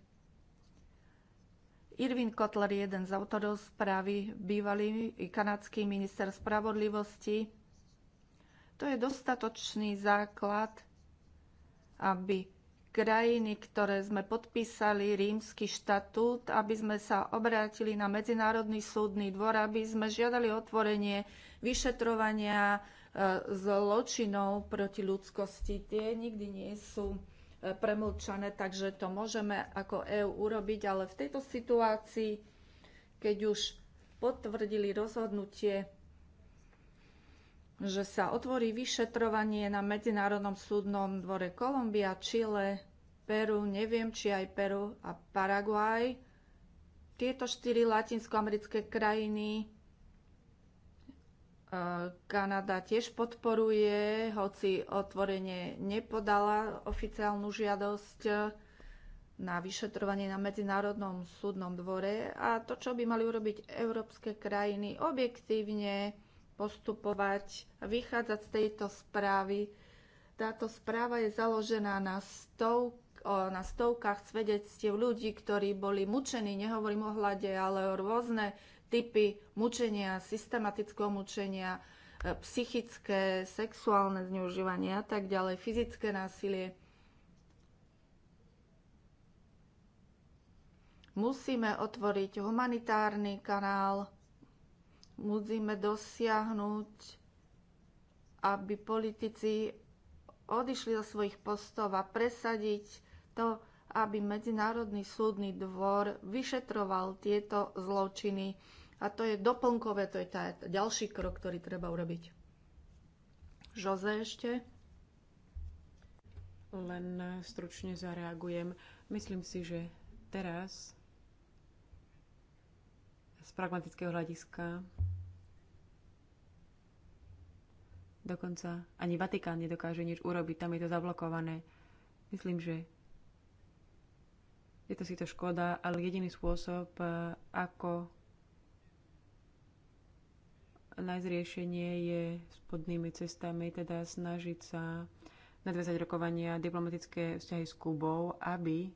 S2: Irvin Kotler, jeden z autorov správy, bývalý kanadský minister spravodlivosti, to je dostatočný základ, aby krajiny, ktoré sme podpísali rímsky štatút, aby sme sa obrátili na Medzinárodný súdny dvor, aby sme žiadali otvorenie vyšetrovania e, zločinov proti ľudskosti. Tie nikdy nie sú e, premlčané, takže to môžeme ako EÚ urobiť, ale v tejto situácii, keď už potvrdili rozhodnutie že sa otvorí vyšetrovanie na Medzinárodnom súdnom dvore Kolumbia, Chile, Peru, neviem či aj Peru a Paraguaj. Tieto štyri latinskoamerické krajiny e, Kanada tiež podporuje, hoci otvorenie nepodala oficiálnu žiadosť e, na vyšetrovanie na Medzinárodnom súdnom dvore a to, čo by mali urobiť európske krajiny, objektívne postupovať a vychádzať z tejto správy. Táto správa je založená na, stov, na stovkách svedectiev ľudí, ktorí boli mučení, nehovorím o hlade, ale o rôzne typy mučenia, systematického mučenia, e, psychické, sexuálne zneužívanie a tak ďalej, fyzické násilie. Musíme otvoriť humanitárny kanál Musíme dosiahnuť, aby politici odišli zo svojich postov a presadiť to, aby Medzinárodný súdny dvor vyšetroval tieto zločiny. A to je doplnkové, to je tá, ďalší krok, ktorý treba urobiť. Žoze
S1: ešte? Len stručne zareagujem. Myslím si, že teraz z pragmatického hľadiska. Dokonca ani Vatikán nedokáže nič urobiť, tam je to zablokované. Myslím, že je to si to škoda, ale jediný spôsob, eh, ako nájsť riešenie je spodnými cestami, teda snažiť sa nadviazať rokovania diplomatické vzťahy s Kubou, aby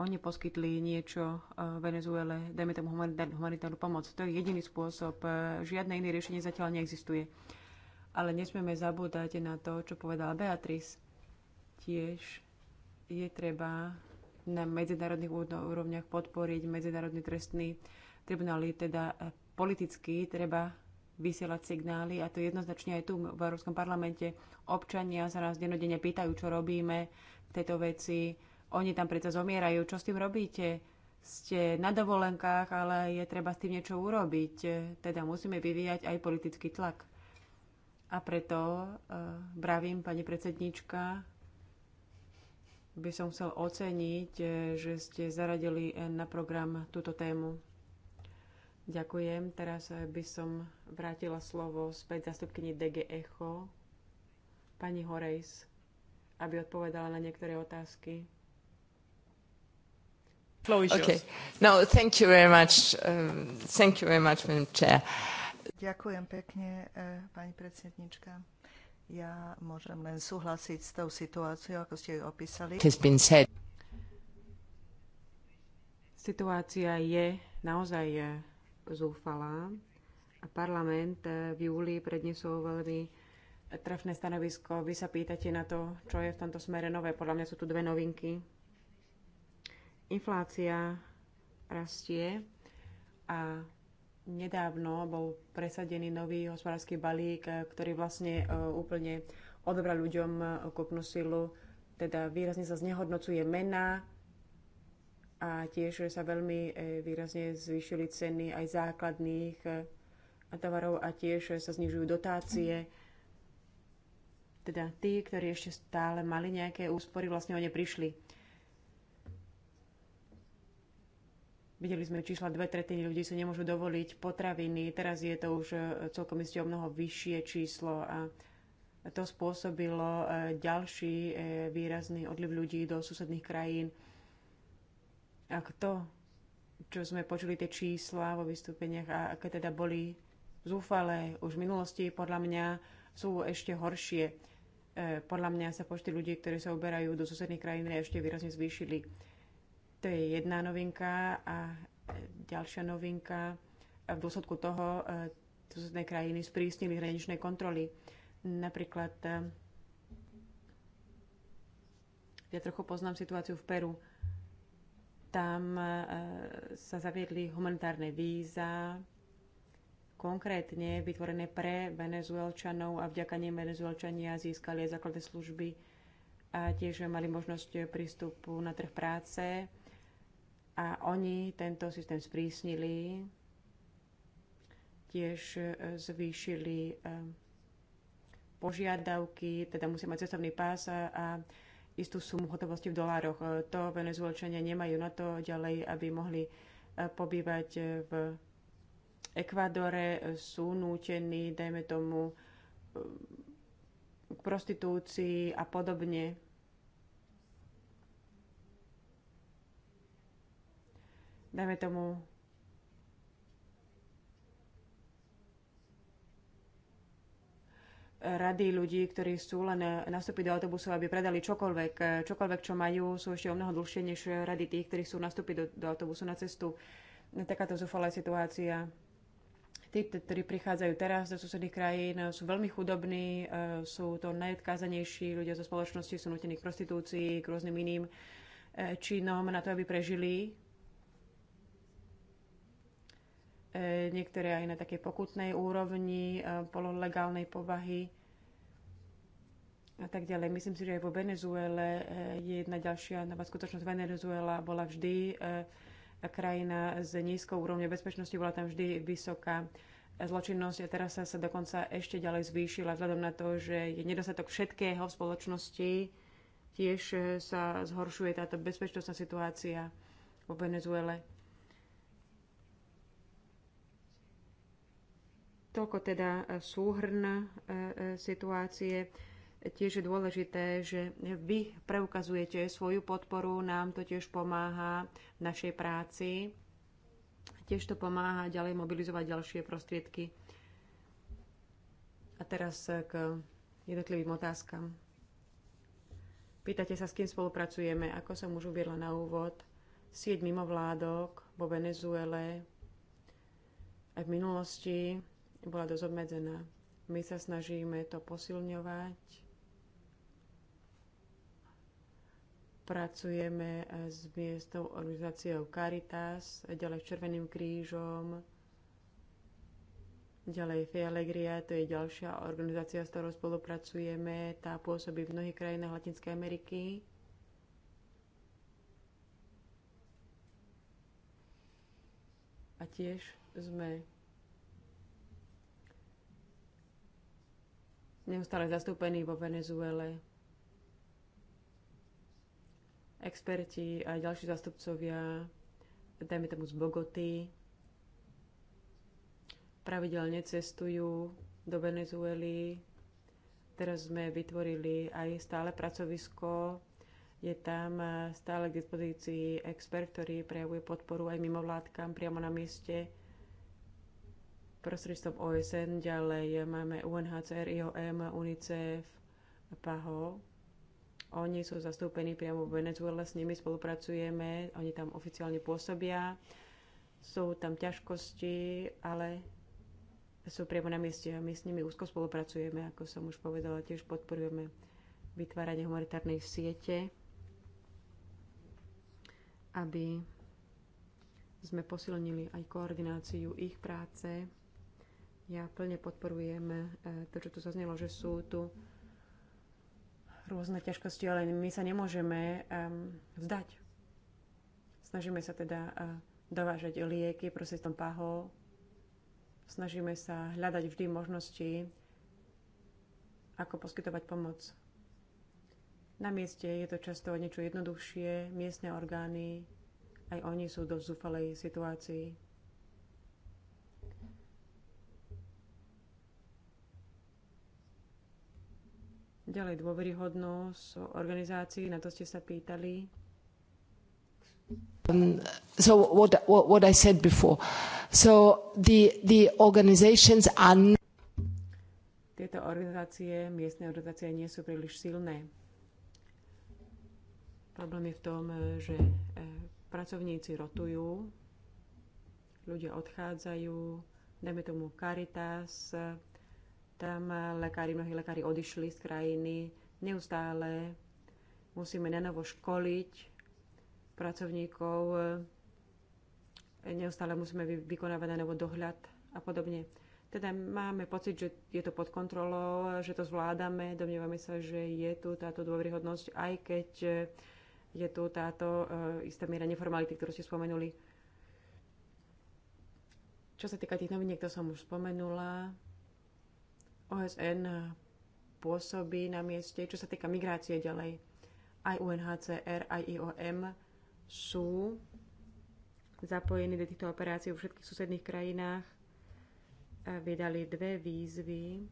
S1: oni poskytli niečo eh, Venezuele, dajme tomu humanitárnu pomoc. To je jediný spôsob. Eh, žiadne iné riešenie zatiaľ neexistuje. Ale nesmieme zabúdať na to, čo povedala Beatrice. Tiež je treba na medzinárodných úrovniach podporiť medzinárodný trestný tribunál, teda eh, politicky treba vysielať signály a to jednoznačne aj tu v Európskom parlamente. Občania sa nás denodene pýtajú, čo robíme v tejto veci oni tam predsa zomierajú. Čo s tým robíte? Ste na dovolenkách, ale je treba s tým niečo urobiť. Teda musíme vyvíjať aj politický tlak. A preto uh, bravím, pani predsednička, by som chcel oceniť, e, že ste zaradili e, na program túto tému. Ďakujem. Teraz by som vrátila slovo späť zastupkyni DG Echo, pani Horejs, aby odpovedala na niektoré otázky. Okay. No, thank you very much. Um, thank you very much, Madam Chair.
S3: Ďakujem pekne, eh, pani predsednička. Ja môžem len súhlasiť s tou situáciou, ako ste ju opísali.
S1: Situácia je naozaj eh, zúfalá a parlament eh, v júli predniesol veľmi trafné stanovisko. Vy sa pýtate na to, čo je v tomto smere nové. Podľa mňa sú tu dve novinky. Inflácia rastie a nedávno bol presadený nový hospodársky balík, ktorý vlastne e, úplne odobral ľuďom e, kúpnu silu, teda výrazne sa znehodnocuje mena a tiež sa veľmi e, výrazne zvýšili ceny aj základných tovarov a tiež sa znižujú dotácie. Teda tí, ktorí ešte stále mali nejaké úspory, vlastne o ne prišli Videli sme čísla, dve tretiny ľudí si nemôžu dovoliť potraviny, teraz je to už e, celkom isté o mnoho vyššie číslo a to spôsobilo e, ďalší e, výrazný odliv ľudí do susedných krajín. A to, čo sme počuli tie čísla vo vystúpeniach a aké teda boli zúfale už v minulosti, podľa mňa sú ešte horšie. Podľa mňa sa počty ľudí, ktorí sa uberajú do susedných krajín, ešte výrazne zvýšili to je jedna novinka a e, ďalšia novinka. V dôsledku toho e, susedné krajiny sprísnili hraničné kontroly. Napríklad e, ja trochu poznám situáciu v Peru. Tam sa zaviedli humanitárne víza, konkrétne vytvorené pre venezuelčanov a vďaka nej venezuelčania získali aj základné služby a tiež mali možnosť prístupu na trh práce a oni tento systém sprísnili, tiež e, zvýšili e, požiadavky, teda musia mať cestovný pás a istú sumu hotovosti v dolároch. E, to venezuelčania nemajú na to ďalej, aby mohli pobývať v Ekvádore, sú nútení, dajme tomu, k prostitúcii a podobne. dajme tomu, rady ľudí, ktorí sú len nastúpiť do autobusu, aby predali čokoľvek. Čokoľvek, čo majú, sú ešte o mnoho dlhšie než rady tých, ktorí sú nastúpiť do, do autobusu na cestu. No, takáto zúfalá situácia. Tí, ktorí prichádzajú teraz do susedných krajín, sú veľmi chudobní, eh, sú to najodkázanejší ľudia zo spoločnosti, sú nutení k prostitúcii, k rôznym iným eh, činom na to, aby prežili. E, niektoré aj na takej pokutnej úrovni, e, pololegálnej povahy a tak ďalej. Myslím si, že aj vo Venezuele e, je jedna ďalšia nová skutočnosť. Venezuela bola vždy krajina s nízkou úrovňou bezpečnosti, bola tam vždy vysoká zločinnosť a teraz sa, sa dokonca ešte ďalej zvýšila vzhľadom na to, že je nedostatok všetkého v spoločnosti. Tiež sa zhoršuje táto bezpečnostná situácia vo Venezuele. Toľko teda e, súhrn e, e, situácie. Tiež je dôležité, že vy preukazujete svoju podporu, nám to tiež pomáha v našej práci. Tiež to pomáha ďalej mobilizovať ďalšie prostriedky. A teraz k jednotlivým otázkam. Pýtate sa, s kým spolupracujeme. Ako som už uviedla na úvod, sieť mimovládok vo Venezuele aj v minulosti bola dosť obmedzená. My sa snažíme to posilňovať. Pracujeme e, s miestnou organizáciou Caritas, ďalej s Červeným krížom, ďalej Fialegria, to je ďalšia organizácia, s ktorou spolupracujeme. Tá pôsobí v mnohých krajinách Latinskej Ameriky. A tiež sme neustále zastúpení vo Venezuele. Experti a ďalší zastupcovia, dajme tomu z Bogoty, pravidelne cestujú do Venezuely. Teraz sme vytvorili aj stále pracovisko. Je tam stále k dispozícii expert, ktorý prejavuje podporu aj mimovládkam priamo na mieste prostredstvom OSN, ďalej máme UNHCR, IOM, UNICEF, PAHO. Oni sú zastúpení priamo v Venezuele, s nimi spolupracujeme, oni tam oficiálne pôsobia. Sú tam ťažkosti, ale sú priamo na mieste a my s nimi úzko spolupracujeme, ako som už povedala, tiež podporujeme vytváranie humanitárnej siete, aby sme posilnili aj koordináciu ich práce ja plne podporujem e, to, čo tu zaznelo, že sú tu rôzne ťažkosti, ale my sa nemôžeme vzdať. Snažíme sa teda e, dovážať lieky tom pahov, snažíme sa hľadať vždy možnosti, ako poskytovať pomoc. Na mieste je to často niečo jednoduchšie, miestne orgány, aj oni sú do zúfalej situácii. Ďalej dôveryhodnosť organizácií, na to ste sa pýtali. Um, so what, what, what I said before.
S2: So the, the organizations are...
S1: Tieto organizácie, miestne organizácie nie sú príliš silné. Problém je v tom, že e, pracovníci rotujú, ľudia odchádzajú, dajme tomu Caritas, tam lekári, mnohí lekári odišli z krajiny. Neustále musíme nenovo školiť pracovníkov, neustále musíme vykonávať na novo dohľad a podobne. Teda máme pocit, že je to pod kontrolou, že to zvládame, domnievame sa, že je tu táto dôveryhodnosť, aj keď je tu táto eh, istá miera neformality, ktorú ste spomenuli. Čo sa týka tých noviniek, to som už spomenula. OSN eh, pôsobí na mieste, čo sa týka migrácie ďalej. Aj UNHCR, aj IOM sú zapojení do týchto operácií vo všetkých susedných krajinách. Eh, vydali dve výzvy,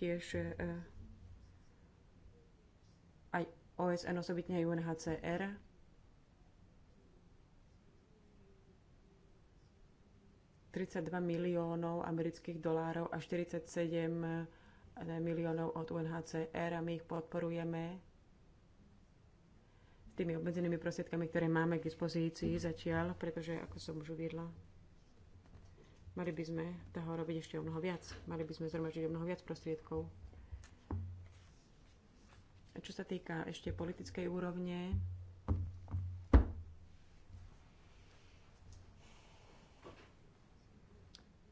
S1: tiež eh, aj OSN, osobitne aj UNHCR 32 miliónov amerických dolárov a 47 miliónov od UNHCR a my ich podporujeme s tými obmedzenými prostriedkami, ktoré máme k dispozícii zatiaľ, pretože, ako som už uviedla, mali by sme toho robiť ešte o mnoho viac. Mali by sme zhromažiť o mnoho viac prostriedkov. A čo sa týka ešte politickej úrovne,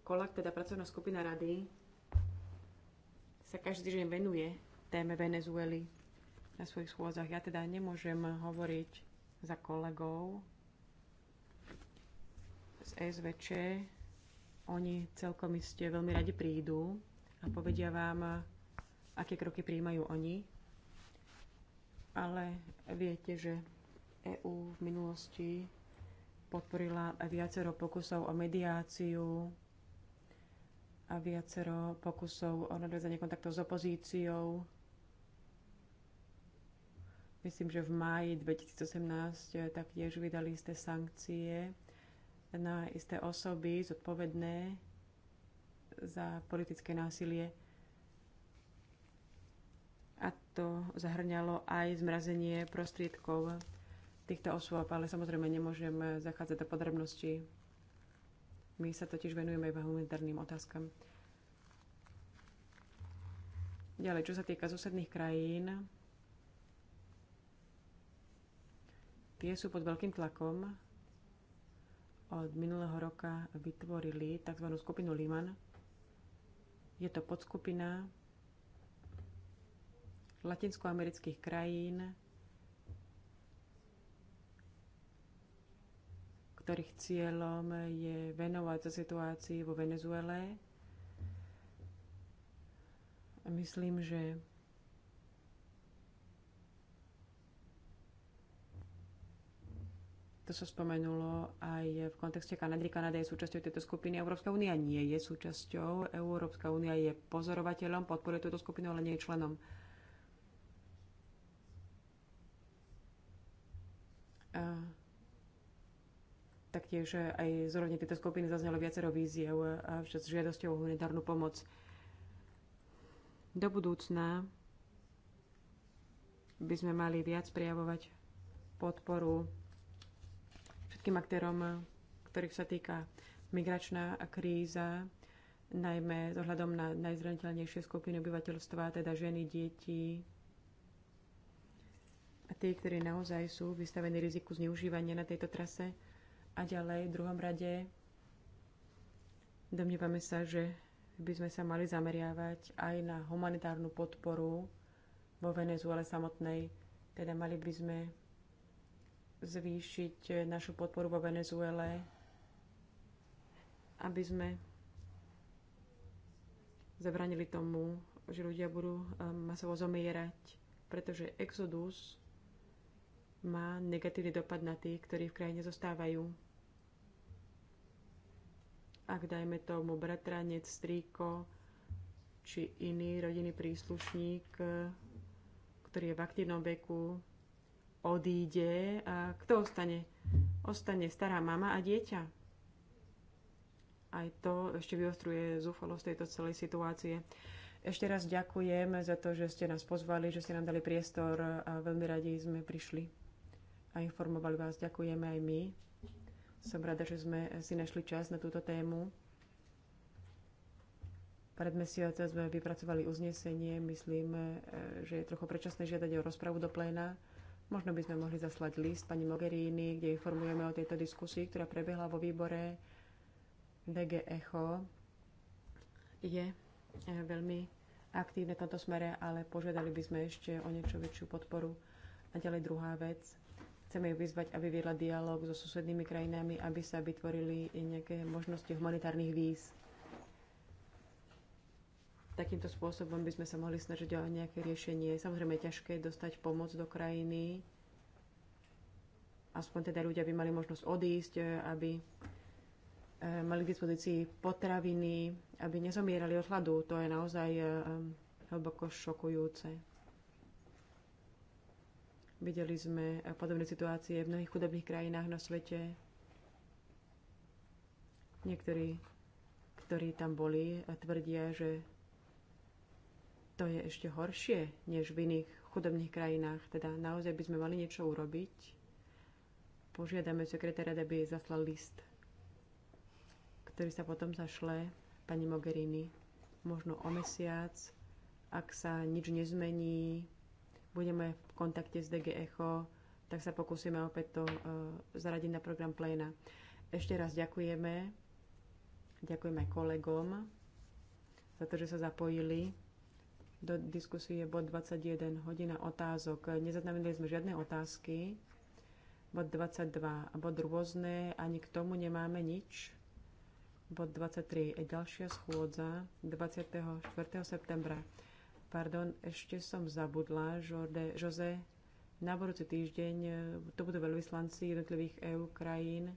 S1: Kolak, teda pracovná skupina rady, sa každý deň venuje téme Venezuely na svojich schôdzach. Ja teda nemôžem hovoriť za kolegov z SVČ. Oni celkom iste veľmi radi prídu a povedia vám, aké kroky príjmajú oni. Ale viete, že EÚ v minulosti podporila viacero pokusov o mediáciu a viacero pokusov o nadviazanie kontaktov s opozíciou. Myslím, že v máji 2018 eh, taktiež vydali isté sankcie na isté osoby zodpovedné za politické násilie. A to zahrňalo aj zmrazenie prostriedkov týchto osôb, ale samozrejme nemôžem eh, zachádzať do podrobností. My sa totiž venujeme iba humanitárnym otázkam. Ďalej, čo sa týka susedných krajín, tie sú pod veľkým tlakom. Od minulého roka vytvorili tzv. skupinu Liman. Je to podskupina latinskoamerických krajín, ktorých cieľom je venovať sa situácii vo Venezuele. Myslím, že to sa spomenulo aj v kontexte Kanady. Kanada je súčasťou tejto skupiny, Európska únia nie je súčasťou. Európska únia je pozorovateľom, podporuje túto skupinu, ale nie je členom. A Taktiež aj z úrovne tejto skupiny zaznelo viacero víziev s žiadosťou o humanitárnu pomoc. Do budúcna by sme mali viac prijavovať podporu všetkým aktérom, ktorých sa týka migračná kríza, najmä s ohľadom na najzraniteľnejšie skupiny obyvateľstva, teda ženy, deti a tí, ktorí naozaj sú vystavení riziku zneužívania na tejto trase. A ďalej, v druhom rade, domnívame sa, že by sme sa mali zameriavať aj na humanitárnu podporu vo Venezuele samotnej. Teda mali by sme zvýšiť našu podporu vo Venezuele, aby sme zabranili tomu, že ľudia budú um, masovo zomierať, pretože exodus má negatívny dopad na tých, ktorí v krajine zostávajú ak dajme tomu bratranec, strýko či iný rodinný príslušník, eh, ktorý je v aktívnom veku, odíde, a kto ostane? Ostane stará mama a dieťa. Aj to ešte vyostruje zúfalosť tejto celej situácie. Ešte raz ďakujem za to, že ste nás pozvali, že ste nám dali priestor a veľmi radi sme prišli a informovali vás. Ďakujeme aj my. Som rada, že sme si našli čas na túto tému. Pred mesiacom sme vypracovali uznesenie. Myslím, e, že je trochu predčasné žiadať o rozpravu do pléna. Možno by sme mohli zaslať list pani Mogherini, kde informujeme o tejto diskusii, ktorá prebehla vo výbore DG Echo. Je e, veľmi aktívne v tomto smere, ale požiadali by sme ešte o niečo väčšiu podporu. A ďalej druhá vec, Chceme ju vyzvať, aby viedla dialog so susednými krajinami, aby sa vytvorili nejaké možnosti humanitárnych víz. Takýmto spôsobom by sme sa mohli snažiť o nejaké riešenie. Samozrejme, ťažké je dostať pomoc do krajiny. Aspoň teda ľudia by mali možnosť odísť, e, aby e, mali k dispozícii potraviny, aby nezomierali od hladu. To je naozaj e, hlboko šokujúce. Videli sme podobné situácie v mnohých chudobných krajinách na svete. Niektorí, ktorí tam boli, tvrdia, že to je ešte horšie než v iných chudobných krajinách. Teda naozaj by sme mali niečo urobiť. Požiadame sekretára, aby zaslal list, ktorý sa potom zašle pani Mogherini. Možno o mesiac, ak sa nič nezmení, budeme v kontakte s DG Echo, tak sa pokúsime opäť to e, zaradiť na program pléna. Ešte raz ďakujeme. Ďakujeme kolegom za to, že sa zapojili do diskusie bod 21, hodina otázok. Nezaznamenali sme žiadne otázky. Bod 22 a bod rôzne, ani k tomu nemáme nič. Bod 23 je ďalšia schôdza 24. septembra. Pardon, ešte som zabudla, Jorde, Jose, na budúci týždeň e, to budú veľvyslanci jednotlivých EU krajín.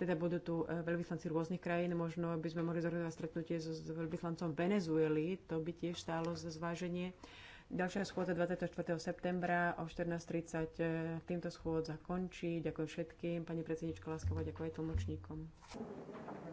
S1: Teda budú tu e, veľvyslanci rôznych krajín, možno by sme mohli zorganizovať stretnutie s, s veľvyslancom Venezuely, to by tiež stálo za zváženie. Ďalšia schôdza 24. septembra o 14.30. E, týmto schôdza končí. Ďakujem všetkým. Pani predsednička Láskova, ďakujem aj tlmočníkom.